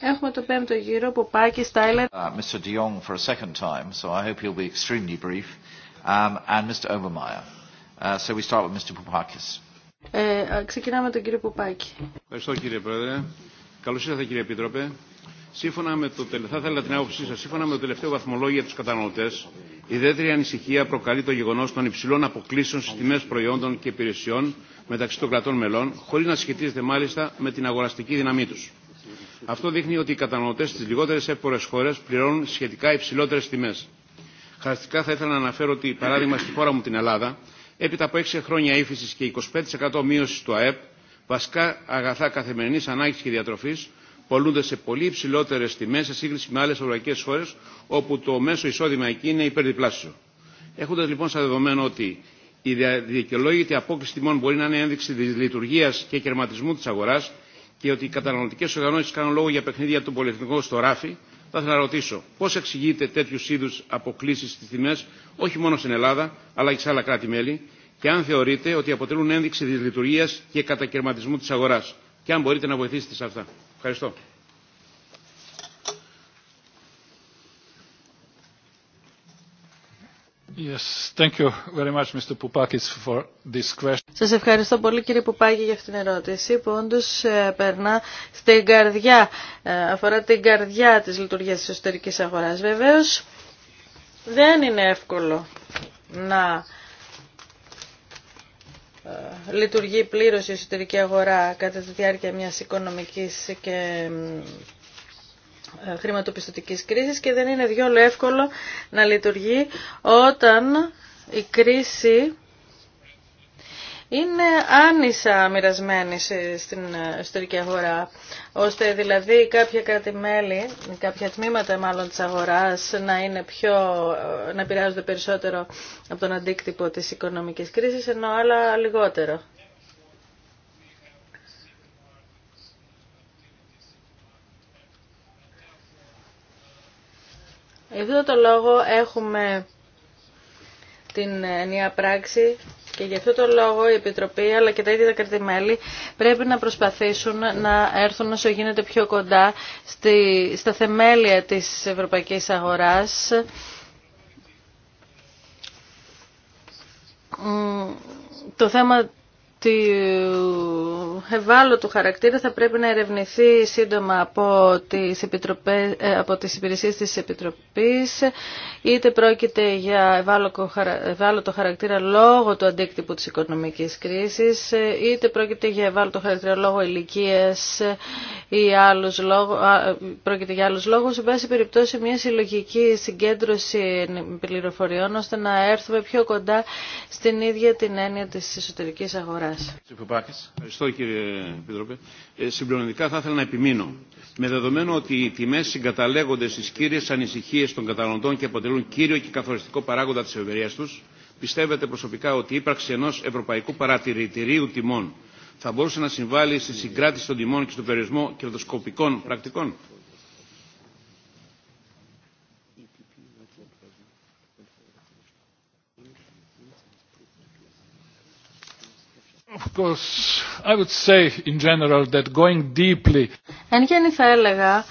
Έχουμε το πέμπτο γύρο που πάει Στάιλερ. Uh, Mr. De Jong for a second time, so I hope you'll be extremely brief, um, and Mr. Obermeyer. Uh, so we start with Mr. Poupakis. Ε, ξεκινάμε τον κύριο Πουπάκη. Ευχαριστώ κύριε Πρόεδρε. Καλώς ήρθατε κύριε Επίτροπε. Σύμφωνα με το, θα ήθελα την άποψή σα. Σύμφωνα με το τελευταίο βαθμολόγιο για του καταναλωτέ, ιδιαίτερη ανησυχία προκαλεί το γεγονό των υψηλών αποκλήσεων στι τιμέ προϊόντων και υπηρεσιών μεταξύ των κρατών μελών, χωρί να σχετίζεται μάλιστα με την αγοραστική δύναμή του. Αυτό δείχνει ότι οι καταναλωτέ στι λιγότερε εύπορε χώρε πληρώνουν σχετικά υψηλότερε τιμέ. Χαρακτηριστικά θα ήθελα να αναφέρω ότι, παράδειγμα, στη χώρα μου την Ελλάδα, έπειτα από 6 χρόνια ύφηση και 25% μείωση του ΑΕΠ, βασικά αγαθά καθημερινή ανάγκη και διατροφή πολλούνται σε πολύ υψηλότερε τιμέ σε σύγκριση με άλλε ευρωπαϊκέ χώρε, όπου το μέσο εισόδημα εκεί είναι υπερδιπλάσιο. Έχοντα λοιπόν σαν δεδομένο ότι η δικαιολόγητη απόκριση τιμών μπορεί να είναι ένδειξη λειτουργία και κερματισμού τη αγορά και ότι οι καταναλωτικέ οργανώσει κάνουν λόγο για παιχνίδια των πολυεθνικών στο ράφι, θα ήθελα να ρωτήσω πώ εξηγείται τέτοιου είδου αποκλήσει στι τιμέ, όχι μόνο στην Ελλάδα, αλλά και σε άλλα κράτη-μέλη, και αν θεωρείτε ότι αποτελούν ένδειξη δυσλειτουργία και κατακαιρματισμού τη αγορά και αν μπορείτε να βοηθήσετε σε αυτά. Ευχαριστώ. Yes, thank you very much, Mr. for this question. Σας ευχαριστώ πολύ κύριε Πουπάκη για αυτήν την ερώτηση που όντως ε, περνά στην καρδιά, ε, αφορά την καρδιά της λειτουργίας της εσωτερικής αγοράς. Βεβαίως δεν είναι εύκολο να λειτουργεί πλήρως η εσωτερική αγορά κατά τη διάρκεια μιας οικονομικής και ε, χρηματοπιστωτικής κρίσης και δεν είναι διόλου εύκολο να λειτουργεί όταν η κρίση είναι άνισα μοιρασμένη στην ιστορική αγορά, ώστε δηλαδή κάποια κράτη-μέλη, κάποια τμήματα μάλλον της αγοράς να, είναι πιο, να επηρεάζονται περισσότερο από τον αντίκτυπο της οικονομικής κρίσης, ενώ άλλα λιγότερο. Γι' το λόγο έχουμε την ενιαία πράξη και γι' αυτό το λόγο η Επιτροπή αλλά και τα ίδια τα κρατημέλη πρέπει να προσπαθήσουν να έρθουν όσο γίνεται πιο κοντά στη, στα θεμέλια της ευρωπαϊκής αγοράς το θέμα του ευάλωτου χαρακτήρα θα πρέπει να ερευνηθεί σύντομα από τις, επιτροπές, ε, από τις υπηρεσίες της Επιτροπής είτε πρόκειται για ευάλωτο χαρακτήρα λόγω του αντίκτυπου της οικονομικής κρίσης ε, είτε πρόκειται για ευάλωτο χαρακτήρα λόγω ηλικίας ή άλλους λόγους, πρόκειται για άλλους λόγους. Εν βαση περιπτώσει μια συλλογική συγκέντρωση πληροφοριών ώστε να έρθουμε πιο κοντά στην ίδια την έννοια της εσωτερικής αγοράς. Ευχαριστώ κύριε Επίτροπε. Ε, συμπληρωματικά θα ήθελα να επιμείνω. Με δεδομένο ότι οι τιμέ συγκαταλέγονται στι κύριε ανησυχίε των καταναλωτών και αποτελούν κύριο και καθοριστικό παράγοντα τη ευημερία του, πιστεύετε προσωπικά ότι η ύπαρξη ενό ευρωπαϊκού παρατηρητηρίου τιμών θα μπορούσε να συμβάλλει στη συγκράτηση των τιμών και στον περιορισμό κερδοσκοπικών πρακτικών. Εν γέννη θα έλεγα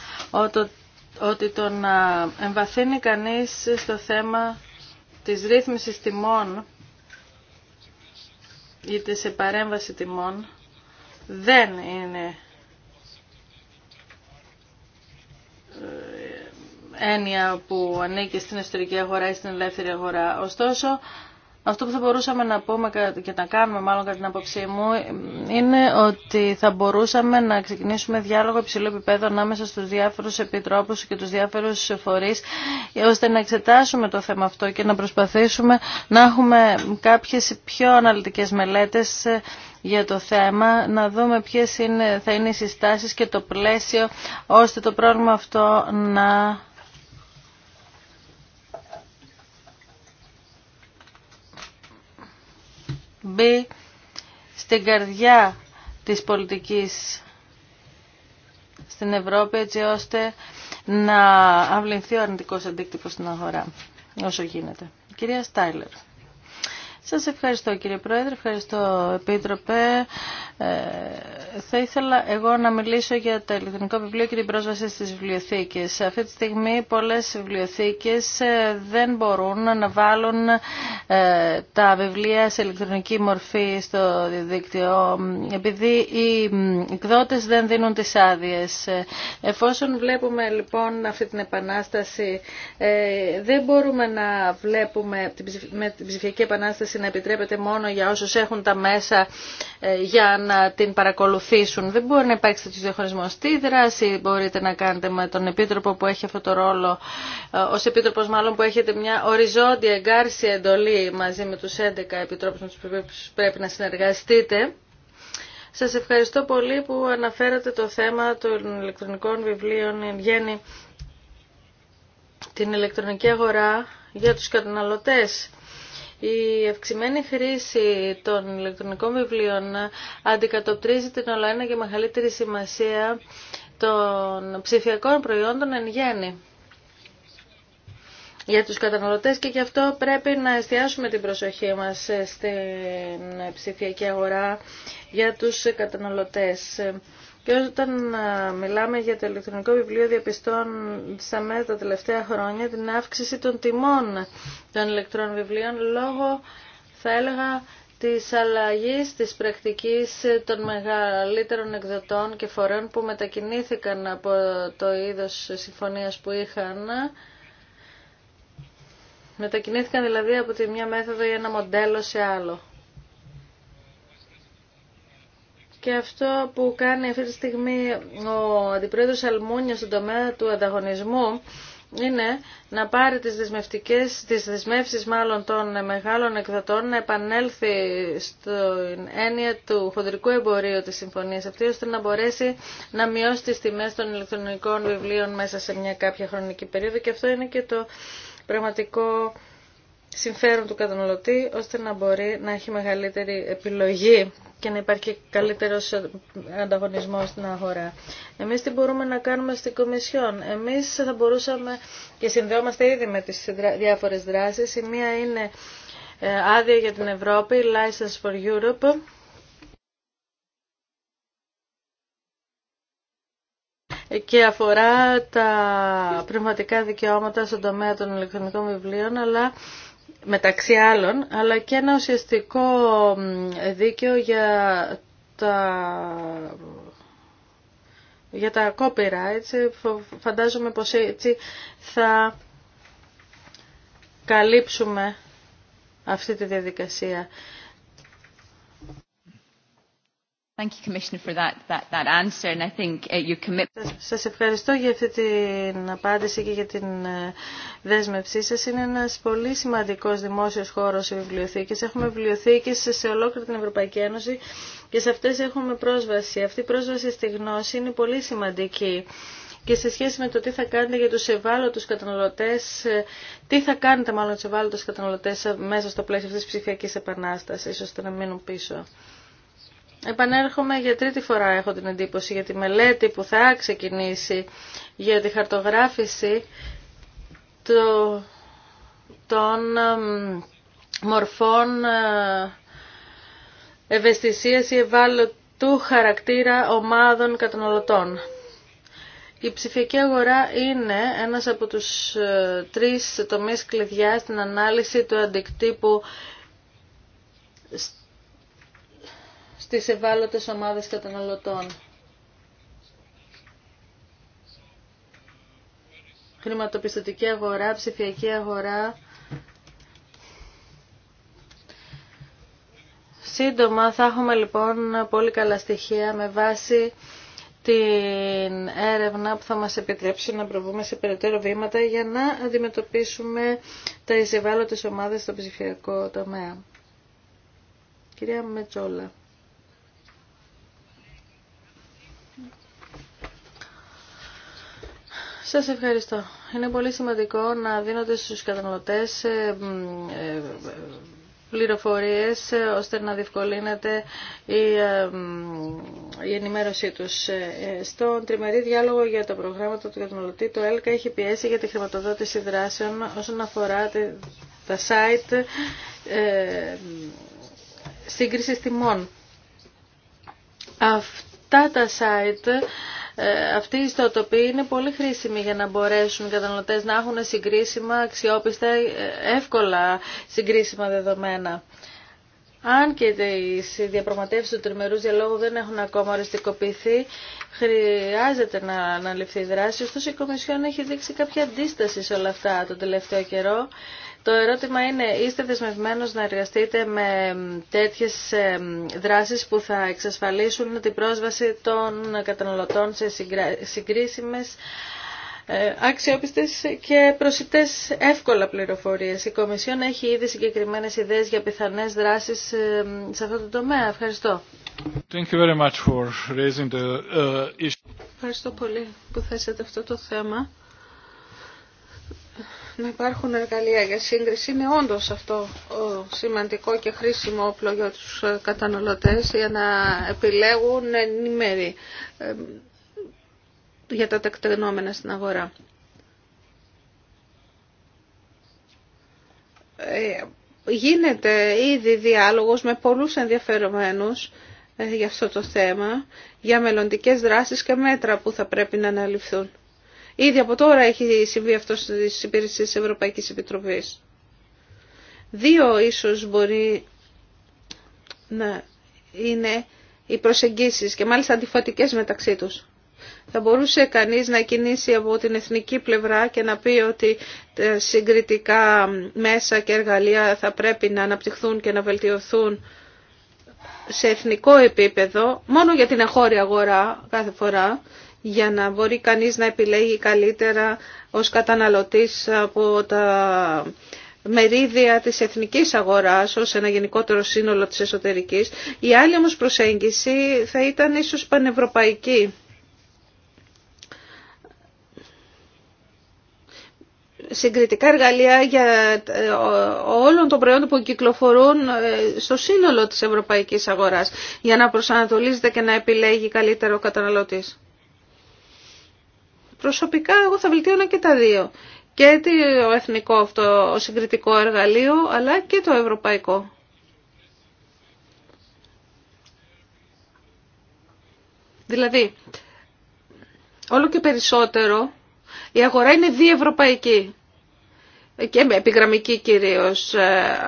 ότι το να εμβαθύνει κανείς στο θέμα της ρύθμισης τιμών ή της παρέμβαση τιμών δεν είναι ε, έννοια που ανήκει στην εσωτερική αγορά ή στην ελεύθερη αγορά. Ωστόσο, αυτό που θα μπορούσαμε να πούμε και να κάνουμε μάλλον κατά την απόψή μου είναι ότι θα μπορούσαμε να ξεκινήσουμε διάλογο υψηλού επίπεδου ανάμεσα στους διάφορους επιτρόπους και τους διάφορους φορείς ώστε να εξετάσουμε το θέμα αυτό και να προσπαθήσουμε να έχουμε κάποιες πιο αναλυτικές μελέτες ε, για το θέμα, να δούμε ποιες είναι, θα είναι οι συστάσεις και το πλαίσιο ώστε το πρόβλημα αυτό να μπει στην καρδιά της πολιτικής στην Ευρώπη έτσι ώστε να αυληθεί ο αρνητικός αντίκτυπος στην αγορά όσο γίνεται. κυρία Στάιλερ. Σας ευχαριστώ κύριε Πρόεδρε, ευχαριστώ Επίτροπε. Ε, θα ήθελα εγώ να μιλήσω για το ηλεκτρονικό βιβλίο και την πρόσβαση στις βιβλιοθήκες. Αυτή τη στιγμή πολλές βιβλιοθήκες ε, δεν μπορούν να βάλουν ε, τα βιβλία σε ηλεκτρονική μορφή στο δίκτυο επειδή οι εκδότες δεν δίνουν τις άδειες. Ε, εφόσον βλέπουμε λοιπόν αυτή την επανάσταση ε, δεν μπορούμε να βλέπουμε με την ψηφιακή επανάσταση να επιτρέπεται μόνο για όσους έχουν τα μέσα ε, για να την παρακολουθήσουν. Δεν μπορεί να υπάρξει τέτοιο διαχωρισμό. Τι δράση μπορείτε να κάνετε με τον επίτροπο που έχει αυτό το ρόλο, ε, ως επίτροπος μάλλον που έχετε μια οριζόντια εγκάρσια εντολή μαζί με τους 11 επιτρόπους με τους πρέπει να συνεργαστείτε. Σας ευχαριστώ πολύ που αναφέρατε το θέμα των ηλεκτρονικών βιβλίων εν γέννη την ηλεκτρονική αγορά για τους καταναλωτές. Η αυξημένη χρήση των ηλεκτρονικών βιβλίων αντικατοπτρίζει την ολοένα και μεγαλύτερη σημασία των ψηφιακών προϊόντων εν γέννη. Για τους καταναλωτές και γι' αυτό πρέπει να εστιάσουμε την προσοχή μας στην ψηφιακή αγορά για τους καταναλωτές. Και όταν ε, μιλάμε για το ηλεκτρονικό βιβλίο, διαπιστώνσαμε τα τελευταία χρόνια την αύξηση των τιμών των ηλεκτρών βιβλίων λόγω, θα έλεγα, της αλλαγής της πρακτικής των μεγαλύτερων εκδοτών και φορέων που μετακινήθηκαν από το είδος συμφωνίας που είχαν. Μετακινήθηκαν δηλαδή από τη μια μέθοδο ή ένα μοντέλο σε άλλο. Και αυτό που κάνει αυτή τη στιγμή ο Αντιπρόεδρος Αλμούνια στον τομέα του ανταγωνισμού είναι να πάρει τις, δεσμευτικές, τις δεσμεύσεις μάλλον των μεγάλων εκδοτών να επανέλθει στην έννοια του χοντρικού εμπορίου της συμφωνίας αυτή ώστε να μπορέσει να μειώσει τις τιμές των ηλεκτρονικών βιβλίων μέσα σε μια κάποια χρονική περίοδο και αυτό είναι και το πραγματικό συμφέρον του καταναλωτή ώστε να μπορεί να έχει μεγαλύτερη επιλογή και να υπάρχει καλύτερος ανταγωνισμός στην αγορά. Εμείς τι μπορούμε να κάνουμε στην Κομισιόν. Εμείς θα μπορούσαμε και συνδεόμαστε ήδη με τις διάφορε δράσεις. Η μία είναι ε, άδεια για την Ευρώπη, License for Europe, και αφορά τα πνευματικά δικαιώματα στον τομέα των ηλεκτρονικών βιβλίων, αλλά μεταξύ άλλων, αλλά και ένα ουσιαστικό δίκαιο για τα για τα copyrights, φαντάζομαι πως έτσι θα καλύψουμε αυτή τη διαδικασία. Thank you, Commissioner, for that, that, answer. And I think uh, you commit... Σας ευχαριστώ για αυτή την απάντηση και για την ε, δέσμευσή σας. Είναι ένας πολύ σημαντικός δημόσιος χώρος οι βιβλιοθήκες. Έχουμε βιβλιοθήκες σε ολόκληρη την Ευρωπαϊκή Ένωση και σε αυτές έχουμε πρόσβαση. Αυτή η πρόσβαση στη γνώση είναι πολύ σημαντική. Και σε σχέση με το τι θα κάνετε για τους ευάλωτους καταναλωτές, ε, τι θα κάνετε μάλλον τους ευάλωτους καταναλωτές ε, μέσα στο πλαίσιο αυτής της ψηφιακής επανάστασης, ώστε να μείνουν πίσω. Επανέρχομαι για τρίτη φορά έχω την εντύπωση για τη μελέτη που θα ξεκινήσει για τη χαρτογράφηση των μορφών ε, ευαισθησίας ή ευάλωτου χαρακτήρα ομάδων καταναλωτών. Η ψηφιακή αγορά είναι ένας από τους ε, τρεις τομείς κλειδιά στην ανάλυση του αντικτύπου στις ευάλωτες ομάδες καταναλωτών. Χρηματοπιστωτική αγορά, ψηφιακή αγορά. Σύντομα θα έχουμε λοιπόν πολύ καλά στοιχεία με βάση την έρευνα που θα μας επιτρέψει να προβούμε σε περαιτέρω βήματα για να αντιμετωπίσουμε τα εισεβάλλοντες ομάδες στο ψηφιακό τομέα. Κυρία Μετσόλα. Σας ευχαριστώ. Είναι πολύ σημαντικό να δίνονται στους καταναλωτές ε, ε, πληροφορίες ε, ώστε να διευκολύνεται η, ενημέρωσή τους. Στον τριμερή διάλογο για τα προγράμματα του καταναλωτή, το ΕΛΚΑ έχει πιέσει για τη χρηματοδότηση δράσεων όσον αφορά τα site ε, σύγκρισης τιμών. Αυτά τα site ε, αυτή η ιστοτοπή είναι πολύ χρήσιμη για να μπορέσουν οι καταναλωτές να έχουν συγκρίσιμα, αξιόπιστα, ε, εύκολα συγκρίσιμα δεδομένα. Αν και οι διαπραγματεύσει του τριμερού διαλόγου δεν έχουν ακόμα οριστικοποιηθεί, χρειάζεται να αναλυφθεί δράση. Ωστόσο, η Κομισιόν έχει δείξει κάποια αντίσταση σε όλα αυτά τον τελευταίο καιρό το ερώτημα είναι, είστε δεσμευμένος να εργαστείτε με τέτοιες ε, δράσεις που θα εξασφαλίσουν την πρόσβαση των καταναλωτών σε συγκρίσιμες ε, αξιόπιστες και προσιτές εύκολα πληροφορίες. Η Κομισιόν έχει ήδη συγκεκριμένες ιδέες για πιθανές δράσεις ε, σε αυτό το τομέα. Ευχαριστώ. Thank you very much for the uh, issue. Ευχαριστώ πολύ που θέσατε αυτό το θέμα να υπάρχουν εργαλεία για σύγκριση είναι όντως αυτό σημαντικό και χρήσιμο όπλο για τους ε, καταναλωτές για να επιλέγουν ενημέρι ε, για τα τεκτενόμενα στην αγορά. Ε, γίνεται ήδη διάλογος με πολλούς ενδιαφερομένους για αυτό το θέμα, για μελλοντικές δράσεις και μέτρα που θα πρέπει να αναλυφθούν. Ήδη από τώρα έχει συμβεί αυτό στις υπηρεσίες της Ευρωπαϊκής Επιτροπής. Δύο ίσως μπορεί να είναι οι προσεγγίσεις και μάλιστα αντιφατικές μεταξύ τους. Θα μπορούσε κανείς να κινήσει από την εθνική πλευρά και να πει ότι συγκριτικά μέσα και εργαλεία θα πρέπει να αναπτυχθούν και να βελτιωθούν σε εθνικό επίπεδο, μόνο για την εχώρια αγορά κάθε φορά, για να μπορεί κανείς να επιλέγει καλύτερα ως καταναλωτής από τα μερίδια της εθνικής αγοράς ως ένα γενικότερο σύνολο της εσωτερικής. Η άλλη όμως προσέγγιση θα ήταν ίσως πανευρωπαϊκή. συγκριτικά εργαλεία για ε, όλων των προϊόντων που κυκλοφορούν ε, στο σύνολο της ευρωπαϊκής αγοράς για να προσανατολίζεται και να επιλέγει καλύτερο ο καταναλωτής. Προσωπικά εγώ θα βελτίωνα και τα δύο. Και το εθνικό αυτό συγκριτικό εργαλείο, αλλά και το ευρωπαϊκό. Δηλαδή, όλο και περισσότερο η αγορά είναι διευρωπαϊκή και με επιγραμμική κυρίως. Ε,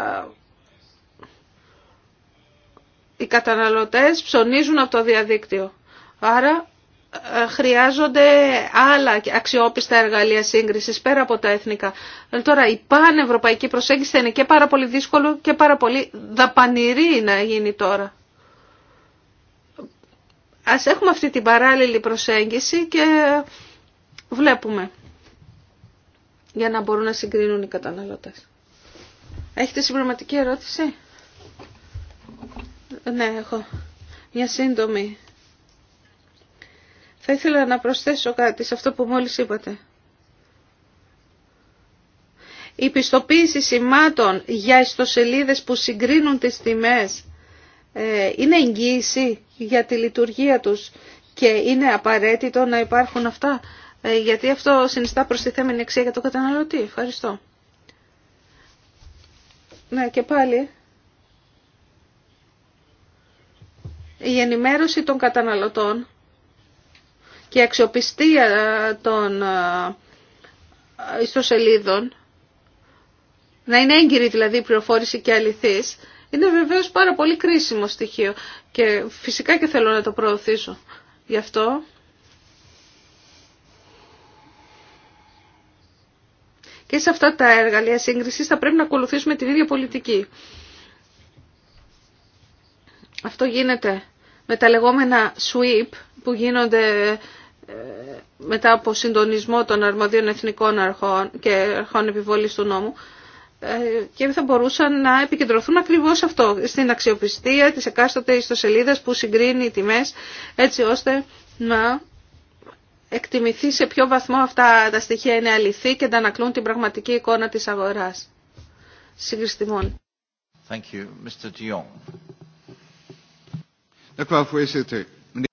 οι καταναλωτές ψωνίζουν από το διαδίκτυο. Άρα ε, χρειάζονται άλλα αξιόπιστα εργαλεία σύγκρισης πέρα από τα εθνικά. Ε, τώρα η πανευρωπαϊκή προσέγγιση θα είναι και πάρα πολύ δύσκολο και πάρα πολύ δαπανηρή να γίνει τώρα. Ας έχουμε αυτή την παράλληλη προσέγγιση και βλέπουμε για να μπορούν να συγκρίνουν οι καταναλωτές. Έχετε συμπληρωματική ερώτηση? Ναι, έχω. Μια σύντομη θα ήθελα να προσθέσω κάτι σε αυτό που μόλις είπατε. Η πιστοποίηση σημάτων για ιστοσελίδες που συγκρίνουν τις τιμές ε, είναι εγγύηση για τη λειτουργία τους και είναι απαραίτητο να υπάρχουν αυτά ε, γιατί αυτό συνιστά προστιθέμενη αξία για τον καταναλωτή. Ευχαριστώ. Ναι και πάλι. Η ενημέρωση των καταναλωτών και αξιοπιστία ε, των ε, ιστοσελίδων, να είναι έγκυρη δηλαδή η πληροφόρηση και αληθής, είναι βεβαίως πάρα πολύ κρίσιμο στοιχείο και φυσικά και θέλω να το προωθήσω. Γι' αυτό και σε αυτά τα εργαλεία σύγκριση θα πρέπει να ακολουθήσουμε την ίδια πολιτική. Αυτό γίνεται με τα λεγόμενα sweep που γίνονται μετά από συντονισμό των αρμοδίων εθνικών αρχών και αρχών επιβολής του νόμου ε, και θα μπορούσαν να επικεντρωθούν ακριβώς αυτό, στην αξιοπιστία της εκάστοτε ιστοσελίδας που συγκρίνει οι τιμές έτσι ώστε να εκτιμηθεί σε ποιο βαθμό αυτά τα στοιχεία είναι αληθή και να ανακλούν την πραγματική εικόνα της αγοράς. Συγκριστημών. Thank you. Mr.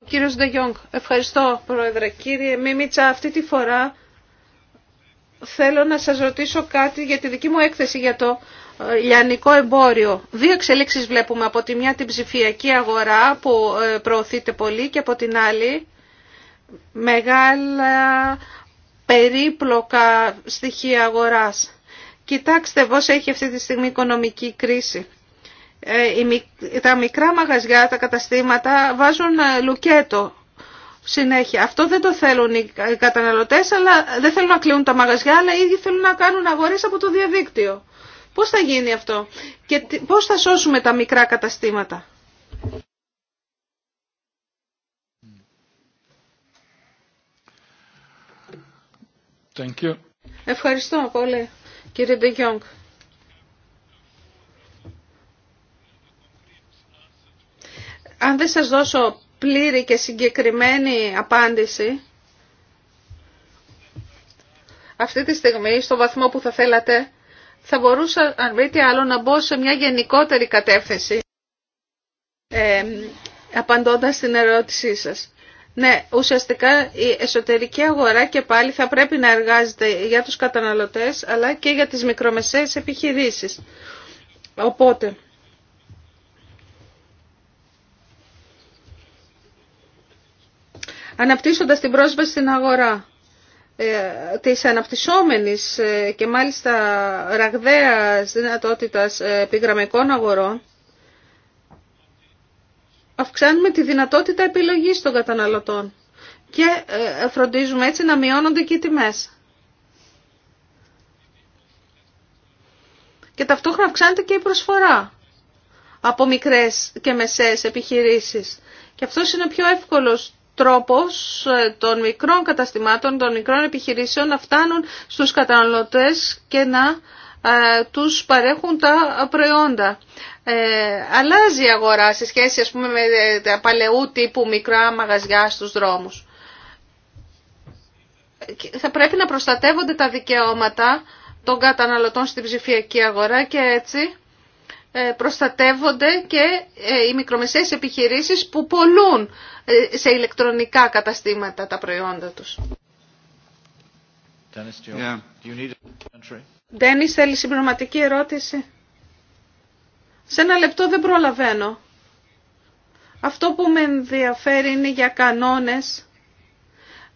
Κύριος Ντεγιόγκ, ευχαριστώ Πρόεδρε. Κύριε Μίμητσα, αυτή τη φορά θέλω να σας ρωτήσω κάτι για τη δική μου έκθεση για το ε, λιανικό εμπόριο. Δύο εξελίξεις βλέπουμε. Από τη μια την ψηφιακή αγορά που ε, προωθείται πολύ και από την άλλη μεγάλα περίπλοκα στοιχεία αγοράς. Κοιτάξτε πώς έχει αυτή τη στιγμή η οικονομική κρίση. Ε, τα μικρά μαγαζιά, τα καταστήματα βάζουν ε, λουκέτο συνέχεια. Αυτό δεν το θέλουν οι καταναλωτές, αλλά δεν θέλουν να κλείνουν τα μαγαζιά, αλλά οι ίδιοι θέλουν να κάνουν αγορές από το διαδίκτυο. Πώς θα γίνει αυτό και πώς θα σώσουμε τα μικρά καταστήματα. Ευχαριστώ πολύ κύριε Ντεγιόγκ. αν δεν σας δώσω πλήρη και συγκεκριμένη απάντηση, αυτή τη στιγμή, στο βαθμό που θα θέλατε, θα μπορούσα, αν βρείτε άλλο, να μπω σε μια γενικότερη κατεύθυνση, ε, απαντώντας στην ερώτησή σας. Ναι, ουσιαστικά η εσωτερική αγορά και πάλι θα πρέπει να εργάζεται για τους καταναλωτές, αλλά και για τις μικρομεσαίες επιχειρήσεις. Οπότε, αναπτύσσοντας την πρόσβαση στην αγορά ε, της αναπτυσσόμενης ε, και μάλιστα ραγδαίας δυνατότητας ε, επιγραμμικών αγορών, αυξάνουμε τη δυνατότητα επιλογής των καταναλωτών και φροντίζουμε έτσι να μειώνονται και οι τιμές. Και ταυτόχρονα αυξάνεται και η προσφορά από μικρές και μεσές επιχειρήσεις. Και αυτός είναι ο πιο εύκολος τρόπος ε, των μικρών καταστημάτων, των μικρών επιχειρήσεων να φτάνουν στους καταναλωτές και να ε, τους παρέχουν τα προϊόντα. Ε, αλλάζει η αγορά σε σχέση ας πούμε με ε, τα παλαιού τύπου μικρά μαγαζιά στους δρόμους. Θα πρέπει να προστατεύονται τα δικαιώματα των καταναλωτών στην ψηφιακή αγορά και έτσι ε, προστατεύονται και ε, οι μικρομεσαίες επιχειρήσεις που πολλούν ε, σε ηλεκτρονικά καταστήματα τα προϊόντα τους. Ντένις, yeah. θέλει συμπληρωματική ερώτηση. Σε ένα λεπτό δεν προλαβαίνω. Αυτό που με ενδιαφέρει είναι για κανόνες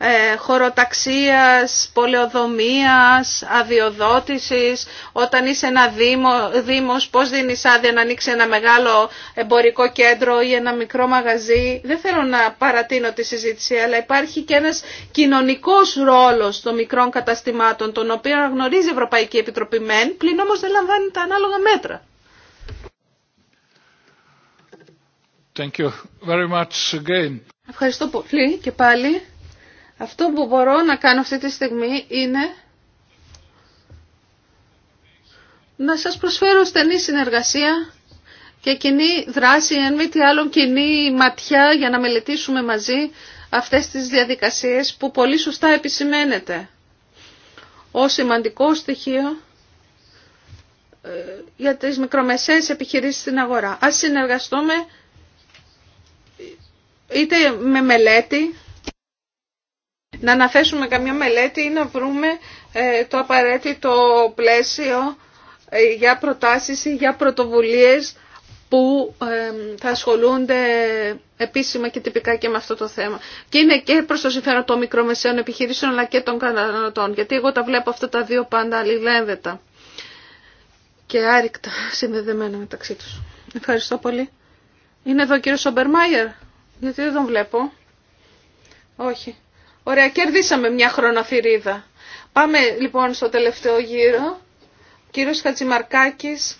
ε, χωροταξίας, πολεοδομίας, αδειοδότησης, όταν είσαι ένα δήμο, δήμος, πώς δίνεις άδεια να ανοίξει ένα μεγάλο εμπορικό κέντρο ή ένα μικρό μαγαζί. Δεν θέλω να παρατείνω τη συζήτηση, αλλά υπάρχει και ένας κοινωνικός ρόλος των μικρών καταστημάτων, τον οποίο γνωρίζει η Ευρωπαϊκή Επιτροπή μεν, πλην όμως δεν λαμβάνει τα ανάλογα μέτρα. Thank you very much again. Ευχαριστώ πολύ και πάλι. Αυτό που μπορώ να κάνω αυτή τη στιγμή είναι να σας προσφέρω στενή συνεργασία και κοινή δράση, εν μη τι κοινή ματιά για να μελετήσουμε μαζί αυτές τις διαδικασίες που πολύ σωστά επισημαίνεται ω σημαντικό στοιχείο ε, για τις μικρομεσαίες επιχειρήσεις στην αγορά. Ας συνεργαστούμε είτε με μελέτη, να αναθέσουμε καμιά μελέτη ή να βρούμε ε, το απαραίτητο πλαίσιο ε, για προτάσεις ή για πρωτοβουλίες που ε, θα ασχολούνται επίσημα και τυπικά και με αυτό το θέμα. Και είναι και προς το συμφέρον των μικρομεσαίων επιχειρήσεων αλλά και των καταναλωτών. Γιατί εγώ τα βλέπω αυτά τα δύο πάντα αλληλένδετα και άρρηκτα συνδεδεμένα μεταξύ τους. Ευχαριστώ πολύ. Είναι εδώ ο κύριος Σομπερμάιερ. Γιατί δεν τον βλέπω. Όχι. Ωραία, κερδίσαμε μια χρονοφυρίδα. Πάμε λοιπόν στο τελευταίο γύρο. Κύριος Χατζημαρκάκης.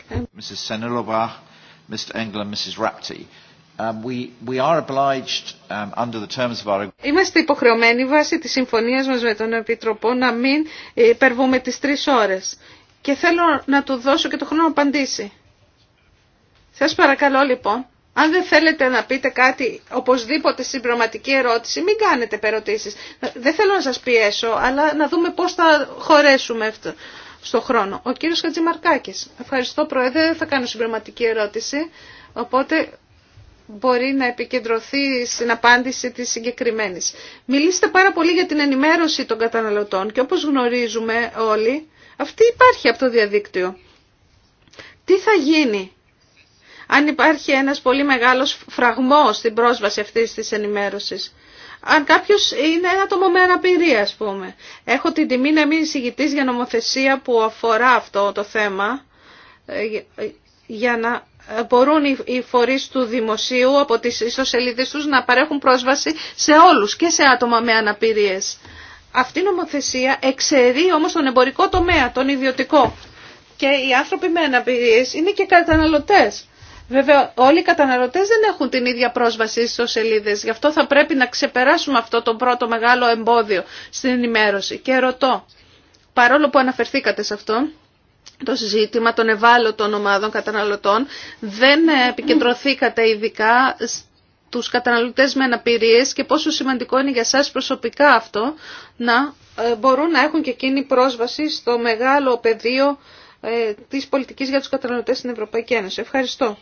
Είμαστε υποχρεωμένοι βάσει της συμφωνίας μας με τον Επιτροπό να μην υπερβούμε τις τρεις ώρες. Και θέλω να του δώσω και το χρόνο να απαντήσει. Σας παρακαλώ λοιπόν αν δεν θέλετε να πείτε κάτι, οπωσδήποτε συμπροματική ερώτηση, μην κάνετε περωτήσεις. Δεν θέλω να σας πιέσω, αλλά να δούμε πώς θα χωρέσουμε αυτό στο χρόνο. Ο κύριος Χατζημαρκάκης. Ευχαριστώ Πρόεδρε, δεν θα κάνω συμπληρωματική ερώτηση, οπότε μπορεί να επικεντρωθεί στην απάντηση της συγκεκριμένη. Μιλήσετε πάρα πολύ για την ενημέρωση των καταναλωτών και όπως γνωρίζουμε όλοι, αυτή υπάρχει από το διαδίκτυο. Τι θα γίνει αν υπάρχει ένας πολύ μεγάλος φραγμός στην πρόσβαση αυτής της ενημέρωσης. Αν κάποιο είναι ένα άτομο με αναπηρία, α πούμε. Έχω την τιμή να είμαι εισηγητή για νομοθεσία που αφορά αυτό το θέμα, ε, ε, για να ε, μπορούν οι φορείς του δημοσίου από τις ιστοσελίδες τους να παρέχουν πρόσβαση σε όλους και σε άτομα με αναπηρίες. Αυτή η νομοθεσία εξαιρεί όμως τον εμπορικό τομέα, τον ιδιωτικό. Και οι άνθρωποι με αναπηρίες είναι και καταναλωτές. Βέβαια όλοι οι καταναλωτές δεν έχουν την ίδια πρόσβαση στι σελίδε. γι' αυτό θα πρέπει να ξεπεράσουμε αυτό το πρώτο μεγάλο εμπόδιο στην ενημέρωση. Και ρωτώ, παρόλο που αναφερθήκατε σε αυτό, το συζήτημα των ευάλωτων ομάδων καταναλωτών, δεν επικεντρωθήκατε ειδικά τους καταναλωτές με αναπηρίες και πόσο σημαντικό είναι για σας προσωπικά αυτό να ε, μπορούν να έχουν και εκείνη πρόσβαση στο μεγάλο πεδίο ε, της πολιτικής για τους καταναλωτές στην Ευρωπαϊκή Ένωση. Ευχαριστώ.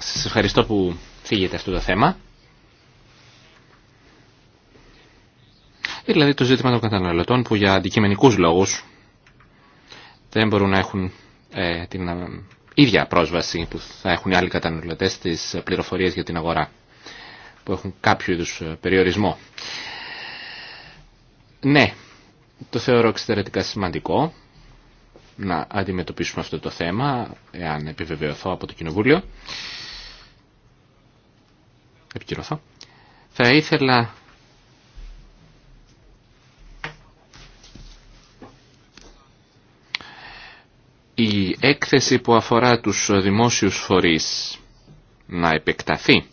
Σας ευχαριστώ που φύγετε αυτό το θέμα. Δηλαδή το ζήτημα των καταναλωτών που για αντικειμενικούς λόγους δεν μπορούν να έχουν ε, την ε, ίδια πρόσβαση που θα έχουν οι άλλοι καταναλωτές στις πληροφορίες για την αγορά που έχουν κάποιο είδους ε, περιορισμό. Ναι, το θεωρώ εξαιρετικά σημαντικό να αντιμετωπίσουμε αυτό το θέμα, εάν επιβεβαιωθώ από το Κοινοβούλιο επικυρωθώ. Θα ήθελα η έκθεση που αφορά τους δημόσιους φορείς να επεκταθεί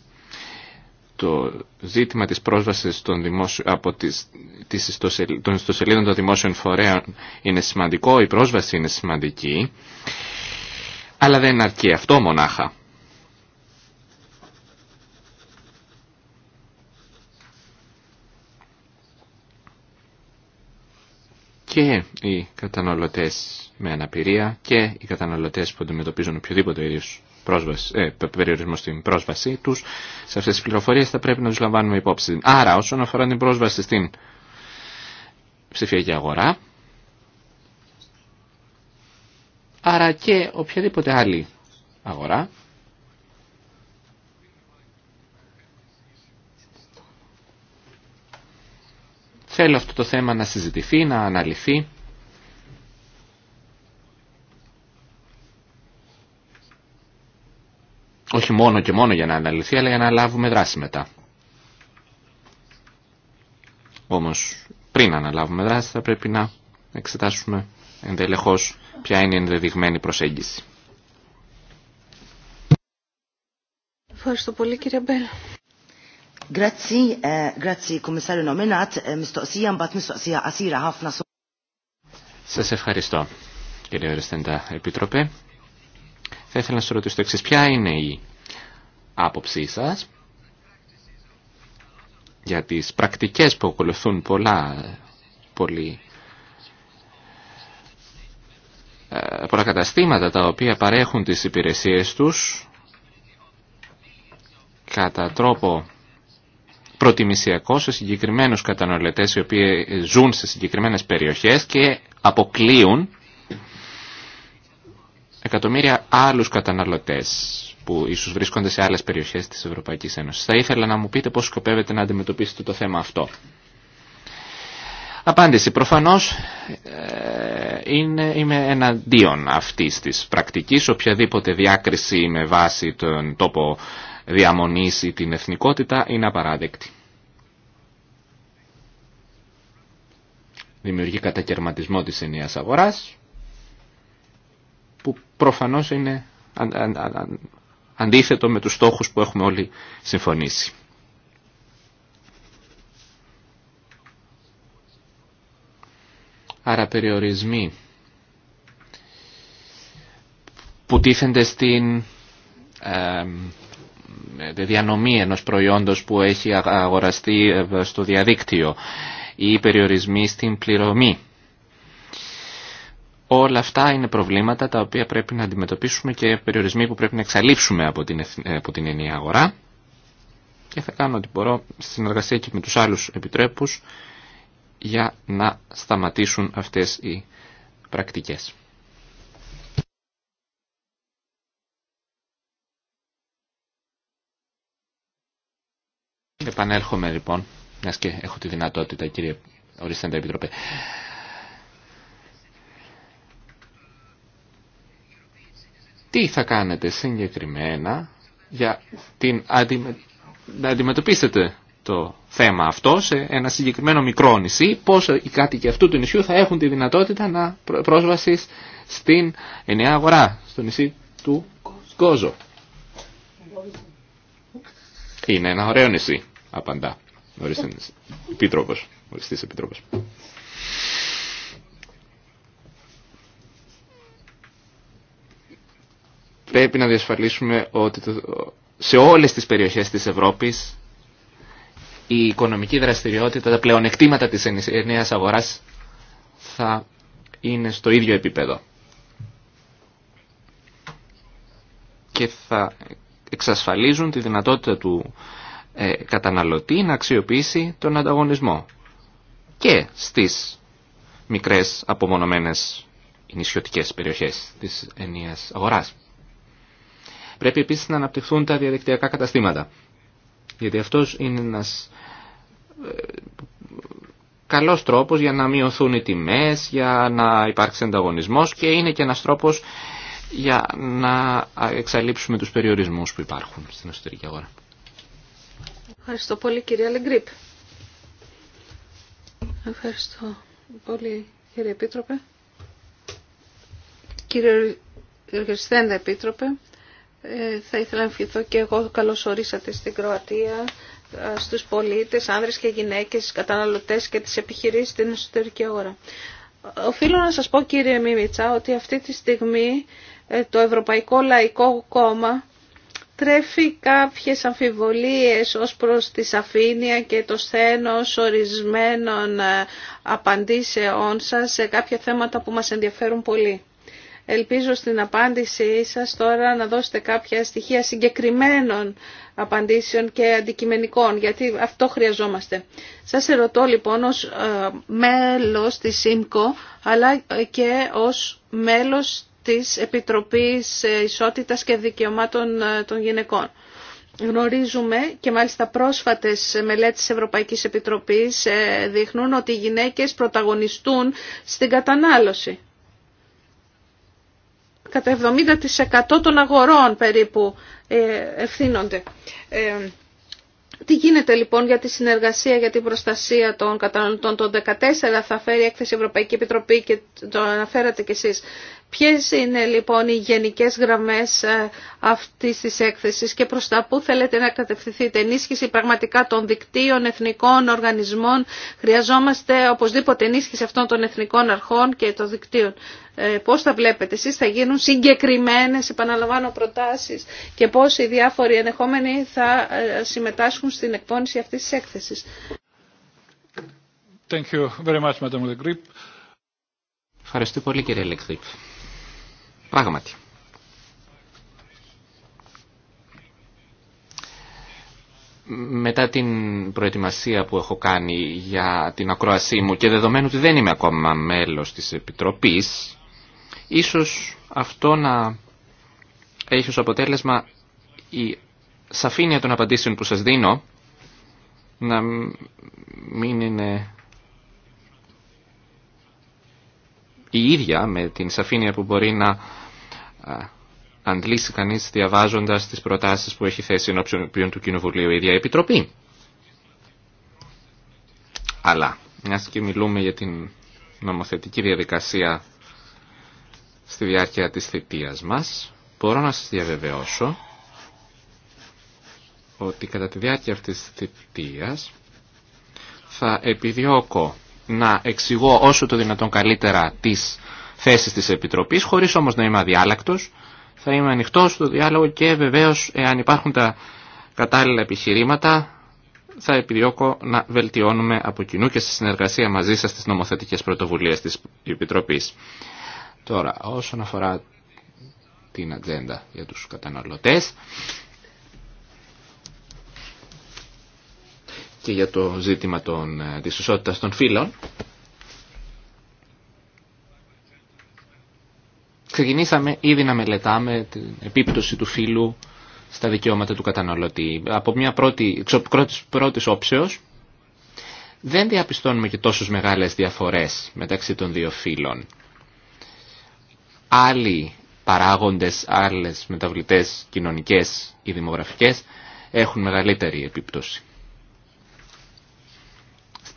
το ζήτημα της πρόσβασης των, δημόσιο, από τις, τις των ιστοσελίδων των δημόσιων φορέων είναι σημαντικό, η πρόσβαση είναι σημαντική, αλλά δεν αρκεί αυτό μονάχα. και οι καταναλωτές με αναπηρία και οι καταναλωτές που αντιμετωπίζουν οποιοδήποτε ίδιος ε, περιορισμό στην πρόσβασή τους. Σε αυτές τις πληροφορίες θα πρέπει να τους λαμβάνουμε υπόψη. Άρα όσον αφορά την πρόσβαση στην ψηφιακή αγορά, άρα και οποιαδήποτε άλλη αγορά, Θέλω αυτό το θέμα να συζητηθεί, να αναλυθεί. Όχι μόνο και μόνο για να αναλυθεί, αλλά για να λάβουμε δράση μετά. Όμως πριν αναλάβουμε δράση θα πρέπει να εξετάσουμε εντελεχώς ποια είναι η ενδεδειγμένη προσέγγιση. Ευχαριστώ πολύ κύριε Μπέλ. Grazzi, eh, nominat, eh, ευχαριστώ, κύριε Ρεστέντα Επίτροπε. Θα ήθελα να σου ρωτήσω το Ποια είναι η άποψή σας για τις πρακτικές που ακολουθούν πολλά, πολύ, ε, πολλά καταστήματα τα οποία παρέχουν τις υπηρεσίες τους κατά τρόπο προτιμησιακό σε συγκεκριμένους καταναλωτές οι οποίοι ζουν σε συγκεκριμένες περιοχές και αποκλείουν εκατομμύρια άλλους καταναλωτές που ίσως βρίσκονται σε άλλες περιοχές της Ευρωπαϊκής Ένωσης. Θα ήθελα να μου πείτε πώς σκοπεύετε να αντιμετωπίσετε το θέμα αυτό. Απάντηση. Προφανώς ε, είναι, είμαι εναντίον αυτής της πρακτικής. Οποιαδήποτε διάκριση με βάση τον τόπο διαμονήσει την εθνικότητα είναι απαράδεκτη. Δημιουργεί κατακαιρματισμό της ενιαίας αγοράς που προφανώς είναι αντίθετο με τους στόχους που έχουμε όλοι συμφωνήσει. Άρα περιορισμοί που τίθενται στην ε, ε, διανομή ενός προϊόντος που έχει αγοραστεί ε, στο διαδίκτυο ή περιορισμοί στην πληρωμή. Όλα αυτά είναι προβλήματα τα οποία πρέπει να αντιμετωπίσουμε και περιορισμοί που πρέπει να εξαλείψουμε από την, ε, από την ενιαία αγορά και θα κάνω ό,τι μπορώ στη συνεργασία και με τους άλλους επιτρέπους για να σταματήσουν αυτές οι πρακτικές. επανέρχομαι λοιπόν, μια και έχω τη δυνατότητα κύριε Οριστέντα Επιτροπέ. Τι θα κάνετε συγκεκριμένα για την να αντιμετωπίσετε το θέμα αυτό σε ένα συγκεκριμένο μικρό νησί, πώς οι κάτοικοι αυτού του νησιού θα έχουν τη δυνατότητα να πρόσβαση στην ενιαία αγορά, στο νησί του Κόζο. Είναι ένα ωραίο νησί απαντά. Ορίστε, οριστής Πρέπει να διασφαλίσουμε ότι σε όλες τις περιοχές της Ευρώπης η οικονομική δραστηριότητα, τα πλεονεκτήματα της νέας αγοράς θα είναι στο ίδιο επίπεδο. Και θα εξασφαλίζουν τη δυνατότητα του ε, καταναλωτή να αξιοποιήσει τον ανταγωνισμό και στις μικρές απομονωμένες νησιωτικές περιοχές της ενίας αγοράς. Πρέπει επίσης να αναπτυχθούν τα διαδικτυακά καταστήματα, γιατί αυτός είναι ένας ε, καλός τρόπος για να μειωθούν οι τιμές, για να υπάρξει ανταγωνισμός και είναι και ένας τρόπος για να εξαλείψουμε τους περιορισμούς που υπάρχουν στην εσωτερική αγορά. Ευχαριστώ πολύ κυρία Λεγκρίπ. Ευχαριστώ πολύ κύριε Επίτροπε. Κύριε Ριχριστέντα Επίτροπε, ε, θα ήθελα να ευχηθώ και εγώ καλώς ορίσατε στην Κροατία ε, στους πολίτες, άνδρες και γυναίκες, καταναλωτές και τις επιχειρήσεις στην εσωτερική αγορά. Οφείλω να σας πω κύριε Μίμητσα ότι αυτή τη στιγμή ε, το Ευρωπαϊκό Λαϊκό Κόμμα τρέφει κάποιες αμφιβολίες ως προς τη σαφήνεια και το σθένος ορισμένων ε, απαντήσεών σας σε κάποια θέματα που μας ενδιαφέρουν πολύ. Ελπίζω στην απάντησή σας τώρα να δώσετε κάποια στοιχεία συγκεκριμένων απαντήσεων και αντικειμενικών, γιατί αυτό χρειαζόμαστε. Σας ερωτώ λοιπόν ως ε, μέλος της ΣΥΜΚΟ, αλλά και ως μέλος της Επιτροπής Ισότητας και Δικαιωμάτων ε, των Γυναικών. Γνωρίζουμε και μάλιστα πρόσφατες μελέτες της Ευρωπαϊκής Επιτροπής ε, δείχνουν ότι οι γυναίκες πρωταγωνιστούν στην κατανάλωση. Κατά 70% των αγορών περίπου ε, ευθύνονται. Τι γίνεται λοιπόν για τη συνεργασία για την προστασία των καταναλωτών των 14 θα φέρει η έκθεση Ευρωπαϊκή Επιτροπή και το αναφέρατε κι εσείς. Ποιες είναι λοιπόν οι γενικές γραμμές ε, αυτής της έκθεσης και προς τα πού θέλετε να κατευθυνθείτε. Ενίσχυση πραγματικά των δικτύων εθνικών οργανισμών. Χρειαζόμαστε οπωσδήποτε ενίσχυση αυτών των εθνικών αρχών και των δικτύων. Ε, πώς θα βλέπετε εσείς θα γίνουν συγκεκριμένες, επαναλαμβάνω, προτάσεις και πώς οι διάφοροι ενεχόμενοι θα ε, συμμετάσχουν στην εκπόνηση αυτής της έκθεσης. Thank you very much, Ευχαριστώ πολύ κύριε Λεκδίπ. Πράγματι. Μετά την προετοιμασία που έχω κάνει για την ακροασή μου και δεδομένου ότι δεν είμαι ακόμα μέλος της Επιτροπής, ίσως αυτό να έχει ως αποτέλεσμα η σαφήνεια των απαντήσεων που σας δίνω να μην είναι η ίδια με την σαφήνεια που μπορεί να ε, αντλήσει κανείς διαβάζοντας τις προτάσεις που έχει θέσει ενώπιον του Κοινοβουλίου η ίδια Επιτροπή. Αλλά, μια και μιλούμε για την νομοθετική διαδικασία στη διάρκεια της θητείας μας, μπορώ να σας διαβεβαιώσω ότι κατά τη διάρκεια αυτής της θητείας θα επιδιώκω να εξηγώ όσο το δυνατόν καλύτερα τις θέσεις της Επιτροπής, χωρίς όμως να είμαι αδιάλακτος. Θα είμαι ανοιχτό στο διάλογο και βεβαίως εάν υπάρχουν τα κατάλληλα επιχειρήματα θα επιδιώκω να βελτιώνουμε από κοινού και στη συνεργασία μαζί σας τις νομοθετικές πρωτοβουλίες της Επιτροπής. Τώρα, όσον αφορά την ατζέντα για τους καταναλωτές, και για το ζήτημα των, ε, της των φύλων. Ξεκινήσαμε ήδη να μελετάμε την επίπτωση του φύλου στα δικαιώματα του καταναλωτή. Από μια πρώτη, όψεω, πρώτης όψεως δεν διαπιστώνουμε και τόσους μεγάλες διαφορές μεταξύ των δύο φύλων. Άλλοι παράγοντες, άλλες μεταβλητές κοινωνικές ή δημογραφικές έχουν μεγαλύτερη επίπτωση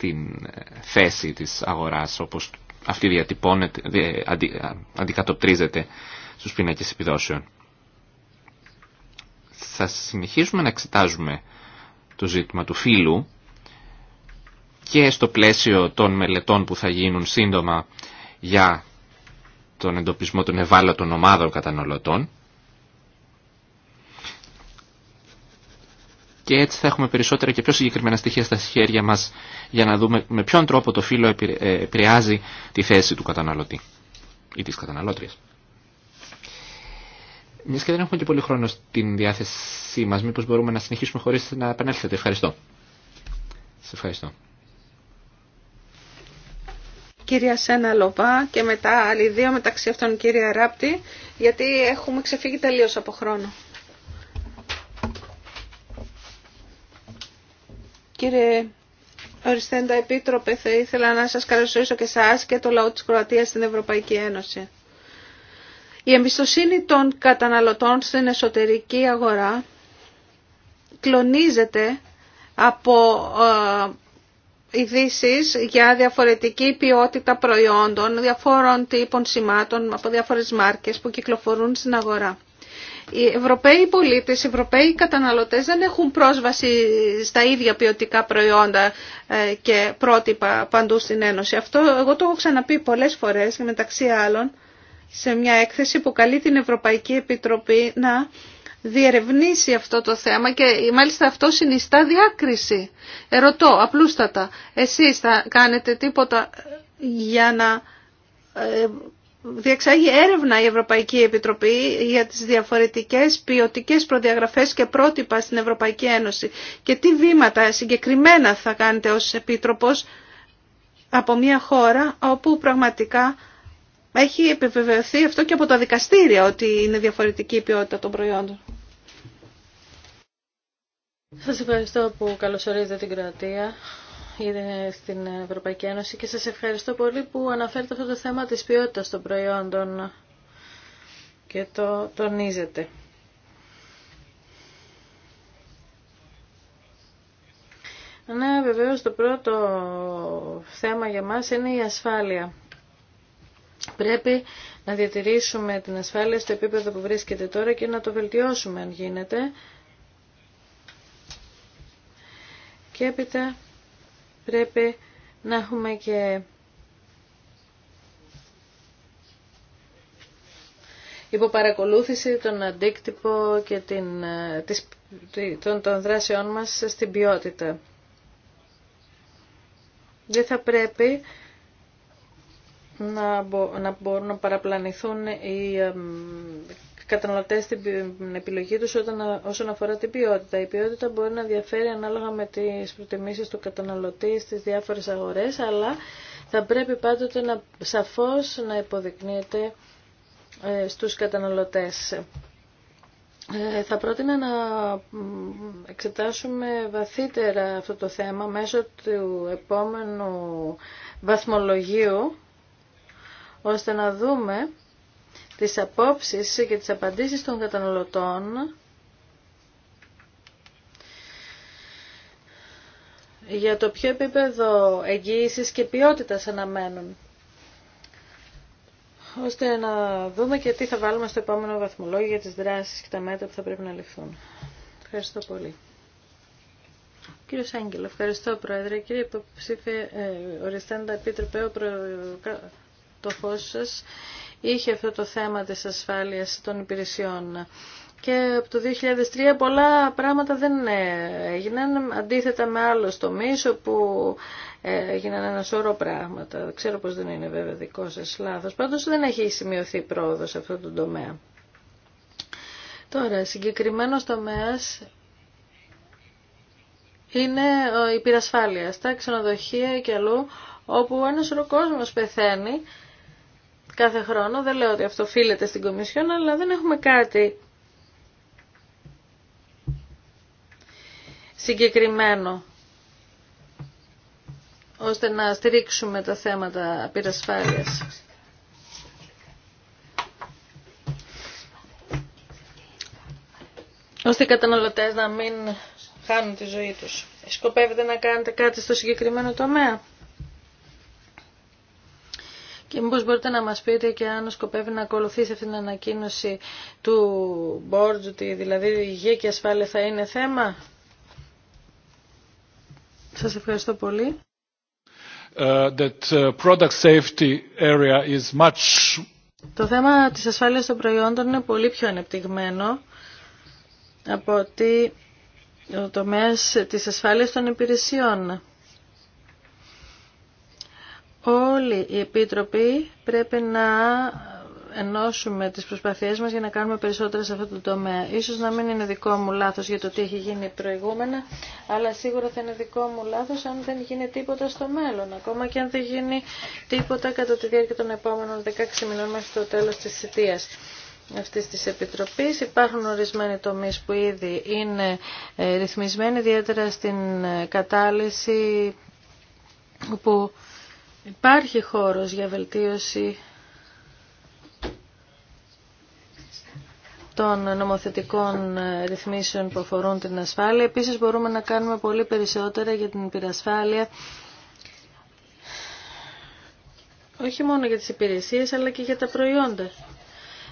την ε, θέση της αγοράς όπως αυτή διατυπώνεται, αντι, αντικατοπτρίζεται στους πίνακες επιδόσεων. Θα συνεχίσουμε να εξετάζουμε το ζήτημα του φύλου και στο πλαίσιο των μελετών που θα γίνουν σύντομα για τον εντοπισμό των ευάλωτων ομάδων καταναλωτών και έτσι θα έχουμε περισσότερα και πιο συγκεκριμένα στοιχεία στα χέρια μας για να δούμε με ποιον τρόπο το φύλλο ε, επηρεάζει τη θέση του καταναλωτή ή της καταναλώτριας. Μιας και δεν έχουμε και πολύ χρόνο στην διάθεσή μας, μήπως μπορούμε να συνεχίσουμε χωρίς να επανέλθετε. Ευχαριστώ. Σε ευχαριστώ. Κυρία Σένα και μετά άλλοι δύο μεταξύ αυτών κυρία Ράπτη, γιατί έχουμε ξεφύγει τελείως από χρόνο. Κύριε Οριστέντα Επίτροπε, θα ήθελα να σας καλωσορίσω και εσά και το λαό της Κροατίας στην Ευρωπαϊκή Ένωση. Η εμπιστοσύνη των καταναλωτών στην εσωτερική αγορά κλονίζεται από ε, ειδήσει για διαφορετική ποιότητα προϊόντων, διαφόρων τύπων σημάτων από διάφορες μάρκες που κυκλοφορούν στην αγορά οι Ευρωπαίοι πολίτες, οι Ευρωπαίοι καταναλωτές δεν έχουν πρόσβαση στα ίδια ποιοτικά προϊόντα ε, και πρότυπα παντού στην Ένωση. Αυτό εγώ το έχω ξαναπεί πολλές φορές και μεταξύ άλλων σε μια έκθεση που καλεί την Ευρωπαϊκή Επιτροπή να διερευνήσει αυτό το θέμα και μάλιστα αυτό συνιστά διάκριση. Ερωτώ απλούστατα, εσείς θα κάνετε τίποτα για να ε, διεξάγει έρευνα η Ευρωπαϊκή Επιτροπή για τις διαφορετικές ποιοτικές προδιαγραφές και πρότυπα στην Ευρωπαϊκή Ένωση και τι βήματα συγκεκριμένα θα κάνετε ως Επίτροπος από μια χώρα όπου πραγματικά έχει επιβεβαιωθεί αυτό και από τα δικαστήρια ότι είναι διαφορετική η ποιότητα των προϊόντων. Σας ευχαριστώ που καλωσορίζετε την Κροατία στην Ευρωπαϊκή Ένωση και σας ευχαριστώ πολύ που αναφέρετε αυτό το θέμα της ποιότητας των προϊόντων και το τονίζετε. Ναι, βεβαίως το πρώτο θέμα για μας είναι η ασφάλεια. Πρέπει να διατηρήσουμε την ασφάλεια στο επίπεδο που βρίσκεται τώρα και να το βελτιώσουμε αν γίνεται. Και έπειτα πρέπει να έχουμε και υποπαρακολούθηση τον αντίκτυπο και την, ε, των, των δράσεών μας στην ποιότητα. Δεν θα πρέπει να, να μπορούν να παραπλανηθούν οι Καταναλωτέ στην επιλογή του όσον αφορά την ποιότητα. Η ποιότητα μπορεί να διαφέρει ανάλογα με τις προτιμήσει του καταναλωτή στι διάφορε αγορέ, αλλά θα πρέπει πάντοτε να, σαφώς να υποδεικνύεται ε, στους καταναλωτές. Ε, θα πρότεινα να εξετάσουμε βαθύτερα αυτό το θέμα μέσω του επόμενου βαθμολογίου, ώστε να δούμε τις απόψεις και τις απαντήσεις των καταναλωτών για το ποιο επίπεδο εγγύησης και ποιότητας αναμένουν ώστε να δούμε και τι θα βάλουμε στο επόμενο βαθμολόγιο για τις δράσεις και τα μέτρα που θα πρέπει να ληφθούν. Ευχαριστώ πολύ. Κύριο Σάγγελο, ευχαριστώ Πρόεδρε. Κύριε Υποψήφια, ε, οριστέντα επίτροπε, ο προ το φως σας είχε αυτό το θέμα της ασφάλειας των υπηρεσιών. Και από το 2003 πολλά πράγματα δεν έγιναν, αντίθετα με άλλο τομεί όπου έγιναν ένα σωρό πράγματα. Ξέρω πως δεν είναι βέβαια δικό σας λάθος, πάντως δεν έχει σημειωθεί πρόοδο σε αυτό το τομέα. Τώρα, συγκεκριμένο τομέας είναι ε, η πυρασφάλεια στα ξενοδοχεία και αλλού, όπου ένα σωρό πεθαίνει κάθε χρόνο. Δεν λέω ότι αυτό οφείλεται στην Κομισιόν, αλλά δεν έχουμε κάτι συγκεκριμένο ώστε να στηρίξουμε τα θέματα πυρασφάλειας. Ώστε οι καταναλωτές να μην χάνουν τη ζωή τους. Σκοπεύετε να κάνετε κάτι στο συγκεκριμένο τομέα. Και μήπως μπορείτε να μας πείτε και αν σκοπεύει να ακολουθήσει αυτή την ανακοίνωση του board, ότι δηλαδή η υγεία και η ασφάλεια θα είναι θέμα. Σας ευχαριστώ πολύ. Ε, ε, Το θέμα της ασφάλειας των προϊόντων είναι πολύ πιο ανεπτυγμένο από ότι ο τομέας της ασφάλειας των υπηρεσιών όλοι οι επίτροποι πρέπει να ενώσουμε τις προσπαθίες μας για να κάνουμε περισσότερα σε αυτό το τομέα. Ίσως να μην είναι δικό μου λάθος για το τι έχει γίνει προηγούμενα, αλλά σίγουρα θα είναι δικό μου λάθος αν δεν γίνει τίποτα στο μέλλον. Ακόμα και αν δεν γίνει τίποτα κατά τη διάρκεια των επόμενων 16 μηνών μέχρι το τέλος της θητείας αυτής της Επιτροπής. Υπάρχουν ορισμένοι τομείς που ήδη είναι ε, ρυθμισμένοι, ιδιαίτερα στην ε, κατάλυση που Υπάρχει χώρος για βελτίωση των νομοθετικών ε, ρυθμίσεων που αφορούν την ασφάλεια. Επίσης μπορούμε να κάνουμε πολύ περισσότερα για την υπηρεσφάλεια όχι μόνο για τις υπηρεσίες αλλά και για τα προϊόντα.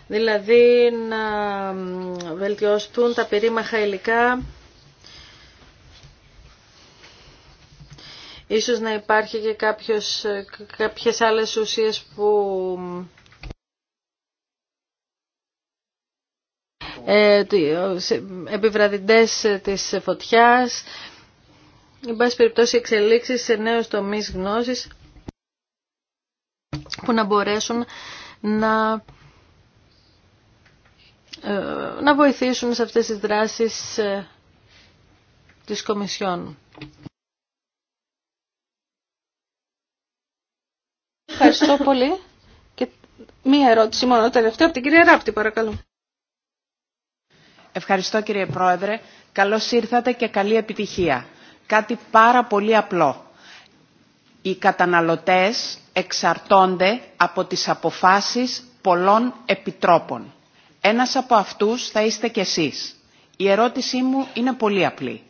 Δηλαδή να βελτιώσουν τα περίμαχα υλικά Ίσως να υπάρχει και κάποιος, κάποιες άλλες ουσίες που ε, επιβραδυντές της φωτιάς, εν πάση περιπτώσει εξελίξεις σε νέους τομείς γνώσης που να μπορέσουν να, ε, να βοηθήσουν σε αυτές τις δράσεις ε, της Κομισιόν. Ευχαριστώ πολύ. Και μία ερώτηση μόνο τελευταία από την κυρία Ράπτη, παρακαλώ. Ευχαριστώ κύριε Πρόεδρε. Καλώς ήρθατε και καλή επιτυχία. Κάτι πάρα πολύ απλό. Οι καταναλωτές εξαρτώνται από τις αποφάσεις πολλών επιτρόπων. Ένας από αυτούς θα είστε κι εσείς. Η ερώτησή μου είναι πολύ απλή.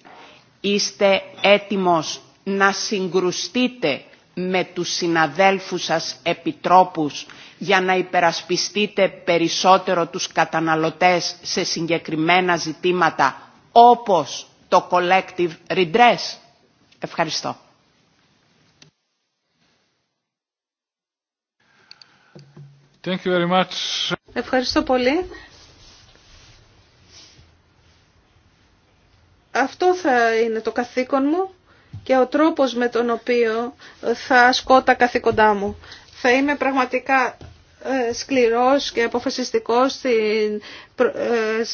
Είστε έτοιμος να συγκρουστείτε με τους συναδέλφους σας επιτρόπους για να υπερασπιστείτε περισσότερο τους καταναλωτές σε συγκεκριμένα ζητήματα όπως το collective redress. Ευχαριστώ. Thank you very much. Ευχαριστώ πολύ. Αυτό θα είναι το καθήκον μου και ο τρόπος με τον οποίο θα ασκώ τα καθήκοντά μου. Θα είμαι πραγματικά ε, σκληρός και αποφασιστικός στις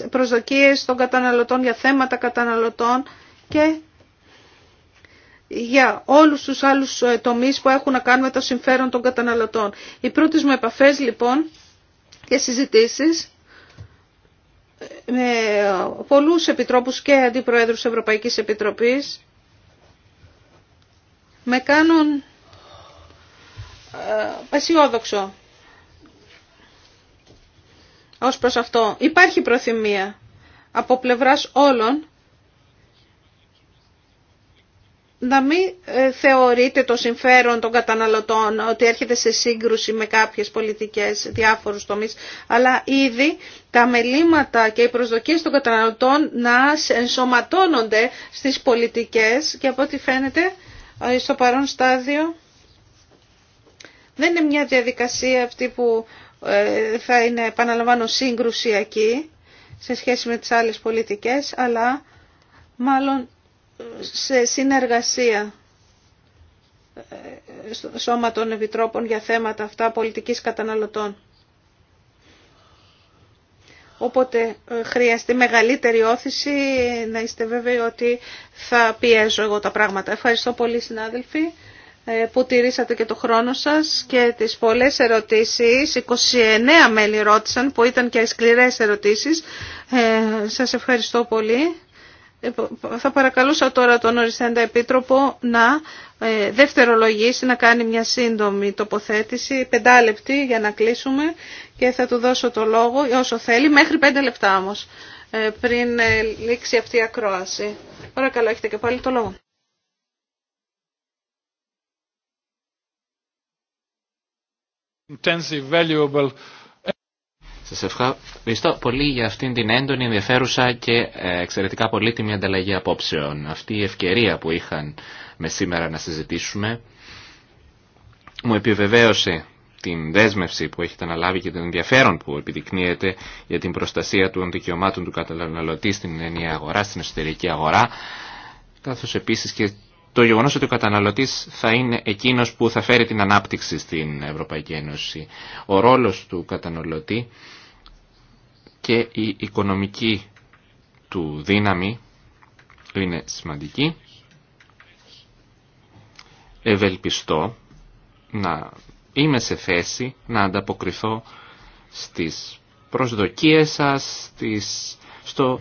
ε, προσδοκίες των καταναλωτών για θέματα καταναλωτών και για όλους τους άλλους ε, τομείς που έχουν να κάνουν με το συμφέρον των καταναλωτών. Οι πρώτες μου επαφές λοιπόν και συζητήσεις με πολλούς επιτρόπους και αντιπροέδρους Ευρωπαϊκής Επιτροπής με κάνουν ε, αισιόδοξο ως προς αυτό. Υπάρχει προθυμία από πλευράς όλων να μην ε, θεωρείτε το συμφέρον των καταναλωτών ότι έρχεται σε σύγκρουση με κάποιες πολιτικές διάφορους τομείς, αλλά ήδη τα μελήματα και οι προσδοκίες των καταναλωτών να ενσωματώνονται στις πολιτικές και από ό,τι φαίνεται στο παρόν στάδιο δεν είναι μια διαδικασία αυτή που ε, θα είναι, επαναλαμβάνω, σύγκρουσιακή σε σχέση με τις άλλες πολιτικές, αλλά μάλλον ε, σε συνεργασία ε, σώματων των Επιτρόπων για θέματα αυτά πολιτικής καταναλωτών. Όποτε ε, χρειαστεί μεγαλύτερη όθηση, να είστε βέβαιοι ότι θα πιέζω εγώ τα πράγματα. Ευχαριστώ πολύ συνάδελφοι ε, που τηρήσατε και το χρόνο σας και τις πολλές ερωτήσεις. 29 μέλη ρώτησαν που ήταν και σκληρές ερωτήσεις. Ε, σας ευχαριστώ πολύ θα παρακαλούσα τώρα τον Οριστέντα Επίτροπο να ε, δευτερολογήσει, να κάνει μια σύντομη τοποθέτηση, πεντάλεπτη για να κλείσουμε και θα του δώσω το λόγο όσο θέλει, μέχρι πέντε λεπτά όμως ε, πριν ε, λήξει αυτή η ακρόαση. Παρακαλώ, έχετε και πάλι το λόγο. Intensive, valuable σας ευχαριστώ πολύ για αυτήν την έντονη, ενδιαφέρουσα και ε, εξαιρετικά πολύτιμη ανταλλαγή απόψεων. Αυτή η ευκαιρία που είχαν με σήμερα να συζητήσουμε μου επιβεβαίωσε την δέσμευση που έχετε αναλάβει και τον ενδιαφέρον που επιδεικνύεται για την προστασία των δικαιωμάτων του καταναλωτή στην ενιαία αγορά, στην εσωτερική αγορά, καθώς επίσης και το γεγονός ότι ο καταναλωτής θα είναι εκείνος που θα φέρει την ανάπτυξη στην Ευρωπαϊκή Ένωση. Ο ρόλος του καταναλωτή και η οικονομική του δύναμη είναι σημαντική. Ευελπιστώ να είμαι σε θέση να ανταποκριθώ στις προσδοκίες σας, στο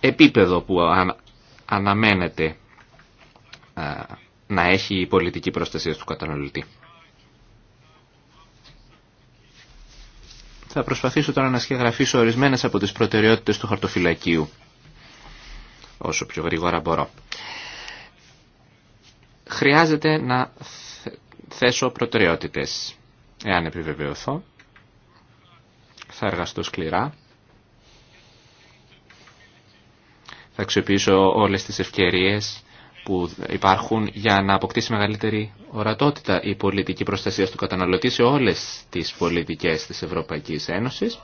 επίπεδο που αναμένεται ε, να έχει η πολιτική προστασία του καταναλωτή. Θα προσπαθήσω τώρα να σχεγραφήσω ορισμένες από τις προτεραιότητες του χαρτοφυλακίου όσο πιο γρήγορα μπορώ. Χρειάζεται να θέσω προτεραιότητες. Εάν επιβεβαιωθώ, θα εργαστώ σκληρά, θα αξιοποιήσω όλες τις ευκαιρίες που υπάρχουν για να αποκτήσει μεγαλύτερη ορατότητα η πολιτική προστασία του καταναλωτή σε όλες τις πολιτικές της Ευρωπαϊκής Ένωσης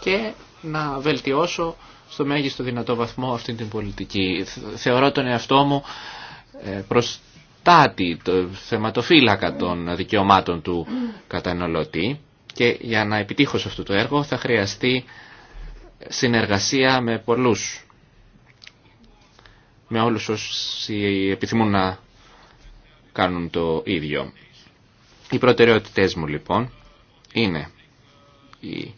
και να βελτιώσω στο μέγιστο δυνατό βαθμό αυτή την πολιτική. Θεωρώ τον εαυτό μου ε, προστάτη, το θεματοφύλακα των δικαιωμάτων του καταναλωτή και για να επιτύχω σε αυτό το έργο θα χρειαστεί συνεργασία με πολλούς με όλους όσοι επιθυμούν να κάνουν το ίδιο. Οι προτεραιότητές μου λοιπόν είναι η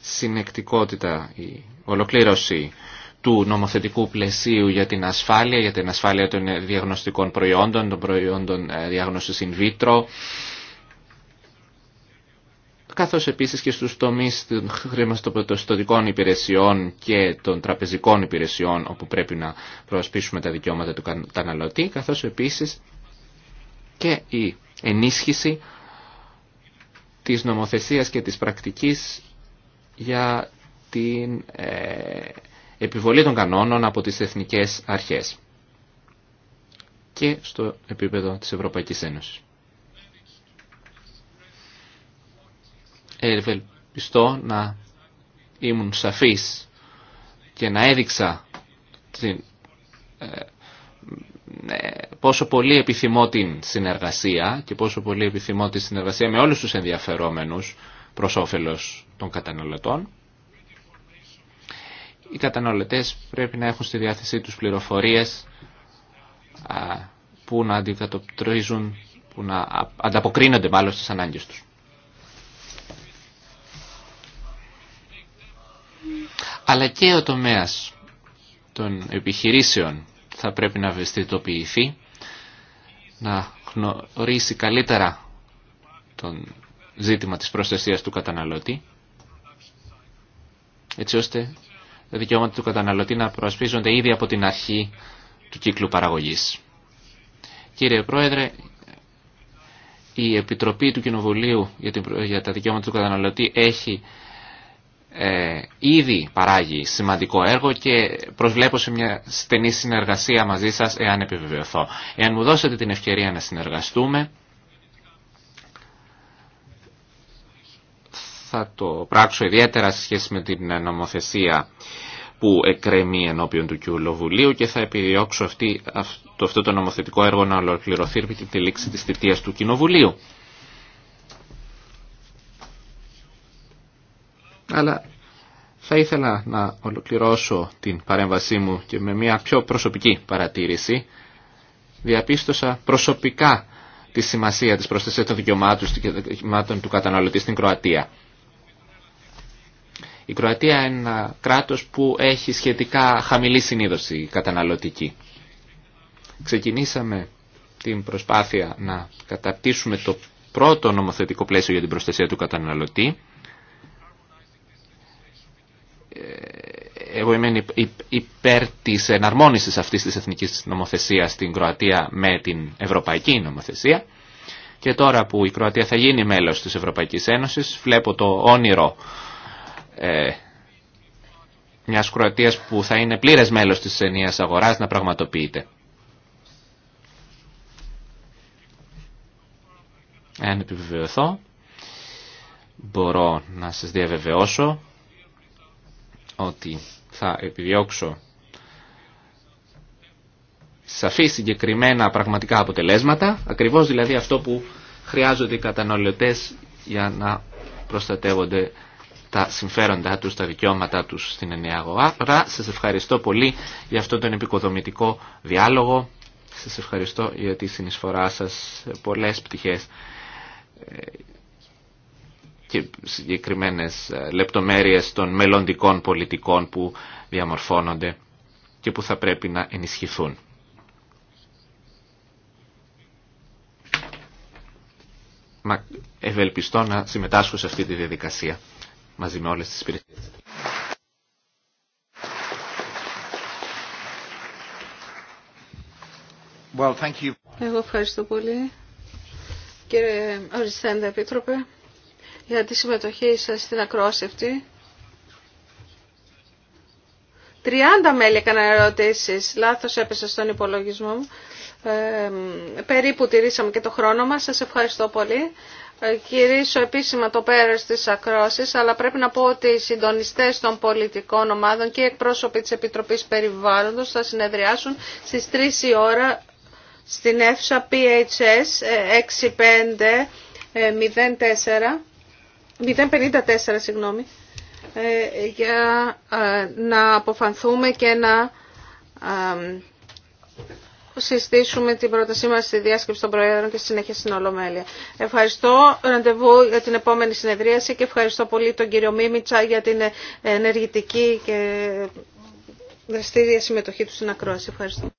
συνεκτικότητα, η ολοκλήρωση του νομοθετικού πλαισίου για την ασφάλεια, για την ασφάλεια των διαγνωστικών προϊόντων, των προϊόντων ε, διάγνωσης in vitro, καθώς επίσης και στους τομείς των χρηματοπιστωτικών υπηρεσιών και των τραπεζικών υπηρεσιών όπου πρέπει να προασπίσουμε τα δικαιώματα του καταναλωτή, καθώς επίσης και η ενίσχυση της νομοθεσίας και της πρακτικής για την ε, επιβολή των κανόνων από τις εθνικές αρχές και στο επίπεδο της Ευρωπαϊκής Ένωσης. ευελπιστώ να ήμουν σαφής και να έδειξα ε, ε, πόσο πολύ επιθυμώ την συνεργασία και πόσο πολύ επιθυμώ τη συνεργασία με όλους τους ενδιαφερόμενους προς όφελος των καταναλωτών. Οι καταναλωτές πρέπει να έχουν στη διάθεσή τους πληροφορίες που να αντικατοπτρίζουν, που να ανταποκρίνονται μάλλον στις ανάγκες τους. αλλά και ο τομέας των επιχειρήσεων θα πρέπει να ευαισθητοποιηθεί, να γνωρίσει καλύτερα τον ζήτημα της προστασίας του καταναλώτη, έτσι ώστε τα δικαιώματα του καταναλωτή να προασπίζονται ήδη από την αρχή του κύκλου παραγωγής. Κύριε Πρόεδρε, η Επιτροπή του Κοινοβουλίου για τα Δικαιώματα του Καταναλωτή έχει ε, ήδη παράγει σημαντικό έργο και προσβλέπω σε μια στενή συνεργασία μαζί σας εάν επιβεβαιωθώ. Εάν μου δώσετε την ευκαιρία να συνεργαστούμε, θα το πράξω ιδιαίτερα σε σχέση με την νομοθεσία που εκκρεμεί ενώπιον του Κοινοβουλίου και θα επιδιώξω αυτή, αυτό, το νομοθετικό έργο να ολοκληρωθεί την τη λήξη της θητείας του Κοινοβουλίου. Αλλά θα ήθελα να ολοκληρώσω την παρέμβασή μου και με μια πιο προσωπική παρατήρηση. Διαπίστωσα προσωπικά τη σημασία της προστασίας των δικαιωμάτων του καταναλωτή στην Κροατία. Η Κροατία είναι ένα κράτος που έχει σχετικά χαμηλή συνείδωση καταναλωτική. Ξεκινήσαμε την προσπάθεια να καταπτύσσουμε το πρώτο νομοθετικό πλαίσιο για την προστασία του καταναλωτή εγώ είμαι υπέρ της εναρμόνισης αυτής της εθνικής νομοθεσίας στην Κροατία με την ευρωπαϊκή νομοθεσία και τώρα που η Κροατία θα γίνει μέλος της Ευρωπαϊκής Ένωσης βλέπω το όνειρο ε, μιας Κροατίας που θα είναι πλήρες μέλος της ενίας αγοράς να πραγματοποιείται. Εάν επιβεβαιωθώ μπορώ να σας διαβεβαιώσω ότι θα επιδιώξω σαφή συγκεκριμένα πραγματικά αποτελέσματα, ακριβώς δηλαδή αυτό που χρειάζονται οι καταναλωτές για να προστατεύονται τα συμφέροντά τους, τα δικαιώματά τους στην ενιαία αγορά. Σας ευχαριστώ πολύ για αυτόν τον επικοδομητικό διάλογο. Σας ευχαριστώ για τη συνεισφορά σας πολλές πτυχές ε, και συγκεκριμένες ε, λεπτομέρειες των μελλοντικών πολιτικών που διαμορφώνονται και που θα πρέπει να ενισχυθούν. Μα ευελπιστώ να συμμετάσχω σε αυτή τη διαδικασία μαζί με όλες τις υπηρεσίες. Well, thank you. Εγώ ευχαριστώ πολύ. Κύριε Οριστέντα Επίτροπε για τη συμμετοχή σας στην ακρόαση αυτή. 30 μέλη έκαναν ερωτήσει. λάθος έπεσε στον υπολογισμό μου. Ε, περίπου τηρήσαμε και το χρόνο μας, σας ευχαριστώ πολύ. Ε, κυρίσω επίσημα το πέρας της ακρόασης, αλλά πρέπει να πω ότι οι συντονιστές των πολιτικών ομάδων και οι εκπρόσωποι της Επιτροπής Περιβάλλοντος θα συνεδριάσουν στις 3 η ώρα στην αίθουσα PHS 6504 ε, 054, συγγνώμη, ε, για ε, να αποφανθούμε και να συστήσουμε την πρότασή μας στη διάσκεψη των Προέδρων και στη συνέχεια στην Ολομέλεια. Ευχαριστώ. Ραντεβού για την επόμενη συνεδρίαση και ευχαριστώ πολύ τον κύριο Μίμητσα για την ε, ενεργητική και δραστήρια συμμετοχή του στην ακρόαση. Ευχαριστώ.